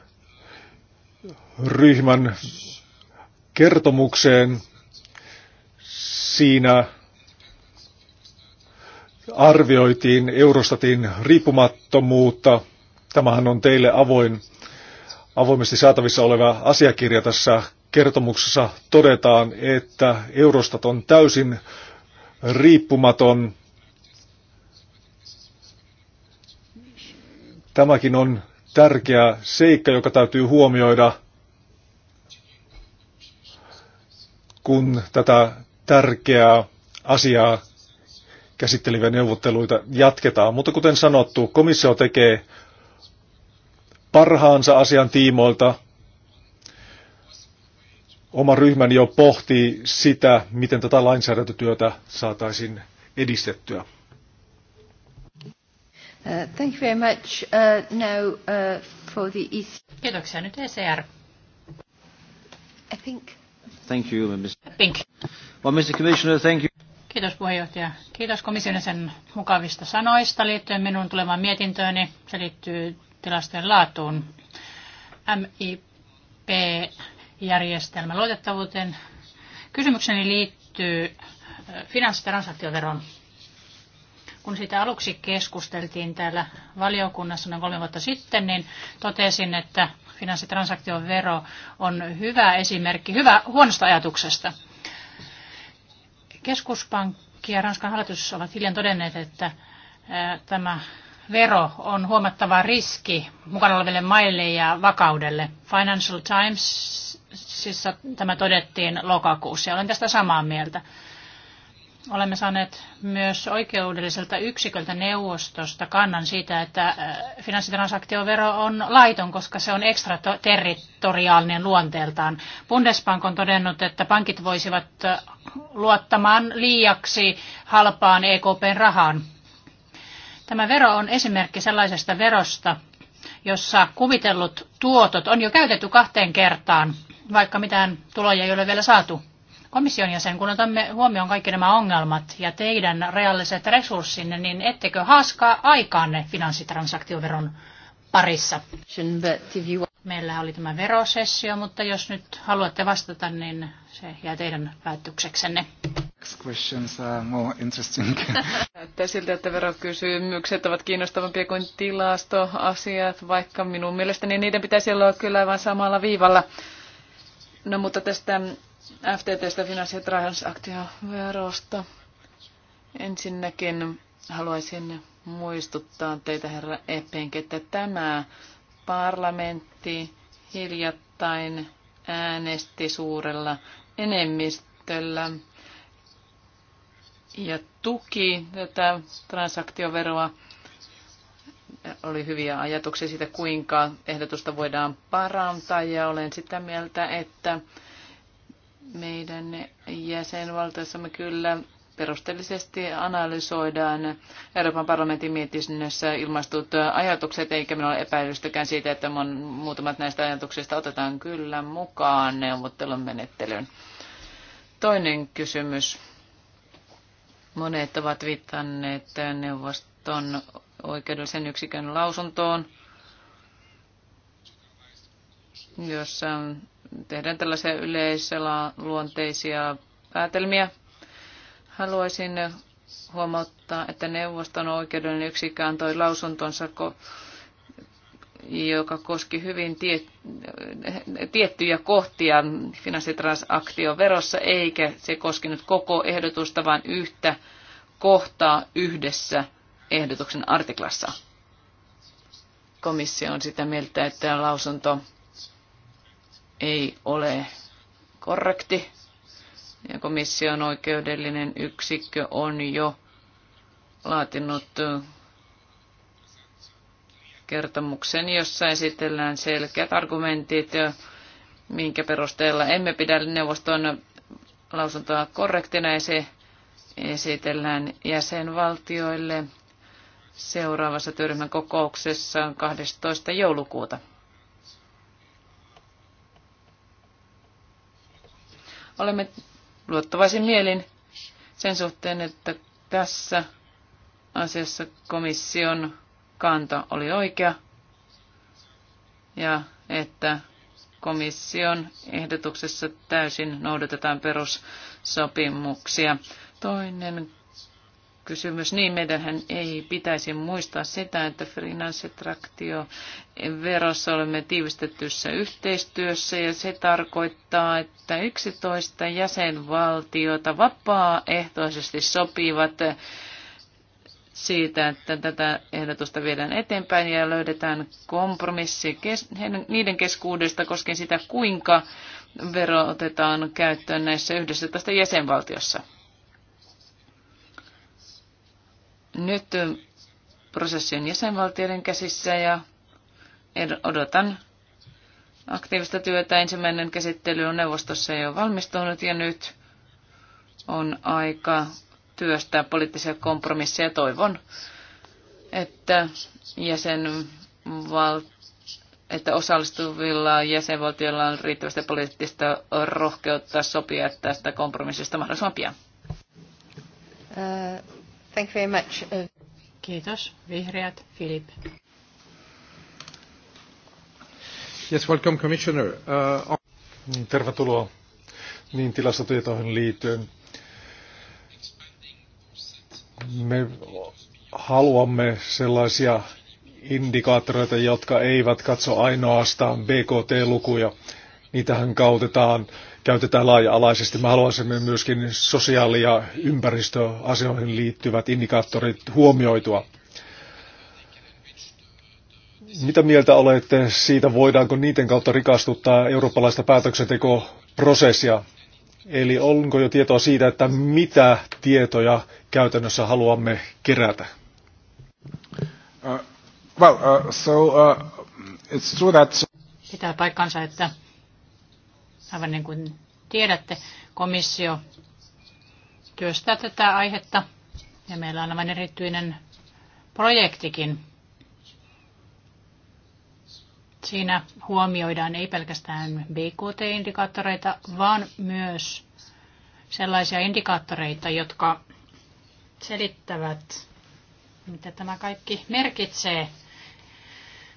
ryhmän kertomukseen. Siinä arvioitiin Eurostatin riippumattomuutta. Tämähän on teille avoin, avoimesti saatavissa oleva asiakirja tässä kertomuksessa todetaan, että Eurostat on täysin riippumaton. Tämäkin on tärkeä seikka, joka täytyy huomioida, kun tätä tärkeää asiaa käsitteleviä neuvotteluita jatketaan. Mutta kuten sanottu, komissio tekee parhaansa asian tiimoilta. Oma ryhmäni jo pohtii sitä, miten tätä lainsäädäntötyötä saataisiin edistettyä. Uh, thank you very much. Uh, now uh, for the ECR. Kiitoksia nyt ECR. I think. Thank you, Mr. Pink. Well, Mr. Commissioner, thank you. Kiitos puheenjohtaja. Kiitos komission sen mukavista sanoista liittyen minun tulevaan mietintööni. Se liittyy tilastojen laatuun. MIP-järjestelmän luotettavuuteen. Kysymykseni liittyy finanssitransaktioveron. Kun sitä aluksi keskusteltiin täällä valiokunnassa noin kolme vuotta sitten, niin totesin, että finanssitransaktion vero on hyvä esimerkki hyvä, huonosta ajatuksesta – Keskuspankki ja Ranskan hallitus ovat hiljan todenneet, että tämä vero on huomattava riski mukana oleville maille ja vakaudelle. Financial Timesissa tämä todettiin lokakuussa ja olen tästä samaa mieltä. Olemme saaneet myös oikeudelliselta yksiköltä neuvostosta kannan siitä, että äh, finanssitransaktiovero on laiton, koska se on ekstraterritoriaalinen luonteeltaan. Bundesbank on todennut, että pankit voisivat äh, luottamaan liiaksi halpaan EKPn rahaan. Tämä vero on esimerkki sellaisesta verosta, jossa kuvitellut tuotot on jo käytetty kahteen kertaan, vaikka mitään tuloja ei ole vielä saatu komission jäsen, kun otamme huomioon kaikki nämä ongelmat ja teidän reaaliset resurssinne, niin ettekö haaskaa aikaanne finanssitransaktioveron parissa? Meillä oli tämä verosessio, mutta jos nyt haluatte vastata, niin se jää teidän päätökseksenne. Questions are more interesting. Näyttää siltä, että verokysymykset ovat kiinnostavampia kuin tilastoasiat, vaikka minun mielestäni niiden pitäisi olla kyllä aivan samalla viivalla. No mutta tästä FTTstä finanssi- ja transaktioverosta. Ensinnäkin haluaisin muistuttaa teitä, herra Epenke, että tämä parlamentti hiljattain äänesti suurella enemmistöllä ja tuki tätä transaktioveroa. Oli hyviä ajatuksia siitä, kuinka ehdotusta voidaan parantaa ja olen sitä mieltä, että meidän jäsenvaltioissamme kyllä perusteellisesti analysoidaan Euroopan parlamentin mietinnössä ilmaistut ajatukset, eikä minulla ole epäilystäkään siitä, että muutamat näistä ajatuksista otetaan kyllä mukaan neuvottelun menettelyyn. Toinen kysymys. Monet ovat viittanneet neuvoston oikeudellisen yksikön lausuntoon, jossa tehdään tällaisia yleisluonteisia päätelmiä. Haluaisin huomauttaa, että neuvoston oikeudellinen yksikkö antoi lausuntonsa, joka koski hyvin tie, tiettyjä kohtia finanssitransaktioverossa, eikä se koskenut koko ehdotusta, vaan yhtä kohtaa yhdessä ehdotuksen artiklassa. Komissio on sitä mieltä, että lausunto ei ole korrekti. Ja komission oikeudellinen yksikkö on jo laatinut kertomuksen, jossa esitellään selkeät argumentit, minkä perusteella emme pidä neuvoston lausuntoa korrektina ja se esitellään jäsenvaltioille seuraavassa työryhmän kokouksessa 12. joulukuuta. olemme luottavaisin mielin sen suhteen, että tässä asiassa komission kanta oli oikea ja että komission ehdotuksessa täysin noudatetaan perussopimuksia. Toinen kysymys, niin meidän ei pitäisi muistaa sitä, että finanssitraktio verossa olemme tiivistetyssä yhteistyössä ja se tarkoittaa, että 11 jäsenvaltiota vapaaehtoisesti sopivat siitä, että tätä ehdotusta viedään eteenpäin ja löydetään kompromissi niiden keskuudesta koskien sitä, kuinka vero otetaan käyttöön näissä 11 jäsenvaltiossa. Nyt prosessi on jäsenvaltioiden käsissä ja odotan aktiivista työtä. Ensimmäinen käsittely on neuvostossa jo valmistunut ja nyt on aika työstää poliittisia kompromisseja. Toivon, että jäsenval että osallistuvilla jäsenvaltioilla on riittävästi poliittista rohkeutta sopia tästä kompromissista mahdollisimman pian. Äh, Thank you very much. Uh, Kiitos. Vihreät, Filip. Yes, welcome, Commissioner. Uh, niin, tervetuloa niin tilastotietoihin liittyen. Me haluamme sellaisia indikaattoreita, jotka eivät katso ainoastaan BKT-lukuja. Niitähän kautetaan käytetään laaja-alaisesti. Mä haluaisimme myöskin sosiaali- ja ympäristöasioihin liittyvät indikaattorit huomioitua. Mitä mieltä olette siitä, voidaanko niiden kautta rikastuttaa eurooppalaista päätöksentekoprosessia? Eli onko jo tietoa siitä, että mitä tietoja käytännössä haluamme kerätä? Uh, well, uh, so, uh, it's true that... Pitää paikkansa, että Aivan niin kuin tiedätte, komissio työstää tätä aihetta ja meillä on aivan erityinen projektikin. Siinä huomioidaan ei pelkästään BKT-indikaattoreita, vaan myös sellaisia indikaattoreita, jotka selittävät, mitä tämä kaikki merkitsee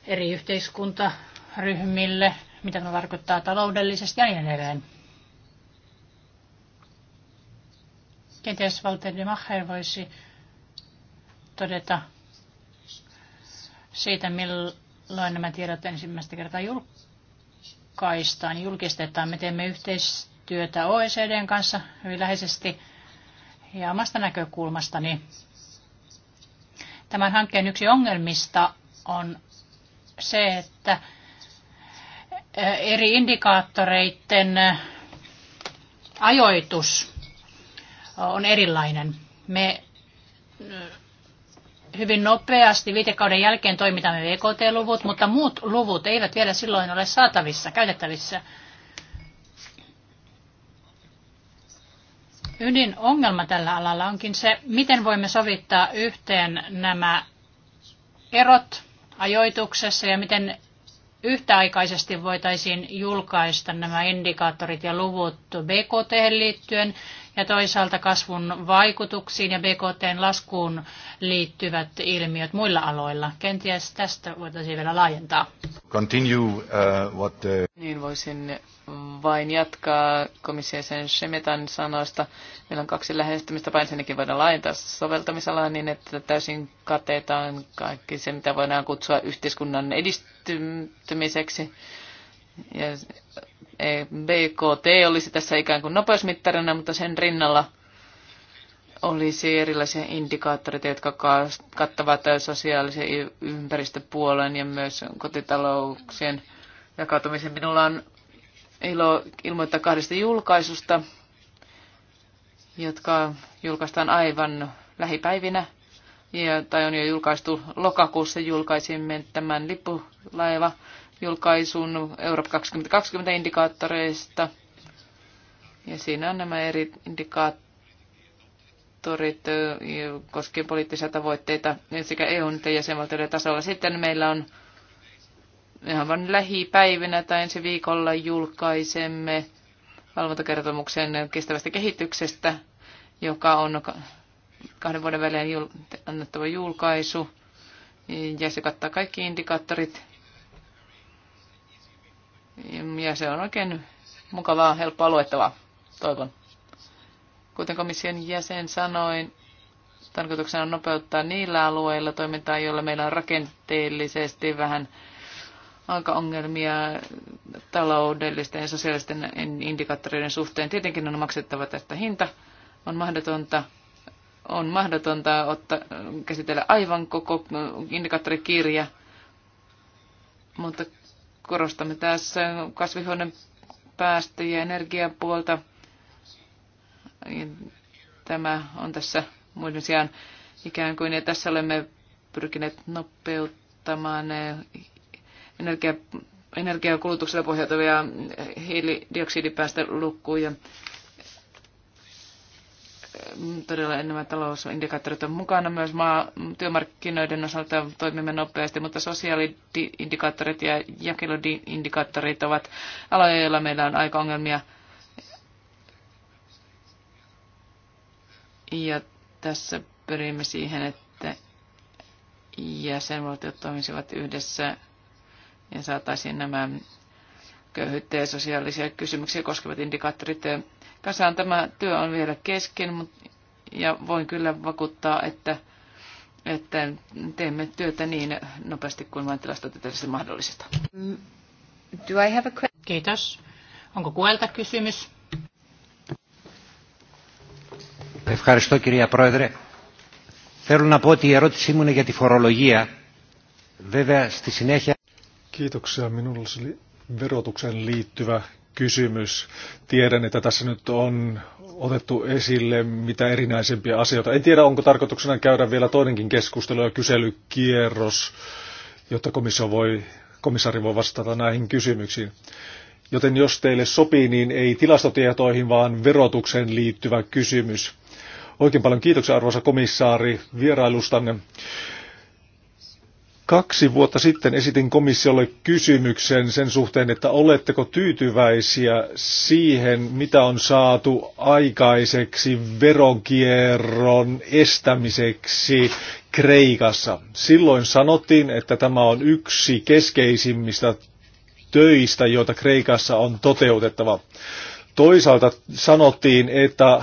eri yhteiskuntaryhmille, mitä tämä tarkoittaa taloudellisesti ja niin edelleen. Kenties Walter de Macher voisi todeta siitä, milloin nämä tiedot ensimmäistä kertaa julkaistaan, julkistetaan. Me teemme yhteistyötä OECDn kanssa hyvin läheisesti ja omasta näkökulmastani. Tämän hankkeen yksi ongelmista on se, että Eh, eri indikaattoreiden eh, ajoitus on erilainen. Me eh, hyvin nopeasti viitekauden jälkeen toimitamme VKT-luvut, mutta muut luvut eivät vielä silloin ole saatavissa, käytettävissä. Ydin ongelma tällä alalla onkin se, miten voimme sovittaa yhteen nämä erot ajoituksessa ja miten yhtäaikaisesti voitaisiin julkaista nämä indikaattorit ja luvut BKT liittyen ja toisaalta kasvun vaikutuksiin ja BKTn laskuun liittyvät ilmiöt muilla aloilla. Kenties tästä voitaisiin vielä laajentaa. Continue, uh, what the... Niin voisin vain jatkaa sen Shemetan sanoista. Meillä on kaksi lähestymistapaa. senkin voidaan laajentaa soveltamisalaa niin, että täysin katetaan kaikki se, mitä voidaan kutsua yhteiskunnan edistymiseksi. Ja BKT olisi tässä ikään kuin nopeusmittarina, mutta sen rinnalla olisi erilaisia indikaattoreita, jotka kattavat sosiaalisen ympäristöpuolen ja myös kotitalouksien jakautumisen. Minulla on ilo ilmoittaa kahdesta julkaisusta, jotka julkaistaan aivan lähipäivinä. Ja, tai on jo julkaistu lokakuussa julkaisimme tämän lippulaiva julkaisun Europe 2020 indikaattoreista. Ja siinä on nämä eri indikaattorit koskien poliittisia tavoitteita sekä EU- ja jäsenvaltioiden tasolla. Sitten meillä on vain lähipäivinä tai ensi viikolla julkaisemme valvontakertomuksen kestävästä kehityksestä, joka on kahden vuoden välein annettava julkaisu. Ja se kattaa kaikki indikaattorit. Ja se on oikein mukavaa, helppoa luettavaa, toivon. Kuten komission jäsen sanoin, tarkoituksena on nopeuttaa niillä alueilla toimintaa, joilla meillä on rakenteellisesti vähän ongelmia taloudellisten ja sosiaalisten indikaattoreiden suhteen. Tietenkin on maksettava tästä hinta. On mahdotonta, on mahdotonta ottaa, käsitellä aivan koko indikaattorikirja, mutta korostamme tässä kasvihuoneen päästöjä ja energiapuolta. Tämä on tässä muiden sijaan ikään kuin, ja tässä olemme pyrkineet nopeuttamaan energia, energiakulutuksella pohjautuvia hiilidioksidipäästölukkuja. Todella nämä talousindikaattorit on mukana myös maa, työmarkkinoiden osalta toimimme nopeasti, mutta sosiaaliindikaattorit ja jakeluindikaattorit ovat aloja, joilla meillä on aika ongelmia. Ja tässä pyrimme siihen, että jäsenvaltiot toimisivat yhdessä ja saataisiin nämä köyhyyttä ja sosiaalisia kysymyksiä koskevat indikaattorit kasaan. Tämä työ on vielä kesken ja voin kyllä vakuuttaa, että, että teemme työtä niin nopeasti kuin vain tilastotieteellisesti mahdollista. Do I have a Kiitos. Onko Kuelta kysymys? Ευχαριστώ κυρία Πρόεδρε. Θέλω να πω ότι η ερώτησή μου είναι για τη φορολογία. Βέβαια στη συνέχεια... Kiitoksia. Minulla oli verotuksen liittyvä kysymys. Tiedän, että tässä nyt on otettu esille mitä erinäisempiä asioita. En tiedä, onko tarkoituksena käydä vielä toinenkin keskustelu ja kyselykierros, jotta komissio voi, komissaari voi vastata näihin kysymyksiin. Joten jos teille sopii, niin ei tilastotietoihin, vaan verotukseen liittyvä kysymys. Oikein paljon kiitoksia arvoisa komissaari vierailustanne. Kaksi vuotta sitten esitin komissiolle kysymyksen sen suhteen, että oletteko tyytyväisiä siihen, mitä on saatu aikaiseksi veronkierron estämiseksi Kreikassa. Silloin sanottiin, että tämä on yksi keskeisimmistä töistä, joita Kreikassa on toteutettava. Toisaalta sanottiin, että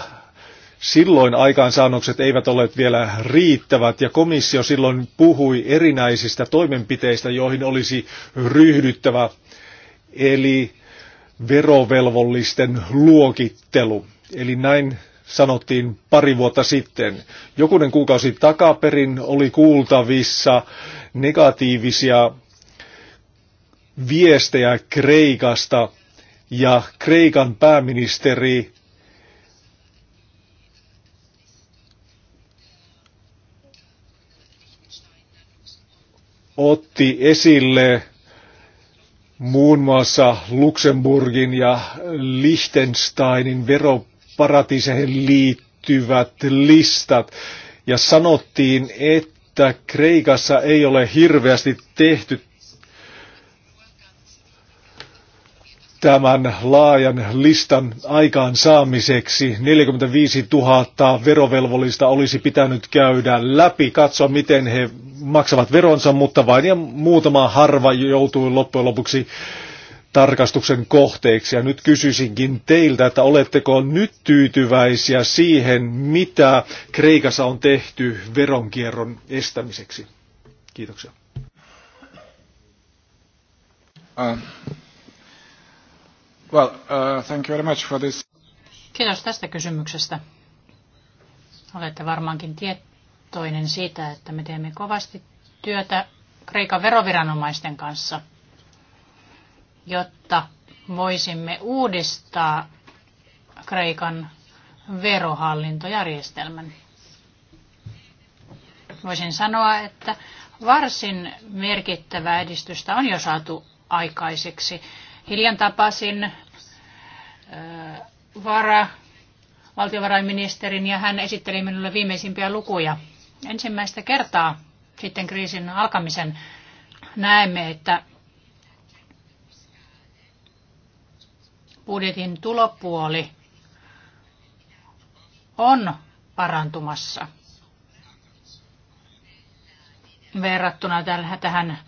Silloin aikaansaannokset eivät ole vielä riittävät ja komissio silloin puhui erinäisistä toimenpiteistä, joihin olisi ryhdyttävä, eli verovelvollisten luokittelu. Eli näin sanottiin pari vuotta sitten. Jokunen kuukausi takaperin oli kuultavissa negatiivisia viestejä Kreikasta ja Kreikan pääministeri otti esille muun muassa Luxemburgin ja Liechtensteinin veroparatiiseihin liittyvät listat. Ja sanottiin, että Kreikassa ei ole hirveästi tehty tämän laajan listan aikaansaamiseksi. 45 000 verovelvollista olisi pitänyt käydä läpi, katsoa miten he maksavat veronsa, mutta vain ja muutama harva joutui loppujen lopuksi tarkastuksen kohteeksi. Ja nyt kysyisinkin teiltä, että oletteko nyt tyytyväisiä siihen, mitä Kreikassa on tehty veronkierron estämiseksi? Kiitoksia. Uh. Well, uh, thank you very much for this. Kiitos tästä kysymyksestä. Olette varmaankin tietoinen siitä, että me teemme kovasti työtä Kreikan veroviranomaisten kanssa, jotta voisimme uudistaa Kreikan verohallintojärjestelmän. Voisin sanoa, että varsin merkittävää edistystä on jo saatu aikaiseksi. Hiljan tapasin vara, valtiovarainministerin ja hän esitteli minulle viimeisimpiä lukuja. Ensimmäistä kertaa sitten kriisin alkamisen näemme, että budjetin tulopuoli on parantumassa verrattuna tähän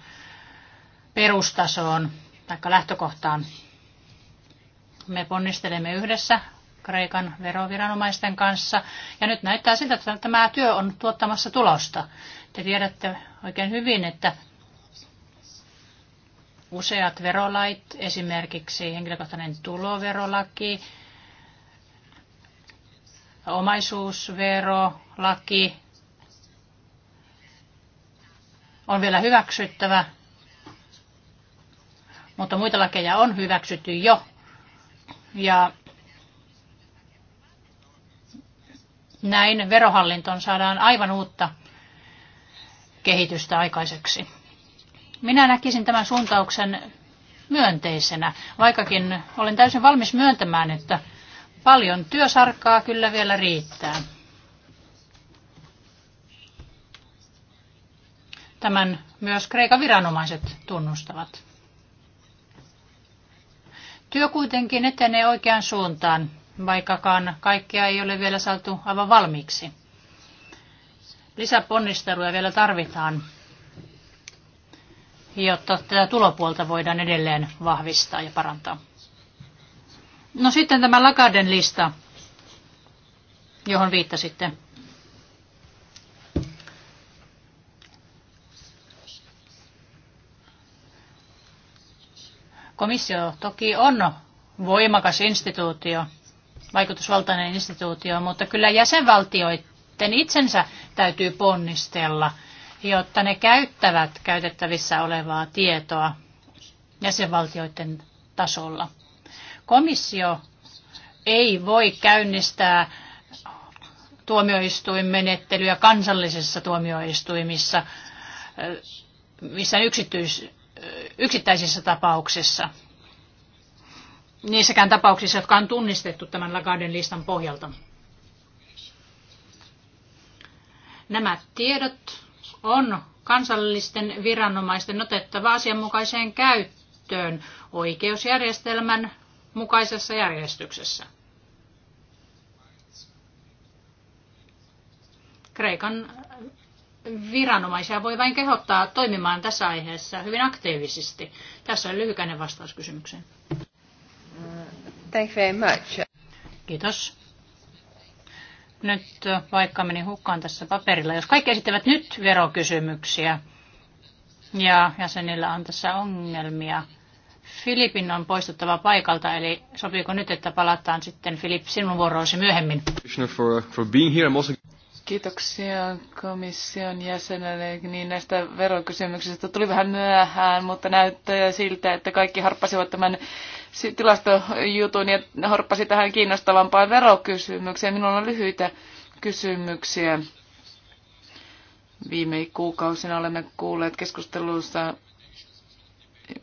perustasoon tai lähtökohtaan. Me ponnistelemme yhdessä Kreikan veroviranomaisten kanssa. Ja nyt näyttää siltä, että tämä työ on tuottamassa tulosta. Te tiedätte oikein hyvin, että useat verolait, esimerkiksi henkilökohtainen tuloverolaki, omaisuusverolaki, on vielä hyväksyttävä, mutta muita lakeja on hyväksytty jo ja näin verohallintoon saadaan aivan uutta kehitystä aikaiseksi. Minä näkisin tämän suuntauksen myönteisenä, vaikkakin olen täysin valmis myöntämään, että paljon työsarkaa kyllä vielä riittää. Tämän myös Kreikan viranomaiset tunnustavat. Työ kuitenkin etenee oikeaan suuntaan, vaikkakaan kaikkea ei ole vielä saatu aivan valmiiksi. Lisäponnisteluja vielä tarvitaan, jotta tätä tulopuolta voidaan edelleen vahvistaa ja parantaa. No sitten tämä Lakaden lista, johon viittasitte. Komissio toki on voimakas instituutio, vaikutusvaltainen instituutio, mutta kyllä jäsenvaltioiden itsensä täytyy ponnistella, jotta ne käyttävät käytettävissä olevaa tietoa jäsenvaltioiden tasolla. Komissio ei voi käynnistää tuomioistuinmenettelyä kansallisissa tuomioistuimissa missä yksityis- yksittäisissä tapauksissa. Niissäkään tapauksissa, jotka on tunnistettu tämän Lagarden listan pohjalta. Nämä tiedot on kansallisten viranomaisten otettava asianmukaiseen käyttöön oikeusjärjestelmän mukaisessa järjestyksessä. Kreikan viranomaisia voi vain kehottaa toimimaan tässä aiheessa hyvin aktiivisesti. Tässä on lyhykäinen vastaus kysymykseen. Thank you very much. Kiitos. Nyt vaikka meni hukkaan tässä paperilla. Jos kaikki esittävät nyt verokysymyksiä ja jäsenillä on tässä ongelmia, Filipin on poistuttava paikalta, eli sopiiko nyt, että palataan sitten Filip sinun vuoroosi myöhemmin? Kiitoksia komission jäsenelle niin näistä verokysymyksistä. Tuli vähän myöhään, mutta näyttää siltä, että kaikki harppasivat tämän tilastojutun ja harppasi tähän kiinnostavampaan verokysymykseen. Minulla on lyhyitä kysymyksiä. Viime kuukausina olemme kuulleet keskustelussa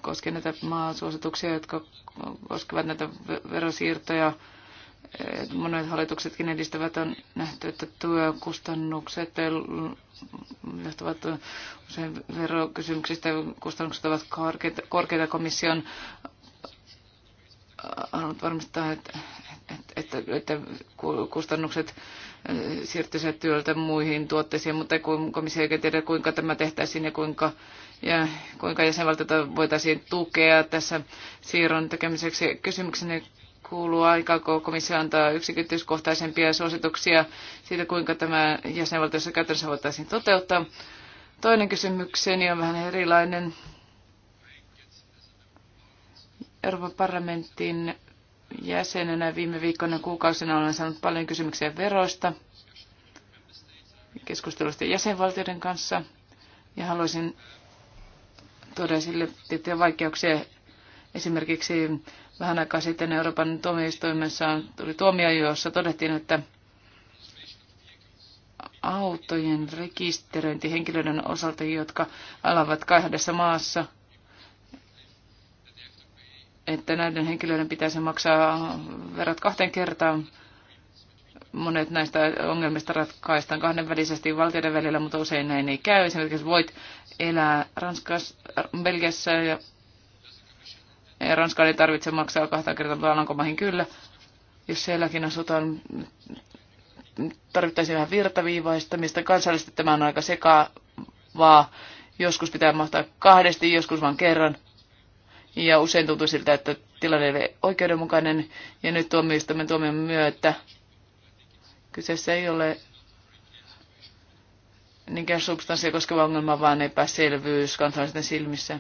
koskien näitä maasuosituksia, jotka koskevat näitä verosiirtoja monet hallituksetkin edistävät, on nähty, että työkustannukset johtuvat usein verokysymyksistä. Kustannukset ovat korkeita komission halunnut varmistaa, että, että, että, että kustannukset siirtyisivät työltä muihin tuotteisiin, mutta komissio ei tiedä, kuinka tämä tehtäisiin ja kuinka, ja kuinka jäsenvaltiota voitaisiin tukea tässä siirron tekemiseksi. Kysymykseni kuuluu, kun komissio antaa yksityiskohtaisempia suosituksia siitä, kuinka tämä jäsenvaltiossa käytännössä voitaisiin toteuttaa. Toinen kysymykseni on vähän erilainen. Euroopan parlamentin jäsenenä viime viikkoina kuukausina olen saanut paljon kysymyksiä veroista keskustelusta jäsenvaltioiden kanssa. Ja haluaisin tuoda esille tiettyjä vaikeuksia Esimerkiksi vähän aikaa sitten Euroopan tuomioistuimessa tuli tuomio, jossa todettiin, että autojen rekisteröinti henkilöiden osalta, jotka alavat kahdessa maassa, että näiden henkilöiden pitäisi maksaa verot kahteen kertaan. Monet näistä ongelmista ratkaistaan kahdenvälisesti valtioiden välillä, mutta usein näin ei käy. Esimerkiksi voit elää Ranskassa, Belgiassa ja Ranskaan ei tarvitse maksaa kahta kertaa Alankomaihin kyllä. Jos sielläkin asutaan, tarvittaisiin vähän virtaviivaistamista. Kansallisesti tämä on aika sekavaa. Joskus pitää mahtaa kahdesti, joskus vain kerran. Ja usein tuntuu siltä, että tilanne ei ole oikeudenmukainen. Ja nyt tuomioistamme tuomion myötä kyseessä ei ole niinkään substanssia koskeva ongelma, vaan epäselvyys kansalaisten silmissä.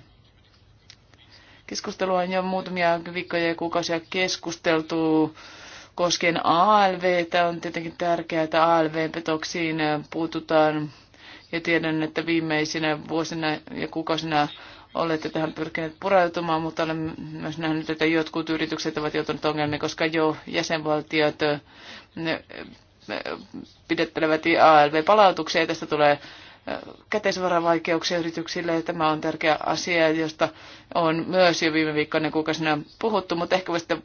Keskustelua on jo muutamia viikkoja ja kuukausia keskusteltu koskien ALV. Tämä on tietenkin tärkeää, että ALV-petoksiin puututaan. Ja tiedän, että viimeisinä vuosina ja kuukausina olette tähän pyrkineet pureutumaan, mutta olen myös nähnyt, että jotkut yritykset ovat joutuneet ongelmiin, koska jo jäsenvaltiot ne, pidettelevät ALV-palautuksia ja tästä tulee käteisvaravaikeuksia yrityksille. Tämä on tärkeä asia, josta on myös jo viime viikkoina kuukausina puhuttu, mutta ehkä voisitte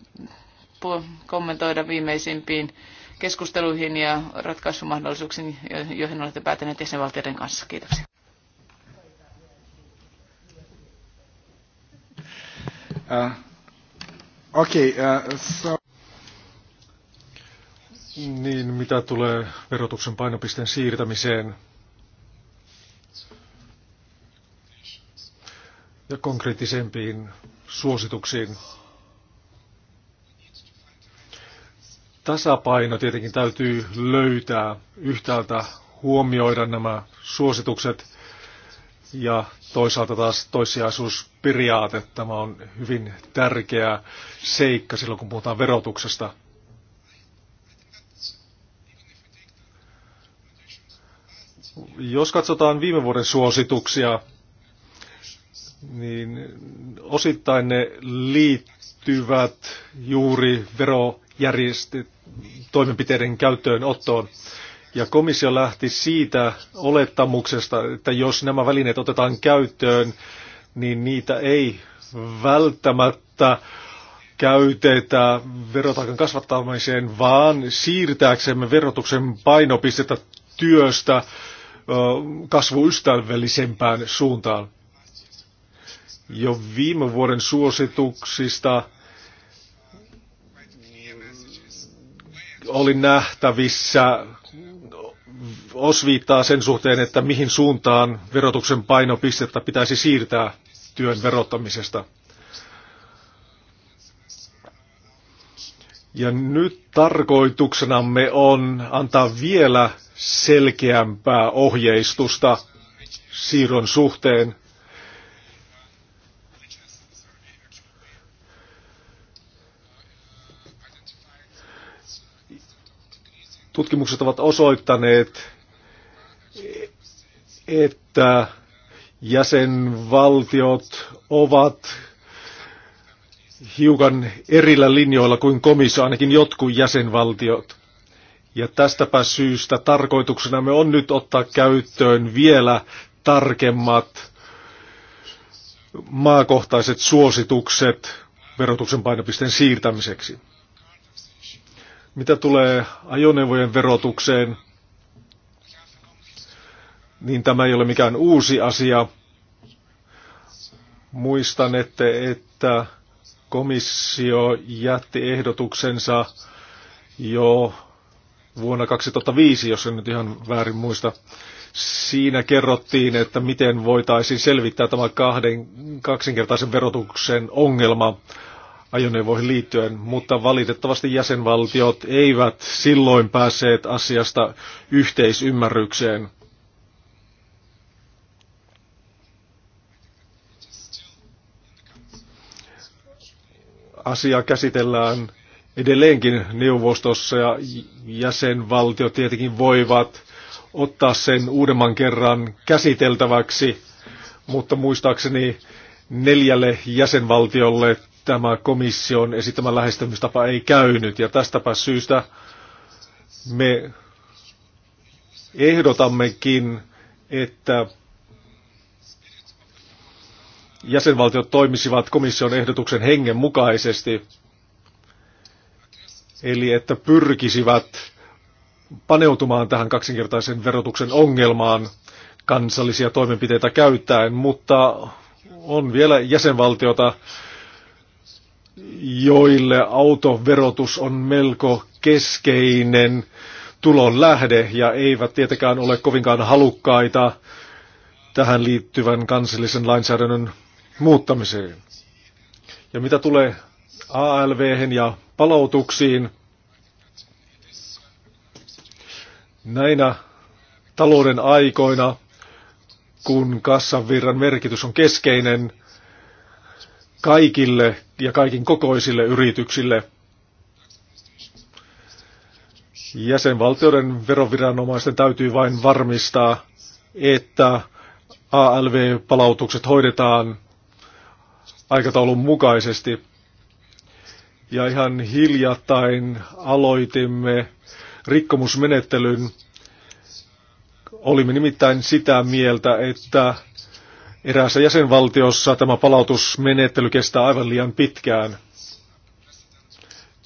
kommentoida viimeisimpiin keskusteluihin ja ratkaisumahdollisuuksiin, joihin olette päätäneet jäsenvaltioiden kanssa. Kiitoksia. Uh, okay, uh, so... Niin, mitä tulee verotuksen painopisteen siirtämiseen, ja konkreettisempiin suosituksiin. Tasapaino tietenkin täytyy löytää yhtäältä huomioida nämä suositukset ja toisaalta taas toissijaisuusperiaate. Tämä on hyvin tärkeä seikka silloin, kun puhutaan verotuksesta. Jos katsotaan viime vuoden suosituksia, niin osittain ne liittyvät juuri verojärjestelmien käyttöön ottoon. Ja komissio lähti siitä olettamuksesta, että jos nämä välineet otetaan käyttöön, niin niitä ei välttämättä käytetä verotaakan kasvattamiseen, vaan siirtääksemme verotuksen painopistettä työstä kasvuystävällisempään suuntaan jo viime vuoden suosituksista oli nähtävissä osviittaa sen suhteen, että mihin suuntaan verotuksen painopistettä pitäisi siirtää työn verottamisesta. Ja nyt tarkoituksenamme on antaa vielä selkeämpää ohjeistusta siirron suhteen Tutkimukset ovat osoittaneet, että jäsenvaltiot ovat hiukan erillä linjoilla kuin komissio, ainakin jotkut jäsenvaltiot. Ja tästäpä syystä tarkoituksena me on nyt ottaa käyttöön vielä tarkemmat maakohtaiset suositukset verotuksen painopisteen siirtämiseksi. Mitä tulee ajoneuvojen verotukseen, niin tämä ei ole mikään uusi asia. Muistan, että, että komissio jätti ehdotuksensa jo vuonna 2005, jos en nyt ihan väärin muista. Siinä kerrottiin, että miten voitaisiin selvittää tämä kahden, kaksinkertaisen verotuksen ongelma ajoneuvoihin liittyen, mutta valitettavasti jäsenvaltiot eivät silloin päässeet asiasta yhteisymmärrykseen. Asia käsitellään edelleenkin neuvostossa ja jäsenvaltiot tietenkin voivat ottaa sen uudemman kerran käsiteltäväksi, mutta muistaakseni neljälle jäsenvaltiolle tämä komission esittämä lähestymistapa ei käynyt ja tästäpä syystä me ehdotammekin, että jäsenvaltiot toimisivat komission ehdotuksen hengen mukaisesti, eli että pyrkisivät paneutumaan tähän kaksinkertaisen verotuksen ongelmaan kansallisia toimenpiteitä käyttäen, mutta on vielä jäsenvaltiota, joille autoverotus on melko keskeinen tulon lähde ja eivät tietenkään ole kovinkaan halukkaita tähän liittyvän kansallisen lainsäädännön muuttamiseen. Ja mitä tulee alv ja palautuksiin, näinä talouden aikoina, kun kassavirran merkitys on keskeinen, kaikille ja kaikin kokoisille yrityksille. Jäsenvaltioiden veroviranomaisten täytyy vain varmistaa, että ALV-palautukset hoidetaan aikataulun mukaisesti. Ja ihan hiljattain aloitimme rikkomusmenettelyn. Olimme nimittäin sitä mieltä, että Eräässä jäsenvaltiossa tämä palautusmenettely kestää aivan liian pitkään.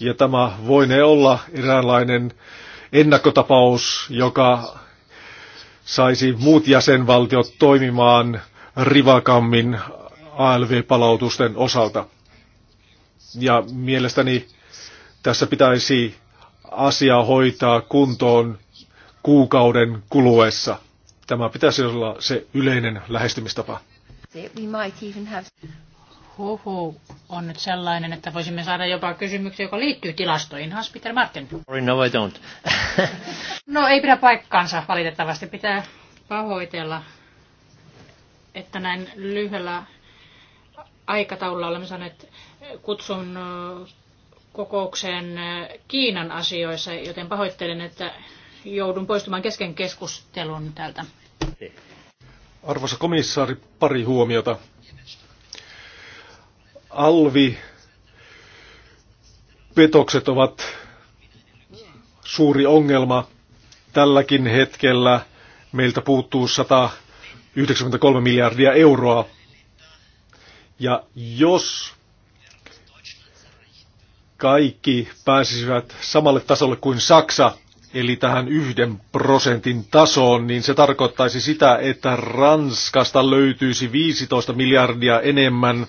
Ja tämä voine olla eräänlainen ennakkotapaus, joka saisi muut jäsenvaltiot toimimaan rivakammin ALV-palautusten osalta. Ja mielestäni tässä pitäisi asia hoitaa kuntoon kuukauden kuluessa. Tämä pitäisi olla se yleinen lähestymistapa. We might even have... Huhu on nyt sellainen, että voisimme saada jopa kysymyksiä, joka liittyy tilastoihin. Hans Peter Martin. Sorry, no I don't. no ei pidä paikkaansa valitettavasti. Pitää pahoitella, että näin lyhyellä aikataululla olemme saaneet kutsun kokoukseen Kiinan asioissa, joten pahoittelen, että joudun poistumaan kesken keskustelun täältä. Arvoisa komissaari, pari huomiota. Alvi petokset ovat suuri ongelma. Tälläkin hetkellä meiltä puuttuu 193 miljardia euroa. Ja jos kaikki pääsisivät samalle tasolle kuin Saksa, eli tähän yhden prosentin tasoon, niin se tarkoittaisi sitä, että Ranskasta löytyisi 15 miljardia enemmän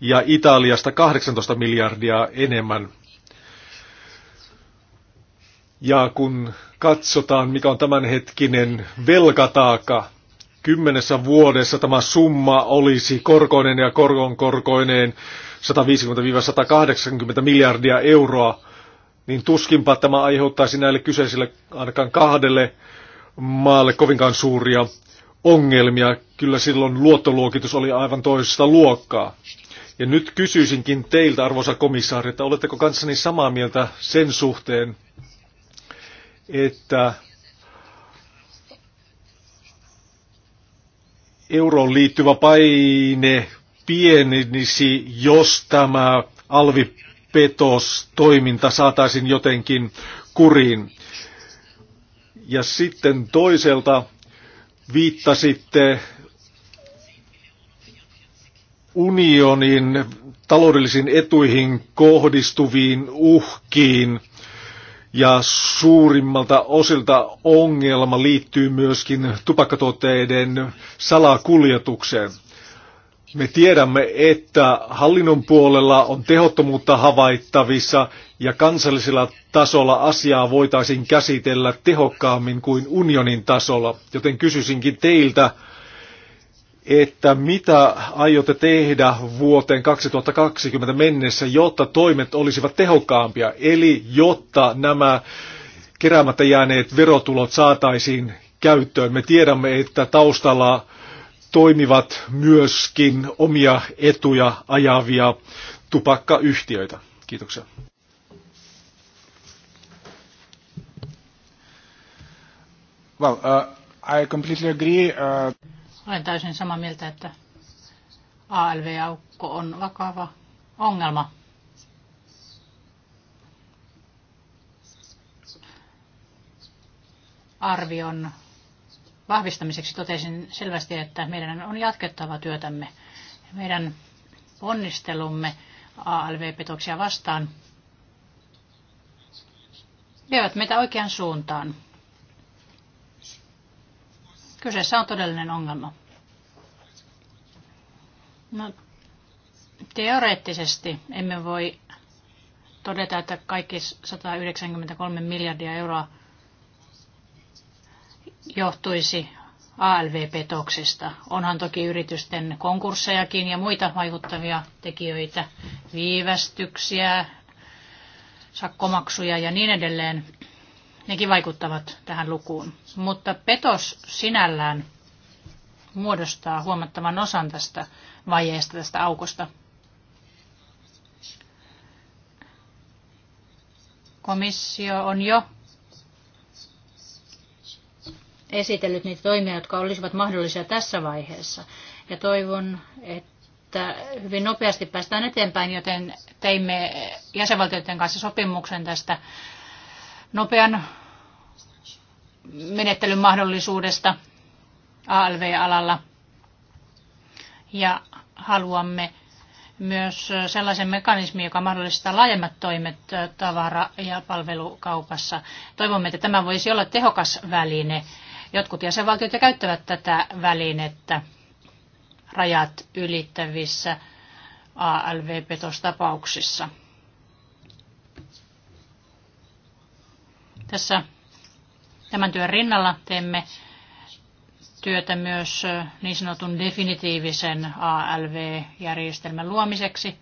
ja Italiasta 18 miljardia enemmän. Ja kun katsotaan, mikä on tämänhetkinen velkataaka, kymmenessä vuodessa tämä summa olisi korkoinen ja korkon korkoineen 150-180 miljardia euroa niin tuskinpa tämä aiheuttaisi näille kyseisille ainakaan kahdelle maalle kovinkaan suuria ongelmia. Kyllä silloin luottoluokitus oli aivan toisesta luokkaa. Ja nyt kysyisinkin teiltä, arvoisa komissaari, että oletteko kanssani samaa mieltä sen suhteen, että euroon liittyvä paine pienenisi, jos tämä alvi petostoiminta saataisiin jotenkin kuriin. Ja sitten toiselta viittasitte unionin taloudellisiin etuihin kohdistuviin uhkiin. Ja suurimmalta osilta ongelma liittyy myöskin tupakkatuotteiden salakuljetukseen. Me tiedämme, että hallinnon puolella on tehottomuutta havaittavissa ja kansallisella tasolla asiaa voitaisiin käsitellä tehokkaammin kuin unionin tasolla. Joten kysyisinkin teiltä, että mitä aiotte tehdä vuoteen 2020 mennessä, jotta toimet olisivat tehokkaampia, eli jotta nämä keräämättä jääneet verotulot saataisiin käyttöön. Me tiedämme, että taustalla toimivat myöskin omia etuja ajavia tupakkayhtiöitä. Kiitoksia. Well, uh, I completely agree. Uh... Olen täysin samaa mieltä, että ALV-aukko on vakava ongelma. Arvion vahvistamiseksi totesin selvästi, että meidän on jatkettava työtämme. Meidän ponnistelumme ALV-petoksia vastaan vievät meitä oikeaan suuntaan. Kyseessä on todellinen ongelma. No, teoreettisesti emme voi todeta, että kaikki 193 miljardia euroa johtuisi ALV-petoksista. Onhan toki yritysten konkurssejakin ja muita vaikuttavia tekijöitä, viivästyksiä, sakkomaksuja ja niin edelleen. Nekin vaikuttavat tähän lukuun. Mutta petos sinällään muodostaa huomattavan osan tästä vajeesta, tästä aukosta. Komissio on jo esitellyt niitä toimia, jotka olisivat mahdollisia tässä vaiheessa. Ja toivon, että hyvin nopeasti päästään eteenpäin, joten teimme jäsenvaltioiden kanssa sopimuksen tästä nopean menettelyn mahdollisuudesta ALV-alalla. Ja haluamme myös sellaisen mekanismin, joka mahdollistaa laajemmat toimet tavara- ja palvelukaupassa. Toivomme, että tämä voisi olla tehokas väline Jotkut jäsenvaltiot jo käyttävät tätä välinettä rajat ylittävissä ALV-petostapauksissa. Tässä tämän työn rinnalla teemme työtä myös niin sanotun definitiivisen ALV-järjestelmän luomiseksi.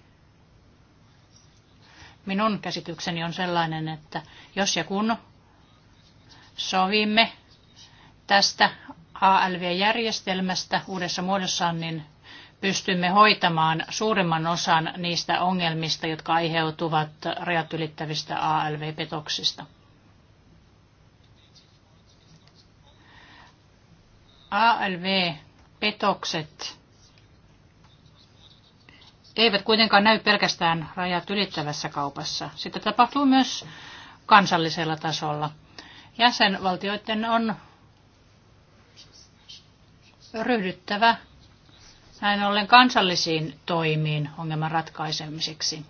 Minun käsitykseni on sellainen, että jos ja kun sovimme tästä ALV-järjestelmästä uudessa muodossaan, niin pystymme hoitamaan suurimman osan niistä ongelmista, jotka aiheutuvat rajat ylittävistä ALV-petoksista. ALV-petokset eivät kuitenkaan näy pelkästään rajat ylittävässä kaupassa. Sitä tapahtuu myös kansallisella tasolla. Jäsenvaltioiden on ryhdyttävä näin ollen kansallisiin toimiin ongelman ratkaisemiseksi.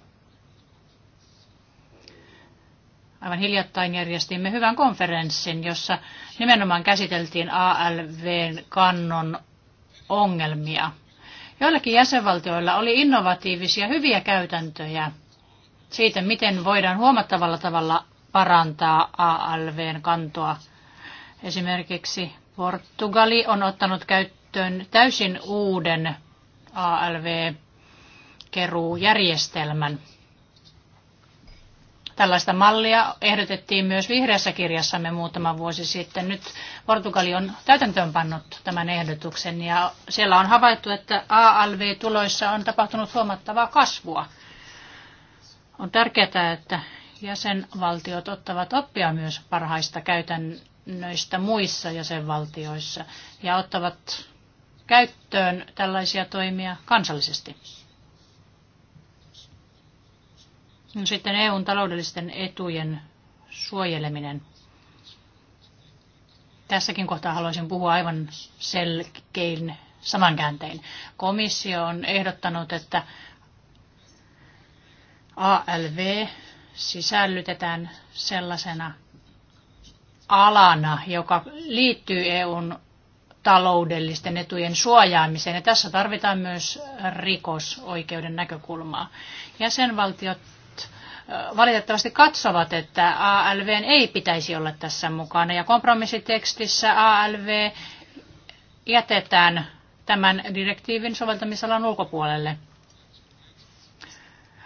Aivan hiljattain järjestimme hyvän konferenssin, jossa nimenomaan käsiteltiin ALVn kannon ongelmia. Joillakin jäsenvaltioilla oli innovatiivisia hyviä käytäntöjä siitä, miten voidaan huomattavalla tavalla parantaa ALVn kantoa. Esimerkiksi Portugali on ottanut käyttöön täysin uuden ALV-keruujärjestelmän. Tällaista mallia ehdotettiin myös vihreässä kirjassamme muutama vuosi sitten. Nyt Portugali on täytäntöönpannut tämän ehdotuksen ja siellä on havaittu, että ALV-tuloissa on tapahtunut huomattavaa kasvua. On tärkeää, että jäsenvaltiot ottavat oppia myös parhaista käytän, säännöistä muissa jäsenvaltioissa ja ottavat käyttöön tällaisia toimia kansallisesti. No sitten EUn taloudellisten etujen suojeleminen. Tässäkin kohtaa haluaisin puhua aivan selkein samankääntein. Komissio on ehdottanut, että ALV sisällytetään sellaisena alana, joka liittyy EUn taloudellisten etujen suojaamiseen. Ja tässä tarvitaan myös rikosoikeuden näkökulmaa. Jäsenvaltiot valitettavasti katsovat, että ALV ei pitäisi olla tässä mukana. Ja kompromissitekstissä ALV jätetään tämän direktiivin soveltamisalan ulkopuolelle.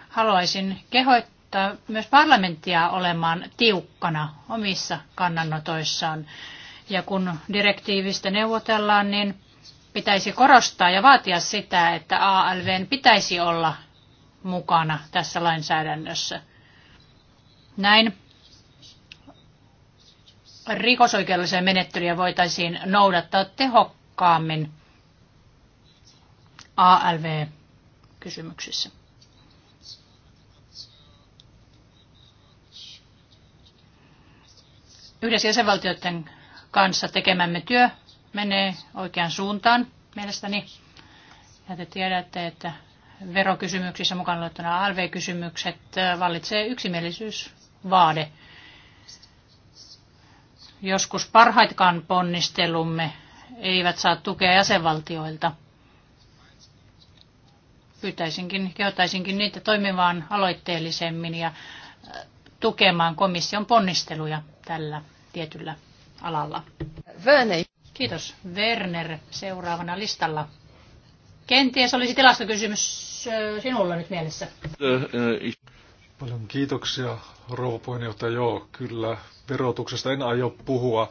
Haluaisin kehoittaa auttaa myös parlamenttia olemaan tiukkana omissa kannanotoissaan. Ja kun direktiivistä neuvotellaan, niin pitäisi korostaa ja vaatia sitä, että ALVn pitäisi olla mukana tässä lainsäädännössä. Näin rikosoikeudellisia menettelyjä voitaisiin noudattaa tehokkaammin ALV-kysymyksissä. yhdessä jäsenvaltioiden kanssa tekemämme työ menee oikeaan suuntaan mielestäni. Ja te tiedätte, että verokysymyksissä mukaan luettuna ALV-kysymykset vallitsee yksimielisyysvaade. Joskus parhaitkaan ponnistelumme eivät saa tukea jäsenvaltioilta. Pyytäisinkin, kehottaisinkin niitä toimimaan aloitteellisemmin ja tukemaan komission ponnisteluja tällä tietyllä alalla. Werner. Kiitos. Werner seuraavana listalla. Kenties olisi tilastokysymys äh, sinulla nyt mielessä. Paljon kiitoksia, rouva puheenjohtaja. Joo, kyllä verotuksesta en aio puhua.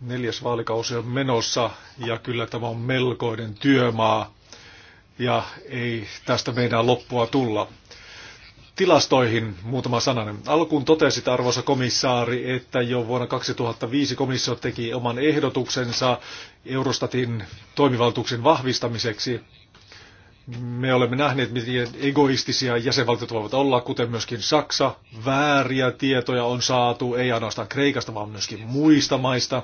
Neljäs vaalikausi on menossa ja kyllä tämä on melkoinen työmaa ja ei tästä meidän loppua tulla tilastoihin muutama sananen. Alkuun totesit, arvoisa komissaari, että jo vuonna 2005 komissio teki oman ehdotuksensa Eurostatin toimivaltuuksien vahvistamiseksi. Me olemme nähneet, miten egoistisia jäsenvaltiot voivat olla, kuten myöskin Saksa. Vääriä tietoja on saatu, ei ainoastaan Kreikasta, vaan myöskin muista maista.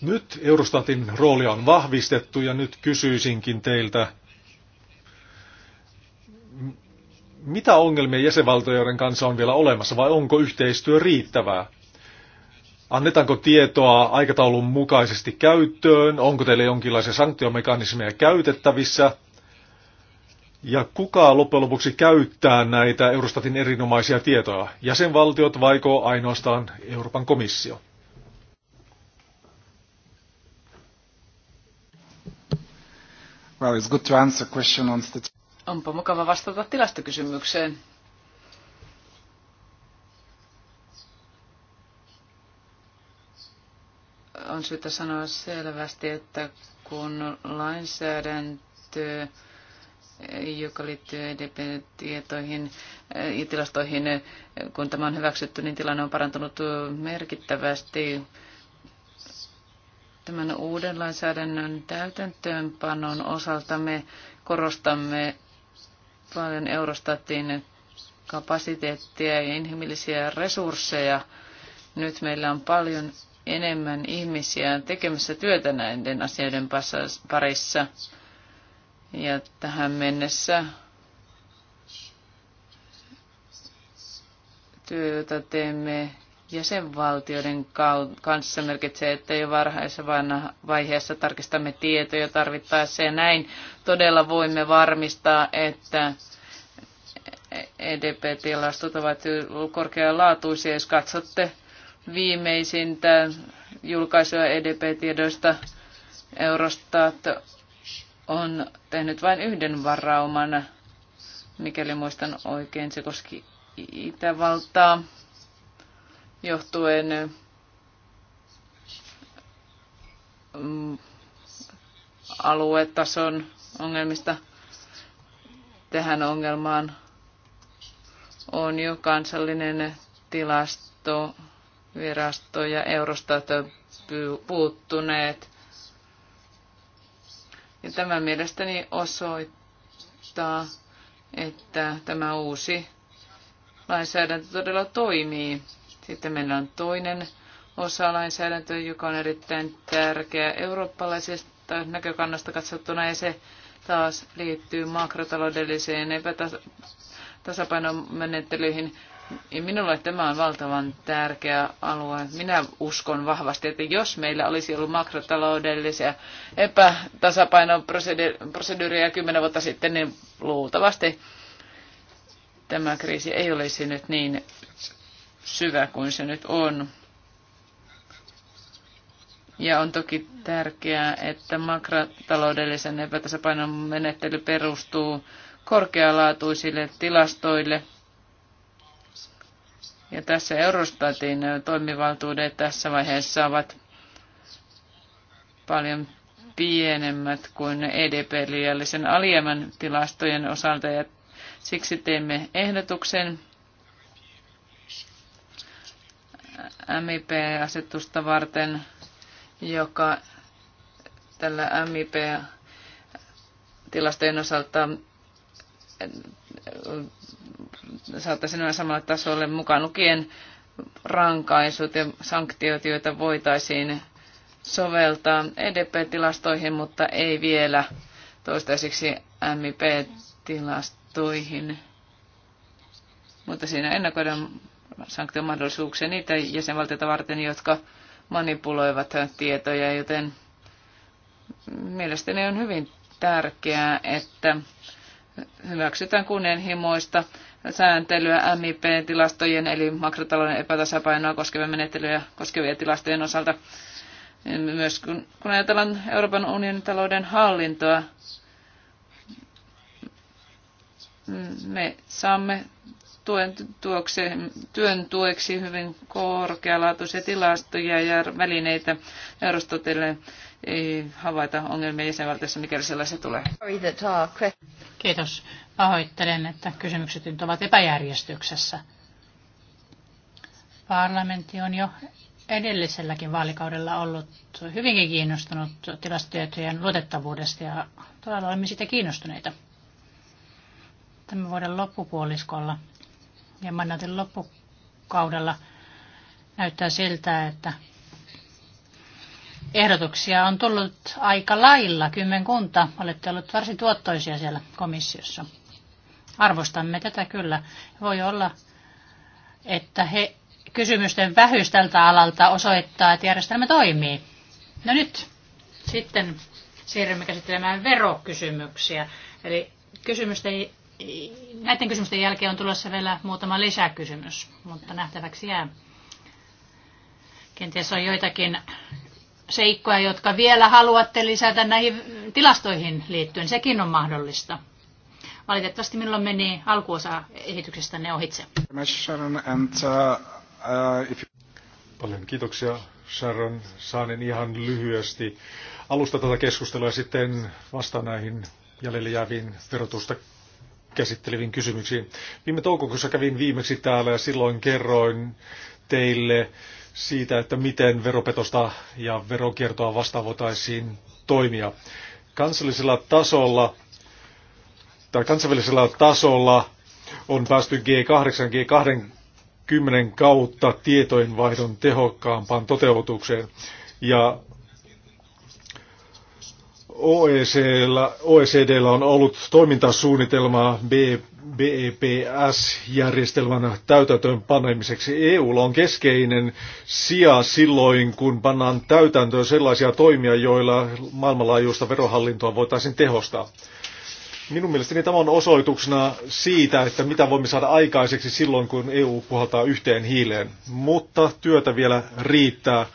Nyt Eurostatin roolia on vahvistettu ja nyt kysyisinkin teiltä, mitä ongelmia jäsenvaltioiden kanssa on vielä olemassa vai onko yhteistyö riittävää? Annetaanko tietoa aikataulun mukaisesti käyttöön? Onko teille jonkinlaisia sanktiomekanismeja käytettävissä? Ja kuka loppujen lopuksi käyttää näitä Eurostatin erinomaisia tietoja? Jäsenvaltiot vaiko ainoastaan Euroopan komissio? Well, it's good to answer question on statistics. Onpa mukava vastata tilastokysymykseen. On syytä sanoa selvästi, että kun lainsäädäntö, joka liittyy EDP-tietoihin eh, ja tilastoihin, eh, kun tämä on hyväksytty, niin tilanne on parantunut merkittävästi. Tämän uuden lainsäädännön täytäntöönpanon osalta me korostamme paljon Eurostatin kapasiteettia ja inhimillisiä resursseja. Nyt meillä on paljon enemmän ihmisiä tekemässä työtä näiden asioiden parissa. Ja tähän mennessä työ, jota teemme jäsenvaltioiden kanssa merkitsee, että jo varhaisessa vaiheessa tarkistamme tietoja tarvittaessa ja näin todella voimme varmistaa, että EDP-tilastot ovat korkealaatuisia. Jos katsotte viimeisintä julkaisua EDP-tiedoista, Eurostat on tehnyt vain yhden varauman, mikäli muistan oikein, se koski Itävaltaa johtuen mm, aluetason ongelmista tähän ongelmaan on jo kansallinen tilasto, virasto ja Eurostat puuttuneet. Ja tämä mielestäni osoittaa, että tämä uusi lainsäädäntö todella toimii. Sitten meillä on toinen osa lainsäädäntöä, joka on erittäin tärkeä eurooppalaisesta näkökannasta katsottuna, ja se taas liittyy makrotaloudelliseen epätasapainomenettelyihin. Ja minulle tämä on valtavan tärkeä alue. Minä uskon vahvasti, että jos meillä olisi ollut makrotaloudellisia epätasapainoproseduuria kymmenen vuotta sitten, niin luultavasti tämä kriisi ei olisi nyt niin syvä kuin se nyt on. Ja on toki tärkeää, että makrotaloudellisen epätasapainon menettely perustuu korkealaatuisille tilastoille. Ja tässä Eurostatin toimivaltuudet tässä vaiheessa ovat paljon pienemmät kuin EDP-liiallisen alijäämän tilastojen osalta ja siksi teemme ehdotuksen MIP-asetusta varten, joka tällä MIP-tilastojen osalta saattaisi noin samalle tasolle mukaan lukien rankaisut ja sanktiot, joita voitaisiin soveltaa EDP-tilastoihin, mutta ei vielä toistaiseksi MIP-tilastoihin. Mutta siinä ennakoidaan sanktiomahdollisuuksia niitä jäsenvaltioita varten, jotka manipuloivat tietoja, joten mielestäni on hyvin tärkeää, että hyväksytään kunnianhimoista sääntelyä MIP-tilastojen eli makrotalouden epätasapainoa koskevia menettelyjä koskevia tilastojen osalta. Myös kun, kun ajatellaan Euroopan unionin talouden hallintoa, me saamme tuen, tuokse, työn tueksi hyvin korkealaatuisia tilastoja ja välineitä Eurostotille ei havaita ongelmia jäsenvaltiossa, mikäli sellaisia tulee. Kiitos. Pahoittelen, että kysymykset nyt ovat epäjärjestyksessä. Parlamentti on jo edelliselläkin vaalikaudella ollut hyvinkin kiinnostunut tilastotietojen luotettavuudesta ja todella olemme siitä kiinnostuneita. Tämän vuoden loppupuoliskolla ja mannaten loppukaudella näyttää siltä, että ehdotuksia on tullut aika lailla, kymmenkunta. Olette olleet varsin tuottoisia siellä komissiossa. Arvostamme tätä kyllä. Voi olla, että he kysymysten vähyys tältä alalta osoittaa, että järjestelmä toimii. No nyt sitten siirrymme käsittelemään verokysymyksiä. Eli kysymysten näiden kysymysten jälkeen on tulossa vielä muutama lisäkysymys, mutta nähtäväksi jää. Kenties on joitakin seikkoja, jotka vielä haluatte lisätä näihin tilastoihin liittyen. Sekin on mahdollista. Valitettavasti minulla meni alkuosa esityksestänne ohitse. Uh, Paljon kiitoksia Sharon. Saanen ihan lyhyesti alusta tätä keskustelua ja sitten vasta näihin jäljellä jääviin verotusta käsitteleviin kysymyksiin. Viime toukokuussa kävin viimeksi täällä ja silloin kerroin teille siitä, että miten veropetosta ja verokiertoa vastaan voitaisiin toimia. Kansallisella tasolla tai kansainvälisellä tasolla on päästy G8, G20 kautta tietojenvaihdon tehokkaampaan toteutukseen. Ja OECDllä, e OECDllä on ollut toimintasuunnitelmaa BEPS-järjestelmän täytäntöön panemiseksi. EUlla on keskeinen sija silloin, kun pannaan täytäntöön sellaisia toimia, joilla maailmanlaajuista verohallintoa voitaisiin tehostaa. Minun mielestäni tämä on osoituksena siitä, että mitä voimme saada aikaiseksi silloin, kun EU puhaltaa yhteen hiileen. Mutta työtä vielä riittää.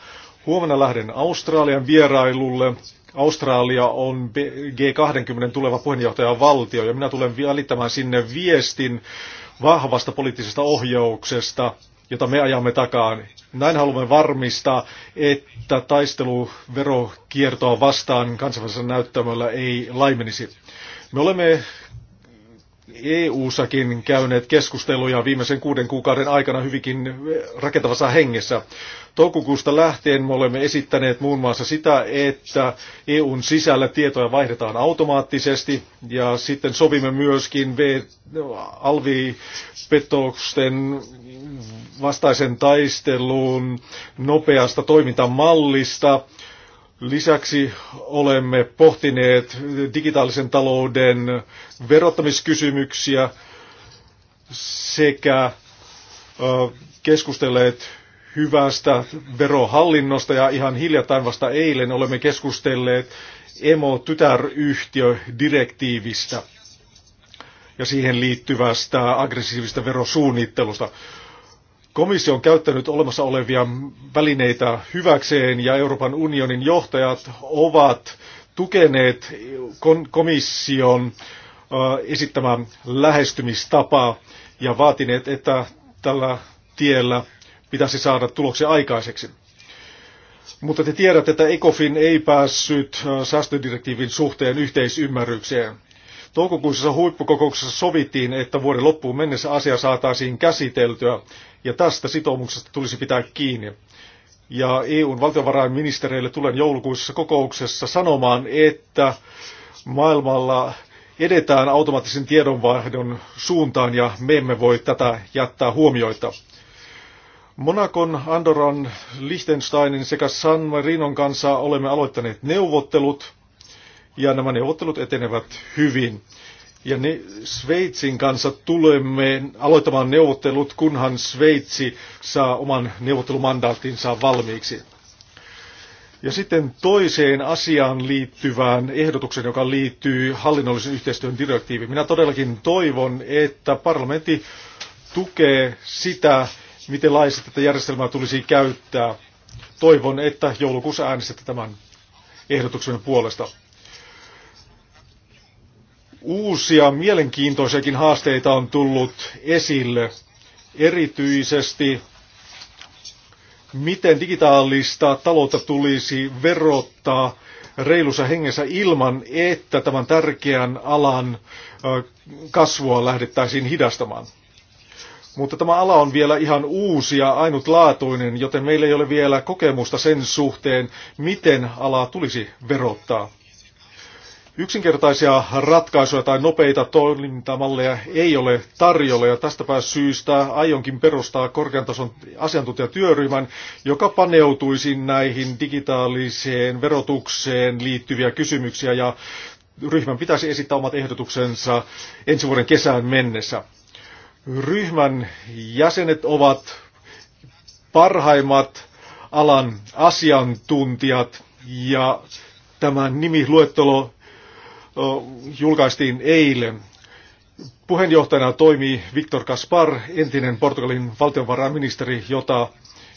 Huomenna lähden Australian vierailulle Australia on G20 tuleva puheenjohtajavaltio ja minä tulen välittämään sinne viestin vahvasta poliittisesta ohjauksesta, jota me ajamme takaan. Näin haluamme varmistaa, että taistelu verokiertoa vastaan kansainvälisellä näyttämällä ei laimenisi. Me olemme EU-sakin käyneet keskusteluja viimeisen kuuden kuukauden aikana hyvinkin rakentavassa hengessä. Toukokuusta lähtien me olemme esittäneet muun muassa sitä, että EUn sisällä tietoja vaihdetaan automaattisesti ja sitten sovimme myöskin no, alvipetoksen vastaisen taisteluun nopeasta toimintamallista Lisäksi olemme pohtineet digitaalisen talouden verottamiskysymyksiä sekä keskustelleet hyvästä verohallinnosta ja ihan hiljattain vasta eilen olemme keskustelleet emo-tytäryhtiödirektiivistä ja siihen liittyvästä aggressiivista verosuunnittelusta. Komissio on käyttänyt olemassa olevia välineitä hyväkseen ja Euroopan unionin johtajat ovat tukeneet komission äh, esittämää lähestymistapaa ja vaatineet, että tällä tiellä pitäisi saada tuloksia aikaiseksi. Mutta te tiedätte, että ECOFIN ei päässyt äh, säästödirektiivin suhteen yhteisymmärrykseen. Toukokuisessa huippukokouksessa sovittiin, että vuoden loppuun mennessä asia saataisiin käsiteltyä ja tästä sitoumuksesta tulisi pitää kiinni. Ja EUn valtiovarainministereille tulen joulukuisessa kokouksessa sanomaan, että maailmalla edetään automaattisen tiedonvaihdon suuntaan ja me emme voi tätä jättää huomioita. Monakon, Andorran, Liechtensteinin sekä San Marinon kanssa olemme aloittaneet neuvottelut ja nämä neuvottelut etenevät hyvin. Ja ne Sveitsin kanssa tulemme aloittamaan neuvottelut, kunhan Sveitsi saa oman neuvottelumandaattinsa valmiiksi. Ja sitten toiseen asiaan liittyvään ehdotuksen, joka liittyy hallinnollisen yhteistyön direktiiviin. Minä todellakin toivon, että parlamentti tukee sitä, miten laajasti tätä järjestelmää tulisi käyttää. Toivon, että joulukuussa äänestätte tämän ehdotuksen puolesta. Uusia mielenkiintoisiakin haasteita on tullut esille, erityisesti miten digitaalista taloutta tulisi verottaa reilussa hengessä ilman, että tämän tärkeän alan kasvua lähdettäisiin hidastamaan. Mutta tämä ala on vielä ihan uusi ja ainutlaatuinen, joten meillä ei ole vielä kokemusta sen suhteen, miten alaa tulisi verottaa. Yksinkertaisia ratkaisuja tai nopeita toimintamalleja ei ole tarjolla ja tästäpä syystä aionkin perustaa korkean tason asiantuntijatyöryhmän, joka paneutuisi näihin digitaaliseen verotukseen liittyviä kysymyksiä ja ryhmän pitäisi esittää omat ehdotuksensa ensi vuoden kesään mennessä. Ryhmän jäsenet ovat parhaimmat alan asiantuntijat ja tämä nimiluettelo julkaistiin eilen. Puheenjohtajana toimii Viktor Kaspar, entinen Portugalin valtionvarainministeri, jota,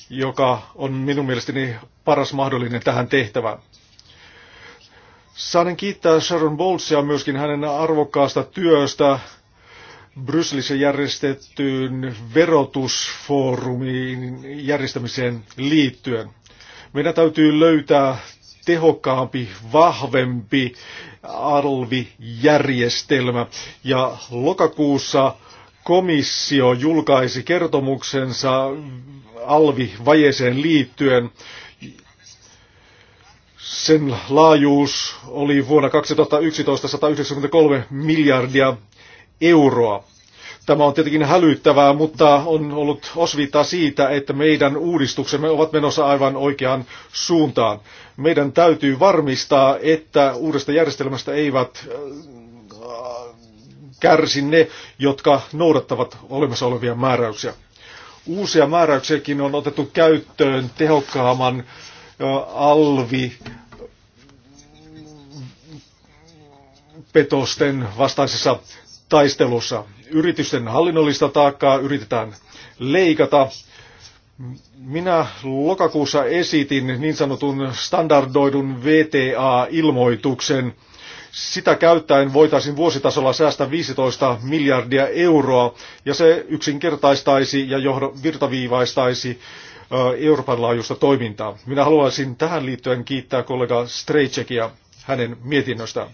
joka on minun mielestäni paras mahdollinen tähän tehtävään. Saan kiittää Sharon Bowlesia myöskin hänen arvokkaasta työstä Brysselissä järjestettyyn verotusfoorumiin järjestämiseen liittyen. Meidän täytyy löytää tehokkaampi, vahvempi arvijärjestelmä. Ja lokakuussa komissio julkaisi kertomuksensa alvivajeeseen liittyen. Sen laajuus oli vuonna 2011 193 miljardia euroa. Tämä on tietenkin hälyttävää, mutta on ollut osviittaa siitä, että meidän uudistuksemme ovat menossa aivan oikeaan suuntaan. Meidän täytyy varmistaa, että uudesta järjestelmästä eivät äh, kärsi ne, jotka noudattavat olemassa olevia määräyksiä. Uusia määräyksiäkin on otettu käyttöön tehokkaamman äh, alvi petosten vastaisessa taistelussa yritysten hallinnollista taakkaa yritetään leikata. Minä lokakuussa esitin niin sanotun standardoidun VTA-ilmoituksen. Sitä käyttäen voitaisiin vuositasolla säästää 15 miljardia euroa, ja se yksinkertaistaisi ja johdo, virtaviivaistaisi Euroopan laajuista toimintaa. Minä haluaisin tähän liittyen kiittää kollega Strejcekia hänen mietinnöstään.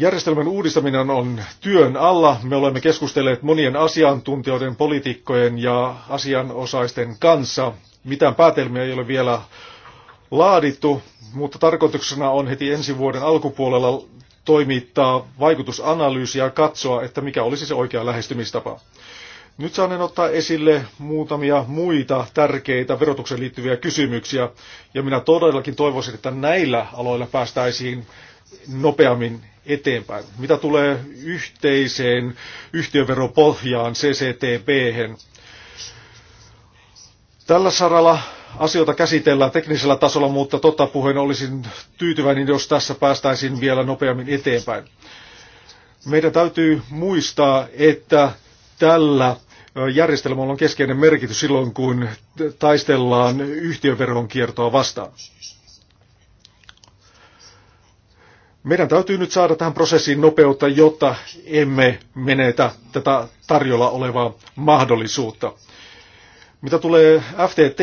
Järjestelmän uudistaminen on työn alla. Me olemme keskustelleet monien asiantuntijoiden, poliitikkojen ja asianosaisten kanssa. Mitään päätelmiä ei ole vielä laadittu, mutta tarkoituksena on heti ensi vuoden alkupuolella toimittaa vaikutusanalyysiä ja katsoa, että mikä olisi se oikea lähestymistapa. Nyt saan ottaa esille muutamia muita tärkeitä verotukseen liittyviä kysymyksiä, ja minä todellakin toivoisin, että näillä aloilla päästäisiin nopeammin eteenpäin. Mitä tulee yhteiseen yhtiöveropohjaan, cctp -hän. Tällä saralla asioita käsitellään teknisellä tasolla, mutta totta puheen olisin tyytyväinen, jos tässä päästäisiin vielä nopeammin eteenpäin. Meidän täytyy muistaa, että tällä järjestelmällä on keskeinen merkitys silloin, kun taistellaan yhtiöveron kiertoa vastaan. Meidän täytyy nyt saada tähän prosessiin nopeutta, jotta emme menetä tätä tarjolla olevaa mahdollisuutta. Mitä tulee ftt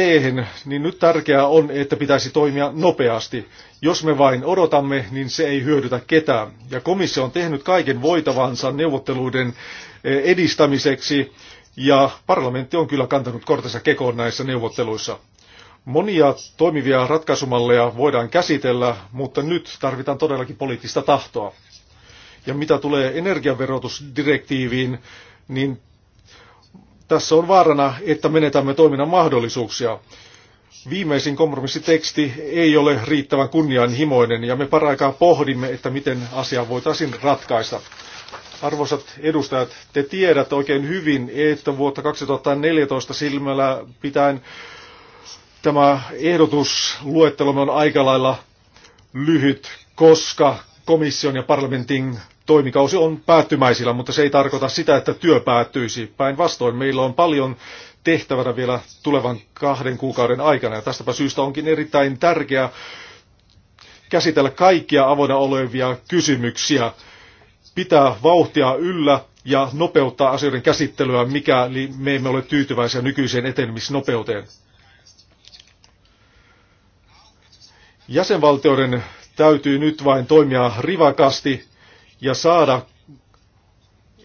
niin nyt tärkeää on, että pitäisi toimia nopeasti. Jos me vain odotamme, niin se ei hyödytä ketään. Ja komissio on tehnyt kaiken voitavansa neuvotteluiden e, edistämiseksi, ja parlamentti on kyllä kantanut kortensa kekoon näissä neuvotteluissa. Monia toimivia ratkaisumalleja voidaan käsitellä, mutta nyt tarvitaan todellakin poliittista tahtoa. Ja mitä tulee energiaverotusdirektiiviin, niin tässä on vaarana, että menetämme toiminnan mahdollisuuksia. Viimeisin kompromissiteksti ei ole riittävän kunnianhimoinen ja me paraikaa pohdimme, että miten asia voitaisiin ratkaista. Arvoisat edustajat, te tiedätte oikein hyvin, että vuotta 2014 silmällä pitäen Tämä ehdotusluettelomme on aika lailla lyhyt, koska komission ja parlamentin toimikausi on päättymäisillä, mutta se ei tarkoita sitä, että työ päättyisi. Päinvastoin meillä on paljon tehtävänä vielä tulevan kahden kuukauden aikana. Ja tästäpä syystä onkin erittäin tärkeää käsitellä kaikkia avoinna olevia kysymyksiä, pitää vauhtia yllä ja nopeuttaa asioiden käsittelyä, mikäli me emme ole tyytyväisiä nykyiseen etenemisnopeuteen. Jäsenvaltioiden täytyy nyt vain toimia rivakasti ja saada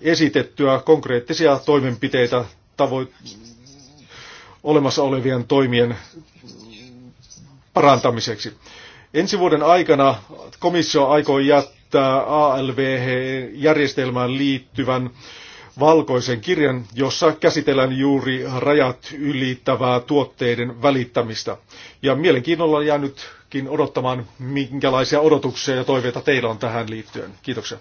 esitettyä konkreettisia toimenpiteitä tavo- olemassa olevien toimien parantamiseksi. Ensi vuoden aikana komissio aikoi jättää ALV-järjestelmään liittyvän valkoisen kirjan, jossa käsitellään juuri rajat ylittävää tuotteiden välittämistä. Ja mielenkiinnolla jäänyt nyt jäänkin odottamaan, minkälaisia odotuksia ja toiveita teillä on tähän liittyen. Kiitoksia.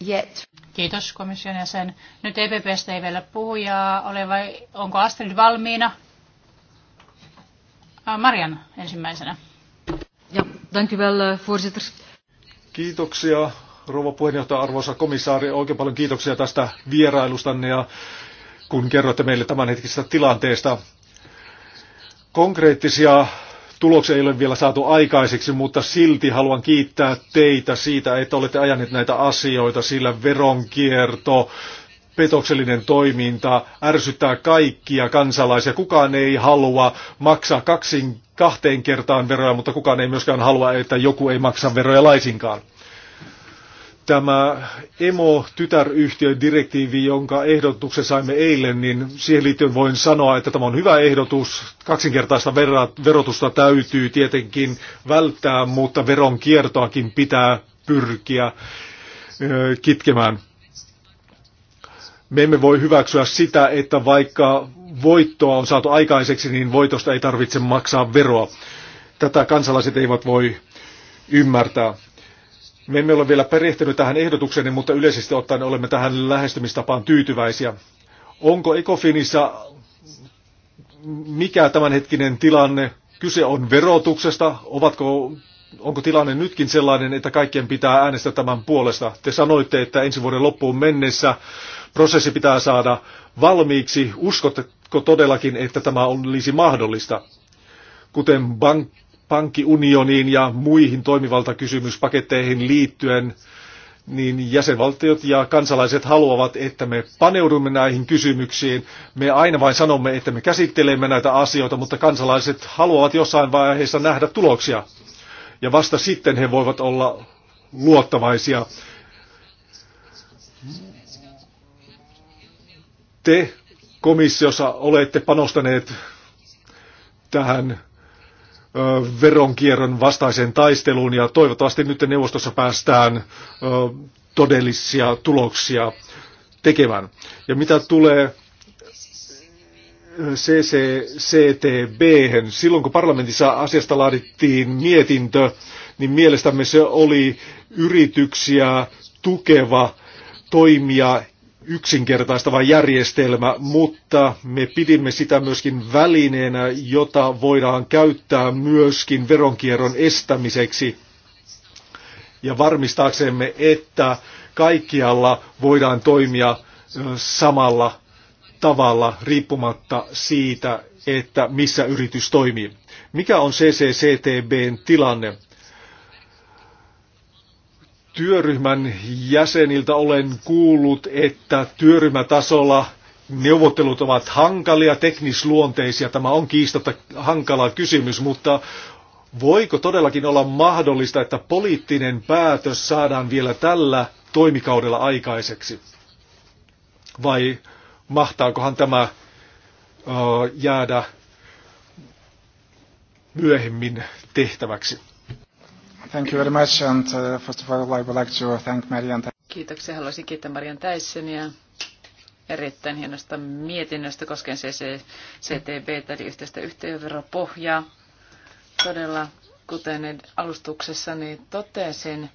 Jet. Kiitos komission jäsen. Nyt EPPstä ei vielä puhujaa ole vai onko Astrid valmiina? Ah, Marian ensimmäisenä. Ja, dank u wel, eh, voorzitter. Kiitoksia, rouva puheenjohtaja, arvoisa komissaari. Oikein paljon kiitoksia tästä vierailustanne ja kun kerroitte meille tämänhetkisestä tilanteesta. Konkreettisia Tuloksia ei ole vielä saatu aikaiseksi, mutta silti haluan kiittää teitä siitä, että olette ajaneet näitä asioita, sillä veronkierto, petoksellinen toiminta ärsyttää kaikkia kansalaisia. Kukaan ei halua maksaa kaksin, kahteen kertaan veroja, mutta kukaan ei myöskään halua, että joku ei maksa veroja laisinkaan tämä emo-tytäryhtiödirektiivi, jonka ehdotuksen saimme eilen, niin siihen liittyen voin sanoa, että tämä on hyvä ehdotus. Kaksinkertaista verotusta täytyy tietenkin välttää, mutta veron kiertoakin pitää pyrkiä kitkemään. Me emme voi hyväksyä sitä, että vaikka voittoa on saatu aikaiseksi, niin voitosta ei tarvitse maksaa veroa. Tätä kansalaiset eivät voi ymmärtää. Me emme ole vielä perehtyneet tähän ehdotukseen, mutta yleisesti ottaen olemme tähän lähestymistapaan tyytyväisiä. Onko Ecofinissa mikä tämänhetkinen tilanne? Kyse on verotuksesta. Ovatko, onko tilanne nytkin sellainen, että kaikkien pitää äänestää tämän puolesta? Te sanoitte, että ensi vuoden loppuun mennessä prosessi pitää saada valmiiksi. Uskotteko todellakin, että tämä olisi mahdollista? Kuten bank pankkiunioniin ja muihin toimivaltakysymyspaketteihin liittyen, niin jäsenvaltiot ja kansalaiset haluavat, että me paneudumme näihin kysymyksiin. Me aina vain sanomme, että me käsittelemme näitä asioita, mutta kansalaiset haluavat jossain vaiheessa nähdä tuloksia. Ja vasta sitten he voivat olla luottavaisia. Te komissiossa olette panostaneet tähän veronkierron vastaiseen taisteluun ja toivottavasti nyt neuvostossa päästään todellisia tuloksia tekemään. Ja mitä tulee CCCTB, silloin kun parlamentissa asiasta laadittiin mietintö, niin mielestämme se oli yrityksiä tukeva toimija yksinkertaistava järjestelmä, mutta me pidimme sitä myöskin välineenä, jota voidaan käyttää myöskin veronkierron estämiseksi ja varmistaaksemme, että kaikkialla voidaan toimia samalla tavalla riippumatta siitä, että missä yritys toimii. Mikä on CCCTBn tilanne? työryhmän jäseniltä olen kuullut, että työryhmätasolla neuvottelut ovat hankalia, teknisluonteisia. Tämä on kiistatta hankala kysymys, mutta voiko todellakin olla mahdollista, että poliittinen päätös saadaan vielä tällä toimikaudella aikaiseksi? Vai mahtaakohan tämä jäädä myöhemmin tehtäväksi? Thank you very much and uh, first of all I would like to thank Marian. Kiitoksia. Haluaisin kiittää Marian ja erittäin hienosta mietinnöstä koskien CCTB, eli yhteistä yhteenveropohjaa. Todella, kuten alustuksessani totesin,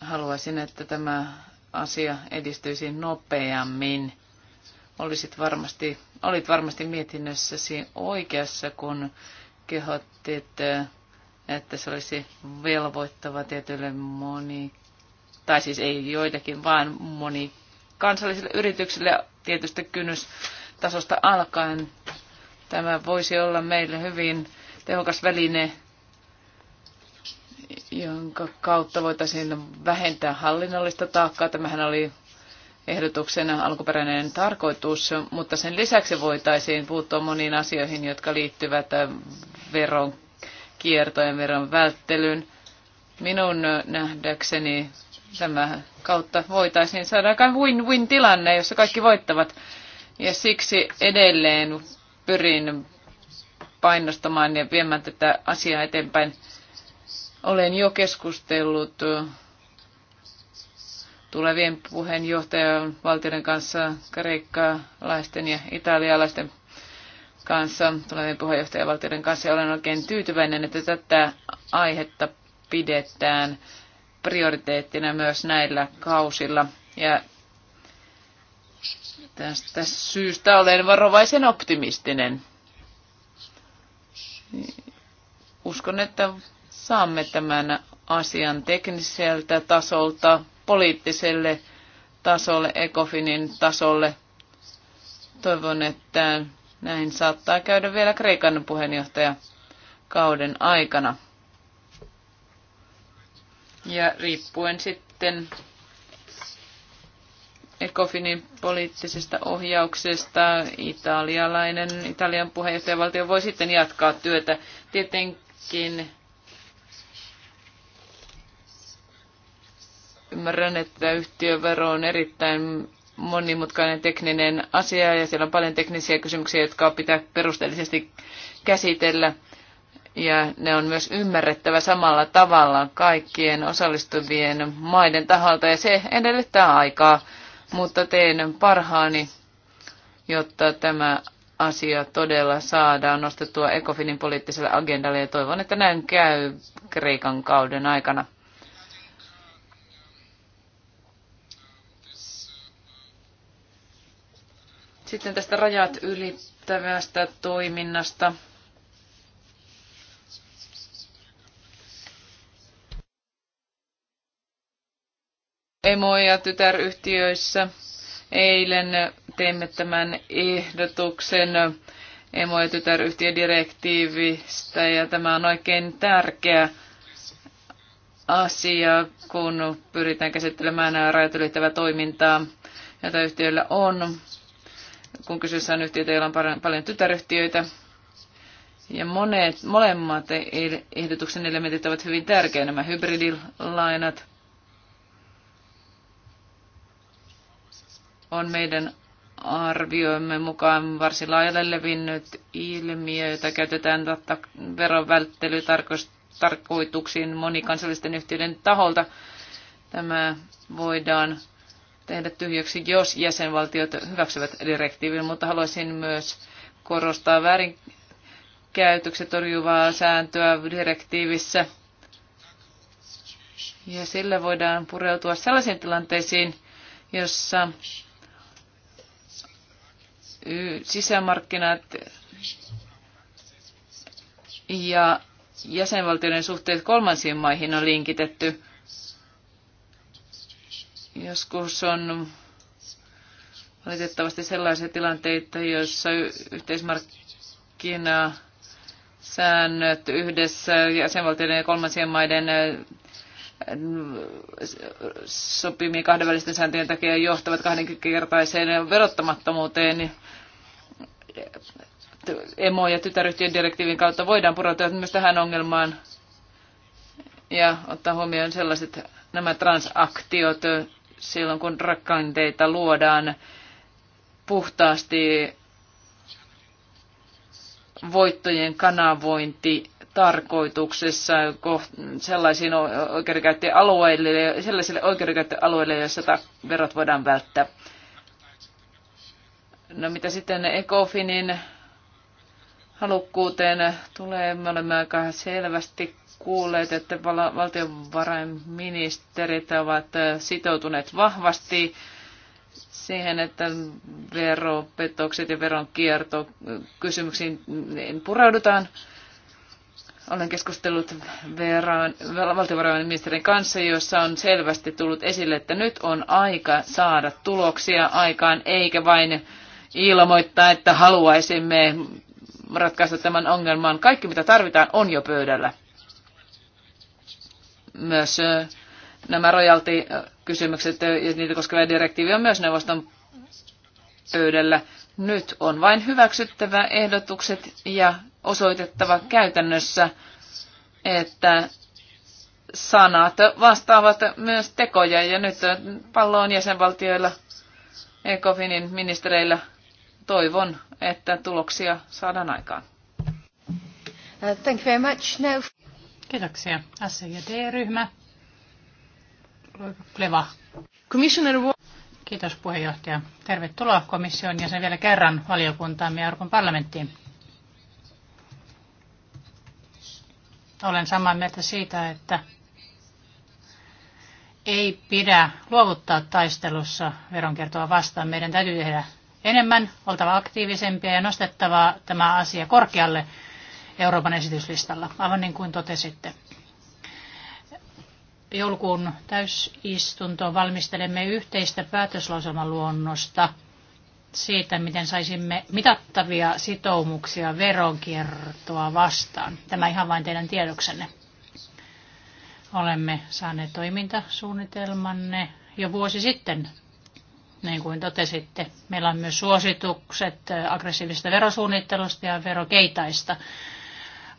haluaisin, että tämä asia edistyisi nopeammin. Olisit varmasti, olit varmasti mietinnössäsi oikeassa, kun kehottit äh, että se olisi velvoittava tietylle moni, tai siis ei joitakin, vaan moni kansallisille yrityksille tietystä kynnystasosta alkaen. Tämä voisi olla meille hyvin tehokas väline, jonka kautta voitaisiin vähentää hallinnollista taakkaa. Tämähän oli ehdotuksen alkuperäinen tarkoitus, mutta sen lisäksi voitaisiin puuttua moniin asioihin, jotka liittyvät veron Kiertojen veron välttelyn Minun nähdäkseni tämä kautta voitaisiin saada aika win-win tilanne, jossa kaikki voittavat. Ja siksi edelleen pyrin painostamaan ja viemään tätä asiaa eteenpäin. Olen jo keskustellut tulevien puheenjohtajan valtioiden kanssa kreikkalaisten ja italialaisten kanssa, tulevien puheenjohtajavaltioiden kanssa. Ja olen oikein tyytyväinen, että tätä aihetta pidetään prioriteettina myös näillä kausilla. Ja tästä syystä olen varovaisen optimistinen. Uskon, että saamme tämän asian tekniseltä tasolta poliittiselle tasolle, ECOFINin tasolle. Toivon, että näin saattaa käydä vielä Kreikan kauden aikana. Ja riippuen sitten Ekofinin poliittisesta ohjauksesta italialainen, Italian puheenjohtajavaltio voi sitten jatkaa työtä. Tietenkin ymmärrän, että yhtiövero on erittäin monimutkainen tekninen asia ja siellä on paljon teknisiä kysymyksiä, jotka pitää perusteellisesti käsitellä. Ja ne on myös ymmärrettävä samalla tavalla kaikkien osallistuvien maiden taholta ja se edellyttää aikaa, mutta teen parhaani, jotta tämä asia todella saadaan nostettua Ecofinin poliittiselle agendalle ja toivon, että näin käy Kreikan kauden aikana. Sitten tästä rajat ylittävästä toiminnasta. Emo- ja tytäryhtiöissä eilen teimme tämän ehdotuksen emo- ja tytäryhtiödirektiivistä ja tämä on oikein tärkeä asia, kun pyritään käsittelemään rajat ylittävää toimintaa, jota yhtiöillä on kun kyseessä on yhtiöitä, joilla on paljon tytäryhtiöitä. Ja monet, molemmat e- ehdotuksen elementit ovat hyvin tärkeitä, nämä hybridilainat. On meidän arvioimme mukaan varsin laajalle levinnyt ilmiö, jota käytetään verovälttelytarkoituksiin monikansallisten yhtiöiden taholta. Tämä voidaan tehdä tyhjäksi, jos jäsenvaltiot hyväksyvät direktiivin, mutta haluaisin myös korostaa väärinkäytökset torjuvaa sääntöä direktiivissä. Ja sillä voidaan pureutua sellaisiin tilanteisiin, jossa sisämarkkinat ja jäsenvaltioiden suhteet kolmansiin maihin on linkitetty Joskus on valitettavasti sellaisia tilanteita, joissa yhteismarkkina säännöt yhdessä jäsenvaltioiden ja kolmansien maiden sopimien kahdenvälisten sääntöjen takia johtavat kahdenkertaiseen verottamattomuuteen. Emo- ja tytäryhtiön direktiivin kautta voidaan purautua myös tähän ongelmaan ja ottaa huomioon sellaiset nämä transaktiot, silloin, kun rakenteita luodaan puhtaasti voittojen kanavointi tarkoituksessa sellaisiin oikeudenkäyttöalueille, sellaisille oikeudenkäyttöalueille, joissa verot voidaan välttää. No mitä sitten Ecofinin halukkuuteen tulee, me olemme aika selvästi kuulleet, että valtiovarainministerit ovat sitoutuneet vahvasti siihen, että veropetokset ja veronkierto kysymyksiin niin pureudutaan. Olen keskustellut valtiovarainministerin kanssa, jossa on selvästi tullut esille, että nyt on aika saada tuloksia aikaan, eikä vain ilmoittaa, että haluaisimme ratkaista tämän ongelman. Kaikki, mitä tarvitaan, on jo pöydällä myös nämä rojaltikysymykset kysymykset ja niitä koskeva direktiivi on myös neuvoston pöydällä. Nyt on vain hyväksyttävä ehdotukset ja osoitettava käytännössä, että sanat vastaavat myös tekoja ja nyt pallo on jäsenvaltioilla, ECOFINin ministereillä. Toivon, että tuloksia saadaan aikaan. Uh, thank you very much. Now... Kiitoksia. SJD-ryhmä. Pleva. Commissioner Kiitos puheenjohtaja. Tervetuloa komission ja sen vielä kerran valiokuntaamme ja Euroopan parlamenttiin. Olen samaa mieltä siitä, että ei pidä luovuttaa taistelussa veronkiertoa vastaan. Meidän täytyy tehdä enemmän, oltava aktiivisempia ja nostettava tämä asia korkealle Euroopan esityslistalla, aivan niin kuin totesitte. Joulukuun täysistuntoon valmistelemme yhteistä päätöslauselmaluonnosta siitä, miten saisimme mitattavia sitoumuksia veronkiertoa vastaan. Tämä ihan vain teidän tiedoksenne. Olemme saaneet toimintasuunnitelmanne jo vuosi sitten, niin kuin totesitte. Meillä on myös suositukset aggressiivisesta verosuunnittelusta ja verokeitaista.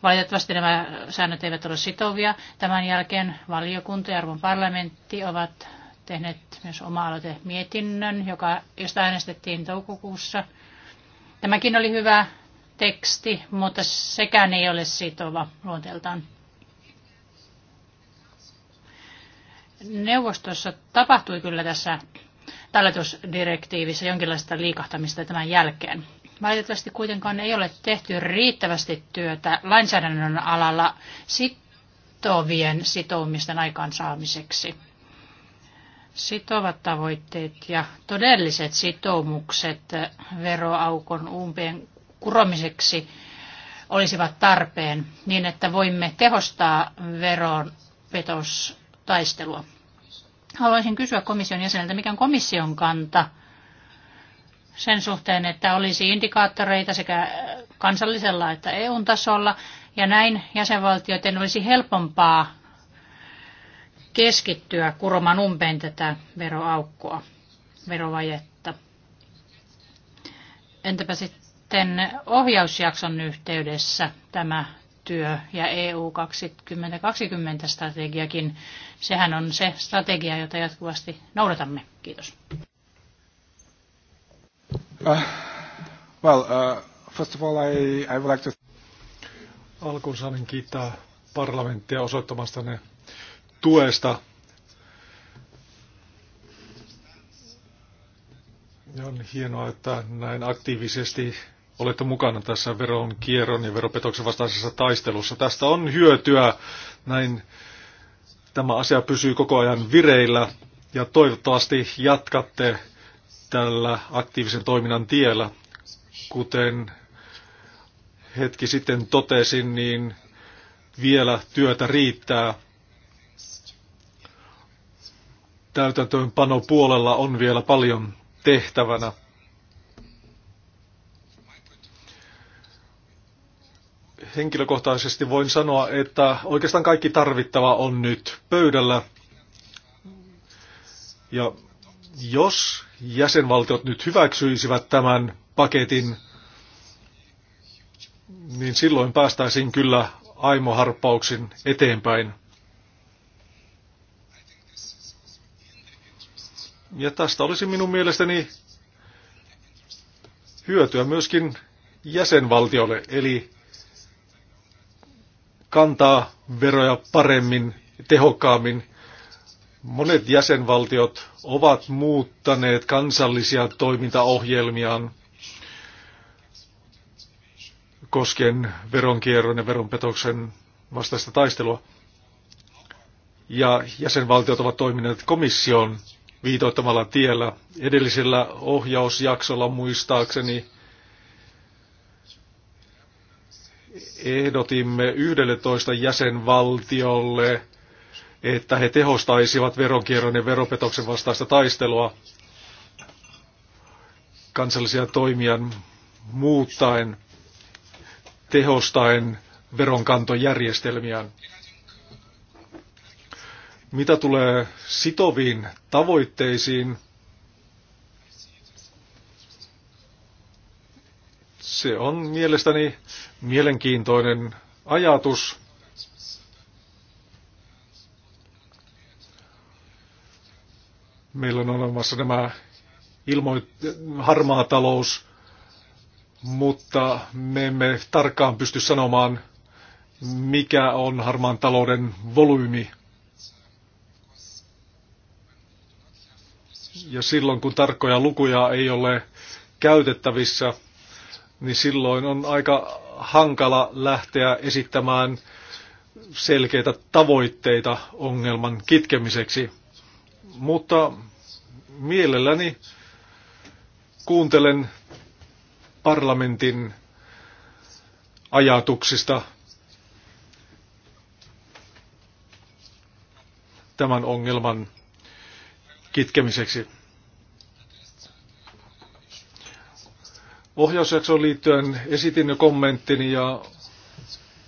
Valitettavasti nämä säännöt eivät ole sitovia. Tämän jälkeen valiokunta ja arvon parlamentti ovat tehneet myös oma mietinnön, joka, josta äänestettiin toukokuussa. Tämäkin oli hyvä teksti, mutta sekään ei ole sitova luonteeltaan. Neuvostossa tapahtui kyllä tässä talletusdirektiivissä jonkinlaista liikahtamista tämän jälkeen. Valitettavasti kuitenkaan ei ole tehty riittävästi työtä lainsäädännön alalla sitovien sitoumisten aikaansaamiseksi. Sitovat tavoitteet ja todelliset sitoumukset veroaukon umpeen kuromiseksi olisivat tarpeen niin, että voimme tehostaa veronpetostaistelua. Haluaisin kysyä komission jäseneltä, mikä on komission kanta – sen suhteen, että olisi indikaattoreita sekä kansallisella että eu tasolla, ja näin jäsenvaltioiden olisi helpompaa keskittyä kuromaan umpeen tätä veroaukkoa, verovajetta. Entäpä sitten ohjausjakson yhteydessä tämä työ ja EU 2020 strategiakin, sehän on se strategia, jota jatkuvasti noudatamme. Kiitos. Uh, well, uh, first of all, I, I would like to... Alkuun saanen kiittää parlamenttia osoittamastanne tuesta. Ja on hienoa, että näin aktiivisesti olette mukana tässä veron kierron ja veropetoksen vastaisessa taistelussa. Tästä on hyötyä. Näin tämä asia pysyy koko ajan vireillä ja toivottavasti jatkatte tällä aktiivisen toiminnan tiellä. Kuten hetki sitten totesin, niin vielä työtä riittää. Täytäntöönpano puolella on vielä paljon tehtävänä. Henkilökohtaisesti voin sanoa, että oikeastaan kaikki tarvittava on nyt pöydällä. Ja jos jäsenvaltiot nyt hyväksyisivät tämän paketin, niin silloin päästäisiin kyllä aimoharppauksin eteenpäin. Ja tästä olisi minun mielestäni hyötyä myöskin jäsenvaltiolle, eli kantaa veroja paremmin, tehokkaammin Monet jäsenvaltiot ovat muuttaneet kansallisia toimintaohjelmiaan koskien veronkierron ja veronpetoksen vastaista taistelua. Ja jäsenvaltiot ovat toimineet komission viitoittamalla tiellä. Edellisellä ohjausjaksolla muistaakseni ehdotimme 11 jäsenvaltiolle että he tehostaisivat veronkierron ja veropetoksen vastaista taistelua kansallisia toimijan muuttaen, tehostaen veronkantojärjestelmiään. Mitä tulee sitoviin tavoitteisiin, se on mielestäni mielenkiintoinen ajatus. Meillä on olemassa nämä ilmoit- harmaa talous, mutta me emme tarkkaan pysty sanomaan, mikä on harmaan talouden volyymi. Ja silloin kun tarkkoja lukuja ei ole käytettävissä, niin silloin on aika hankala lähteä esittämään selkeitä tavoitteita ongelman kitkemiseksi. Mutta mielelläni kuuntelen parlamentin ajatuksista tämän ongelman kitkemiseksi. Ohjausjaksoon liittyen esitin jo kommenttini ja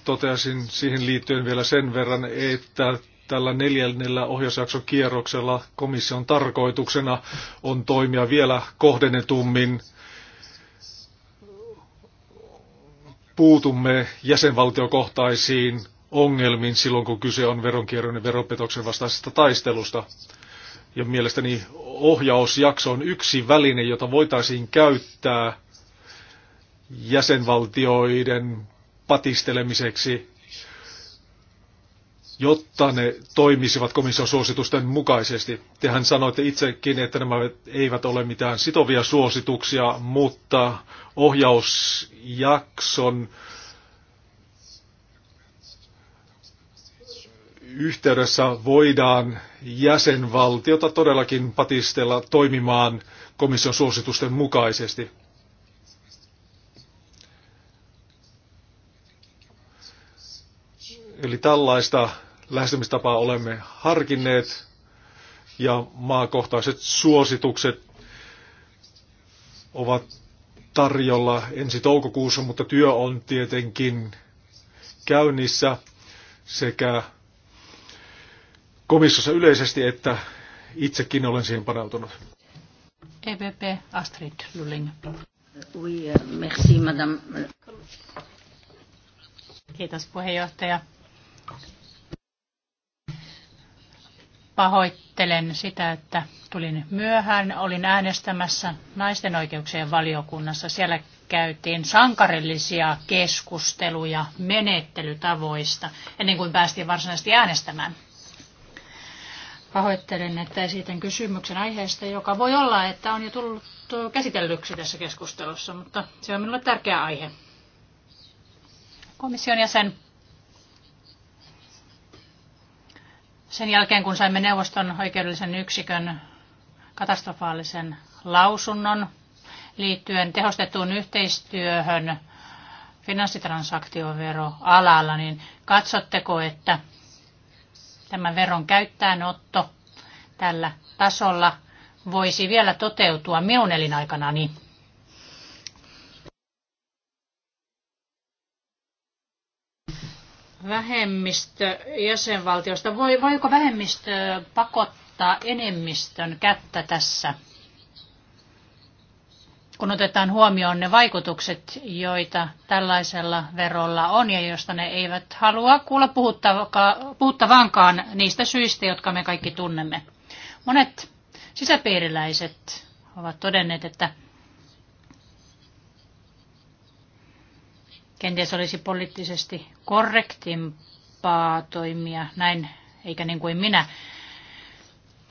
toteasin siihen liittyen vielä sen verran, että tällä neljännellä ohjausjakson kierroksella komission tarkoituksena on toimia vielä kohdennetummin. Puutumme jäsenvaltiokohtaisiin ongelmiin silloin, kun kyse on veronkierron ja veropetoksen vastaisesta taistelusta. Ja mielestäni ohjausjakso on yksi väline, jota voitaisiin käyttää jäsenvaltioiden patistelemiseksi jotta ne toimisivat komission suositusten mukaisesti. Tehän sanoitte itsekin, että nämä eivät ole mitään sitovia suosituksia, mutta ohjausjakson yhteydessä voidaan jäsenvaltiota todellakin patistella toimimaan komission suositusten mukaisesti. Eli tällaista lähestymistapaa olemme harkinneet ja maakohtaiset suositukset ovat tarjolla ensi toukokuussa, mutta työ on tietenkin käynnissä sekä komissiossa yleisesti että itsekin olen siihen paneutunut. EPP Astrid Lulling. Oui, merci, madame. Kiitos puheenjohtaja. Pahoittelen sitä, että tulin myöhään. Olin äänestämässä naisten oikeuksien valiokunnassa. Siellä käytiin sankarillisia keskusteluja menettelytavoista ennen kuin päästiin varsinaisesti äänestämään. Pahoittelen, että esitän kysymyksen aiheesta, joka voi olla, että on jo tullut käsitellyksi tässä keskustelussa, mutta se on minulle tärkeä aihe. Komission jäsen Sen jälkeen, kun saimme neuvoston oikeudellisen yksikön katastrofaalisen lausunnon liittyen tehostettuun yhteistyöhön finanssitransaktioveroalalla, niin katsotteko, että tämän veron käyttäänotto tällä tasolla voisi vielä toteutua minun elinaikanani? vähemmistö jäsenvaltiosta, voi, voiko vähemmistö pakottaa enemmistön kättä tässä, kun otetaan huomioon ne vaikutukset, joita tällaisella verolla on ja josta ne eivät halua kuulla puhuttavankaan niistä syistä, jotka me kaikki tunnemme. Monet sisäpiiriläiset ovat todenneet, että Kenties olisi poliittisesti korrektimpaa toimia näin, eikä niin kuin minä.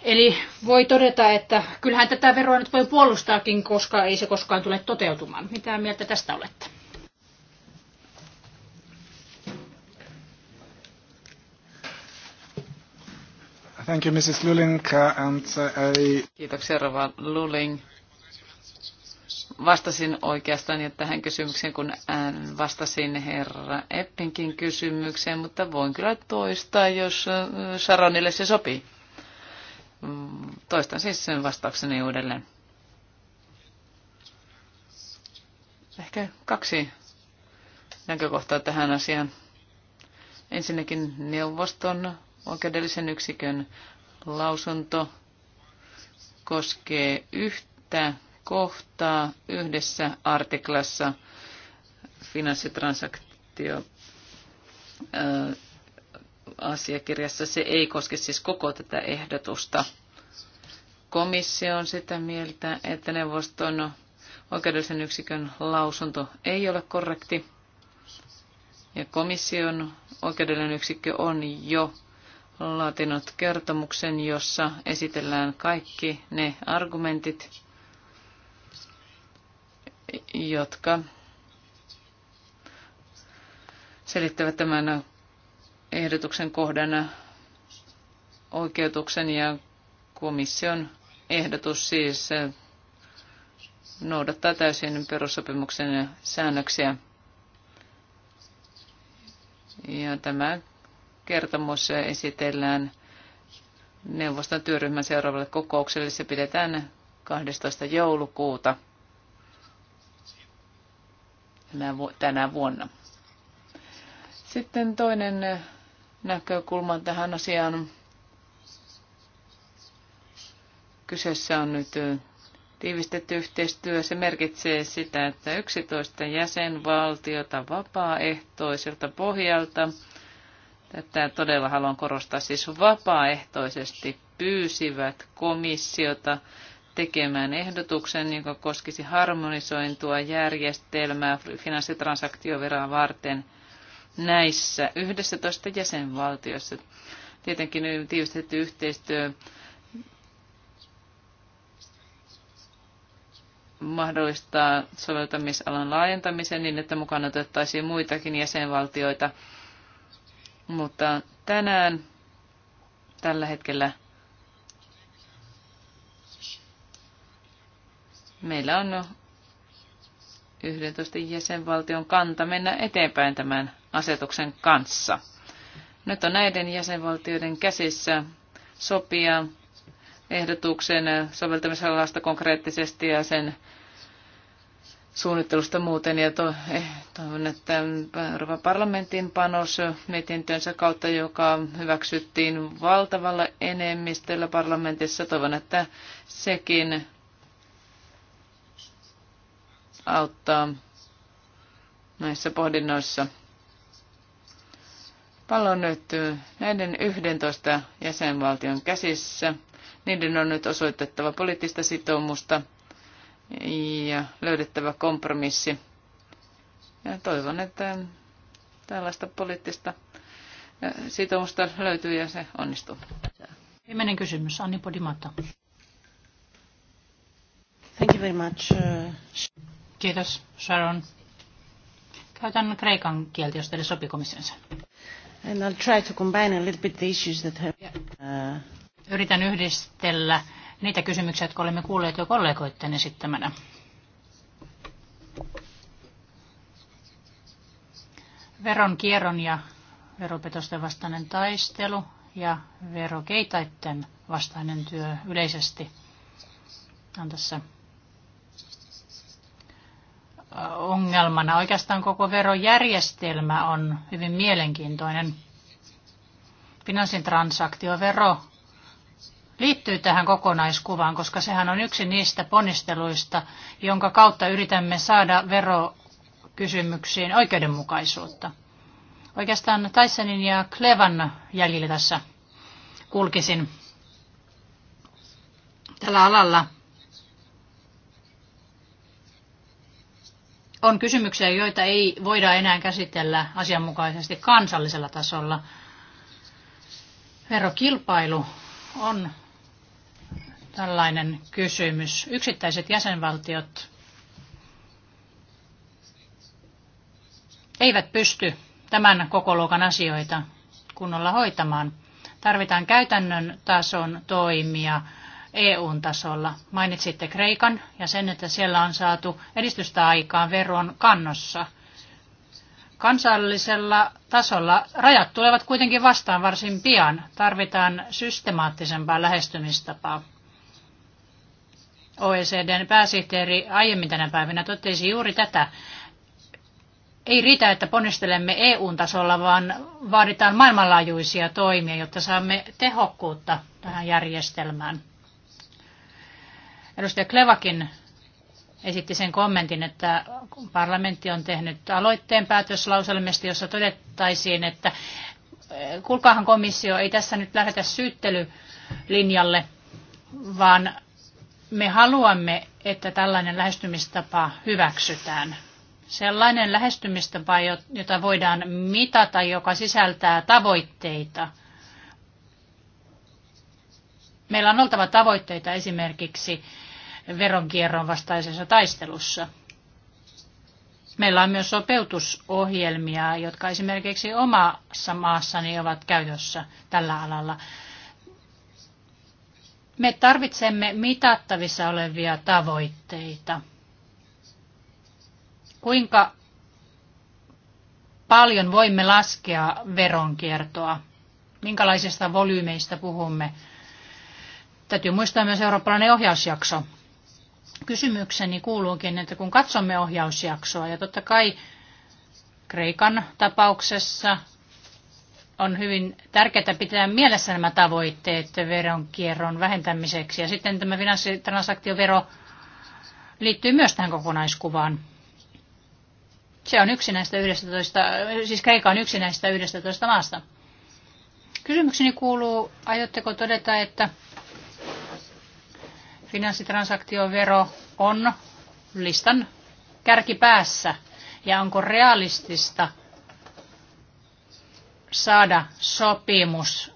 Eli voi todeta, että kyllähän tätä veroa nyt voi puolustaakin, koska ei se koskaan tule toteutumaan. Mitä mieltä tästä olette? Thank you, Mrs. Luling, and I... Kiitoksia, Rova Luling vastasin oikeastaan jo tähän kysymykseen, kun vastasin herra Eppinkin kysymykseen, mutta voin kyllä toistaa, jos Saronille se sopii. Toistan siis sen vastaukseni uudelleen. Ehkä kaksi näkökohtaa tähän asiaan. Ensinnäkin neuvoston oikeudellisen yksikön lausunto koskee yhtä kohtaa yhdessä artiklassa finanssitransaktio asiakirjassa. Se ei koske siis koko tätä ehdotusta. Komissio on sitä mieltä, että neuvoston oikeudellisen yksikön lausunto ei ole korrekti. Ja komission oikeudellinen yksikkö on jo laatinut kertomuksen, jossa esitellään kaikki ne argumentit, jotka selittävät tämän ehdotuksen kohdan oikeutuksen ja komission ehdotus siis noudattaa täysin perussopimuksen säännöksiä. Ja tämä kertomus esitellään neuvoston työryhmän seuraavalle kokoukselle. Se pidetään 12. joulukuuta tänä vuonna. Sitten toinen näkökulma tähän asiaan. Kyseessä on nyt tiivistetty yhteistyö. Se merkitsee sitä, että 11 jäsenvaltiota vapaaehtoiselta pohjalta, tätä todella haluan korostaa, siis vapaaehtoisesti pyysivät komissiota tekemään ehdotuksen, joka koskisi harmonisointua järjestelmää finanssitransaktioveroa varten näissä 11 jäsenvaltiossa. Tietenkin tiivistetty yhteistyö mahdollistaa soveltamisalan laajentamisen niin, että mukaan otettaisiin muitakin jäsenvaltioita. Mutta tänään tällä hetkellä meillä on 11 jäsenvaltion kanta mennä eteenpäin tämän asetuksen kanssa. Nyt on näiden jäsenvaltioiden käsissä sopia ehdotuksen soveltamisalasta konkreettisesti ja sen suunnittelusta muuten. Ja to, eh, toivon, että Euroopan parlamentin panos mietintönsä kautta, joka hyväksyttiin valtavalla enemmistöllä parlamentissa, toivon, että sekin auttaa näissä pohdinnoissa. Pallo on nyt näiden 11 jäsenvaltion käsissä. Niiden on nyt osoitettava poliittista sitoumusta ja löydettävä kompromissi. Ja toivon, että tällaista poliittista sitoumusta löytyy ja se onnistuu. Viimeinen kysymys, Anni Podimata. Thank you very much. Uh, Kiitos, Sharon. Käytän kreikan kieltä, jos teille sopii komissionsa. And I'll try to combine a little bit the issues that have... Uh... Yritän yhdistellä niitä kysymyksiä, jotka olemme kuulleet jo kollegoiden esittämänä. kierron ja veropetosten vastainen taistelu ja verokeitaiden vastainen työ yleisesti on tässä ongelmana. Oikeastaan koko verojärjestelmä on hyvin mielenkiintoinen. Finanssitransaktiovero liittyy tähän kokonaiskuvaan, koska sehän on yksi niistä ponnisteluista, jonka kautta yritämme saada verokysymyksiin oikeudenmukaisuutta. Oikeastaan Tysonin ja Klevan jäljillä tässä kulkisin tällä alalla – on kysymyksiä, joita ei voida enää käsitellä asianmukaisesti kansallisella tasolla. Verokilpailu on tällainen kysymys. Yksittäiset jäsenvaltiot eivät pysty tämän kokoluokan asioita kunnolla hoitamaan. Tarvitaan käytännön tason toimia EUn tasolla. Mainitsitte Kreikan ja sen, että siellä on saatu edistystä aikaan veron kannossa. Kansallisella tasolla rajat tulevat kuitenkin vastaan varsin pian. Tarvitaan systemaattisempaa lähestymistapaa. OECDn pääsihteeri aiemmin tänä päivänä totesi juuri tätä. Ei riitä, että ponnistelemme eun tasolla vaan vaaditaan maailmanlaajuisia toimia, jotta saamme tehokkuutta tähän järjestelmään. Edustaja Klevakin esitti sen kommentin, että parlamentti on tehnyt aloitteen päätöslauselmista, jossa todettaisiin, että eh, kuulkaahan komissio, ei tässä nyt lähdetä syyttelylinjalle, vaan me haluamme, että tällainen lähestymistapa hyväksytään. Sellainen lähestymistapa, jota voidaan mitata, joka sisältää tavoitteita. Meillä on oltava tavoitteita esimerkiksi veronkierron vastaisessa taistelussa. Meillä on myös sopeutusohjelmia, jotka esimerkiksi omassa maassani ovat käytössä tällä alalla. Me tarvitsemme mitattavissa olevia tavoitteita. Kuinka paljon voimme laskea veronkiertoa? Minkälaisista volyymeista puhumme? Täytyy muistaa myös eurooppalainen ohjausjakso. Kysymykseni kuuluukin, että kun katsomme ohjausjaksoa, ja totta kai Kreikan tapauksessa on hyvin tärkeää pitää mielessä nämä tavoitteet veronkierron vähentämiseksi. Ja sitten tämä finanssitransaktiovero liittyy myös tähän kokonaiskuvaan. Se on yksi näistä 11, siis Kreika on yksi näistä 11 maasta. Kysymykseni kuuluu, aiotteko todeta, että Finanssitransaktiovero on listan kärkipäässä ja onko realistista saada sopimus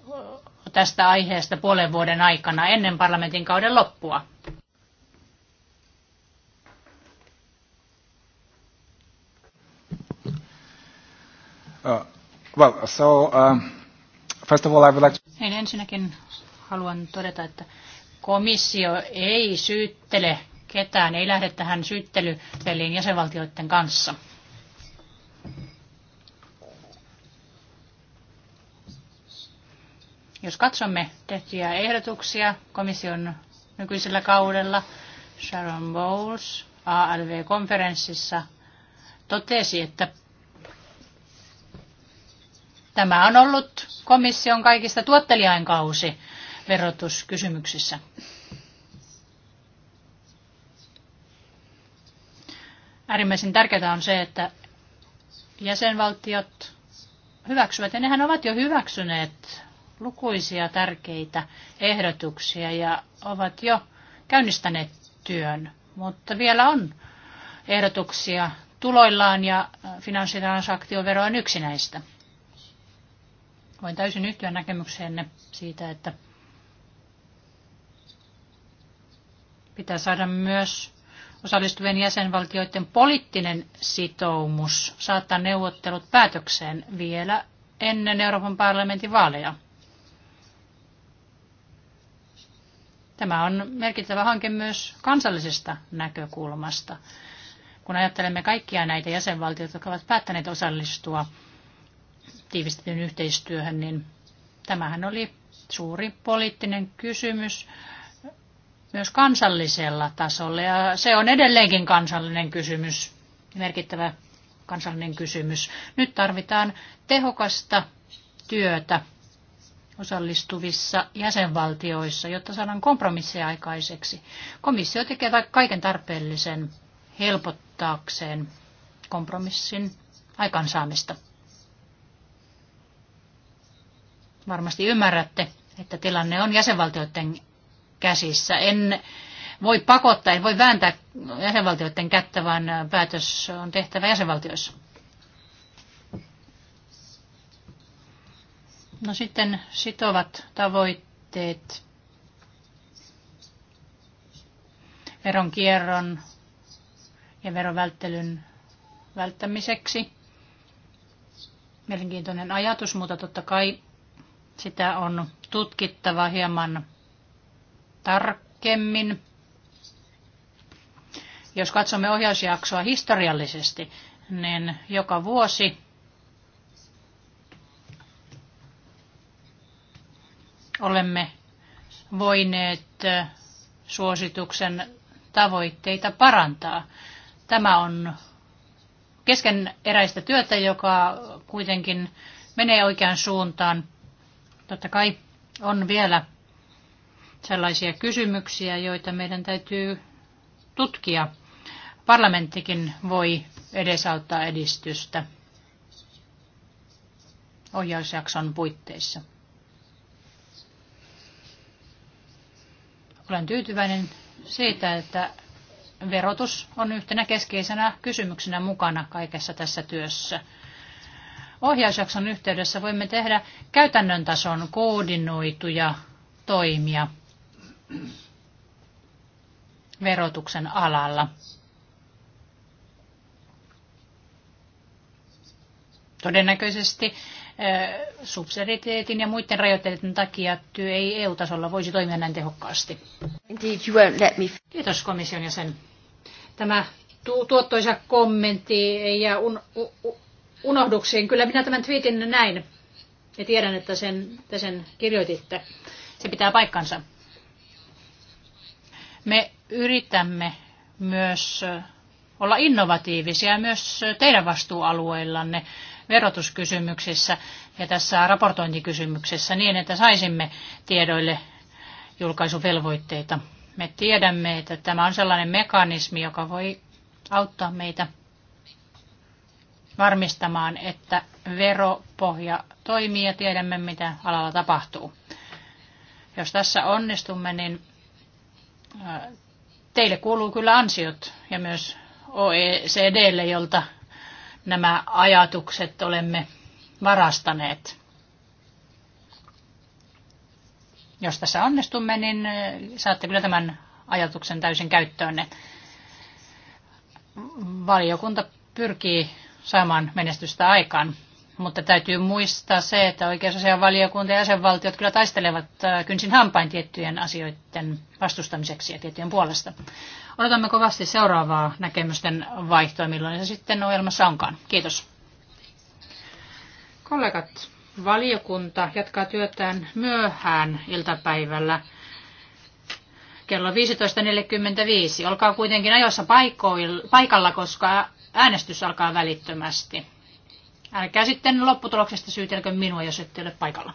tästä aiheesta puolen vuoden aikana ennen parlamentin kauden loppua? Uh, well, so, uh, first of all, I would like to... Niin, ensinnäkin haluan todeta, että komissio ei syyttele ketään, ei lähde tähän syyttelypeliin jäsenvaltioiden kanssa. Jos katsomme tehtyjä ehdotuksia komission nykyisellä kaudella, Sharon Bowles ALV-konferenssissa totesi, että tämä on ollut komission kaikista tuottelijain kausi verotuskysymyksissä. Äärimmäisen tärkeää on se, että jäsenvaltiot hyväksyvät, ja nehän ovat jo hyväksyneet lukuisia tärkeitä ehdotuksia ja ovat jo käynnistäneet työn, mutta vielä on ehdotuksia tuloillaan ja finanssitransaktiovero on yksi näistä. Voin täysin yhtyä näkemykseenne siitä, että Pitää saada myös osallistuvien jäsenvaltioiden poliittinen sitoumus saattaa neuvottelut päätökseen vielä ennen Euroopan parlamentin vaaleja. Tämä on merkittävä hanke myös kansallisesta näkökulmasta. Kun ajattelemme kaikkia näitä jäsenvaltioita, jotka ovat päättäneet osallistua tiivistetyn yhteistyöhön, niin tämähän oli suuri poliittinen kysymys myös kansallisella tasolla. Ja se on edelleenkin kansallinen kysymys, merkittävä kansallinen kysymys. Nyt tarvitaan tehokasta työtä osallistuvissa jäsenvaltioissa, jotta saadaan kompromisseja aikaiseksi. Komissio tekee kaiken tarpeellisen helpottaakseen kompromissin aikansaamista. Varmasti ymmärrätte, että tilanne on jäsenvaltioiden käsissä. En voi pakottaa, en voi vääntää jäsenvaltioiden kättä, vaan päätös on tehtävä jäsenvaltioissa. No sitten sitovat tavoitteet veronkierron ja verovälttelyn välttämiseksi. Mielenkiintoinen ajatus, mutta totta kai sitä on tutkittava hieman tarkemmin. Jos katsomme ohjausjaksoa historiallisesti, niin joka vuosi olemme voineet suosituksen tavoitteita parantaa. Tämä on kesken eräistä työtä, joka kuitenkin menee oikeaan suuntaan. Totta kai on vielä sellaisia kysymyksiä, joita meidän täytyy tutkia. Parlamenttikin voi edesauttaa edistystä ohjausjakson puitteissa. Olen tyytyväinen siitä, että verotus on yhtenä keskeisenä kysymyksenä mukana kaikessa tässä työssä. Ohjausjakson yhteydessä voimme tehdä käytännön tason koordinoituja toimia – verotuksen alalla. Todennäköisesti subsidiariteetin ja muiden rajoitteiden takia työ ei EU-tasolla voisi toimia näin tehokkaasti. Indeed, you won't let me... Kiitos komission jäsen. Tämä tu- tuottoisa kommentti ei jää un- u- unohduksiin. Kyllä minä tämän twiitin näin ja tiedän, että sen, te sen kirjoititte. Se pitää paikkansa. Me yritämme myös olla innovatiivisia myös teidän vastuualueillanne verotuskysymyksissä ja tässä raportointikysymyksessä niin, että saisimme tiedoille julkaisuvelvoitteita. Me tiedämme, että tämä on sellainen mekanismi, joka voi auttaa meitä varmistamaan, että veropohja toimii ja tiedämme, mitä alalla tapahtuu. Jos tässä onnistumme, niin Teille kuuluu kyllä ansiot ja myös OECDlle, jolta nämä ajatukset olemme varastaneet. Jos tässä onnistumme, niin saatte kyllä tämän ajatuksen täysin käyttöönne. Valiokunta pyrkii saamaan menestystä aikaan mutta täytyy muistaa se, että oikeusasianvaliokunta ja jäsenvaltiot kyllä taistelevat äh, kynsin hampain tiettyjen asioiden vastustamiseksi ja tiettyjen puolesta. Odotamme kovasti seuraavaa näkemysten vaihtoa, milloin se sitten ohjelmassa onkaan. Kiitos. Kollegat, valiokunta jatkaa työtään myöhään iltapäivällä kello 15.45. Olkaa kuitenkin ajoissa paikalla, koska äänestys alkaa välittömästi. Älkää sitten lopputuloksesta syytelkö minua, jos ette ole paikalla.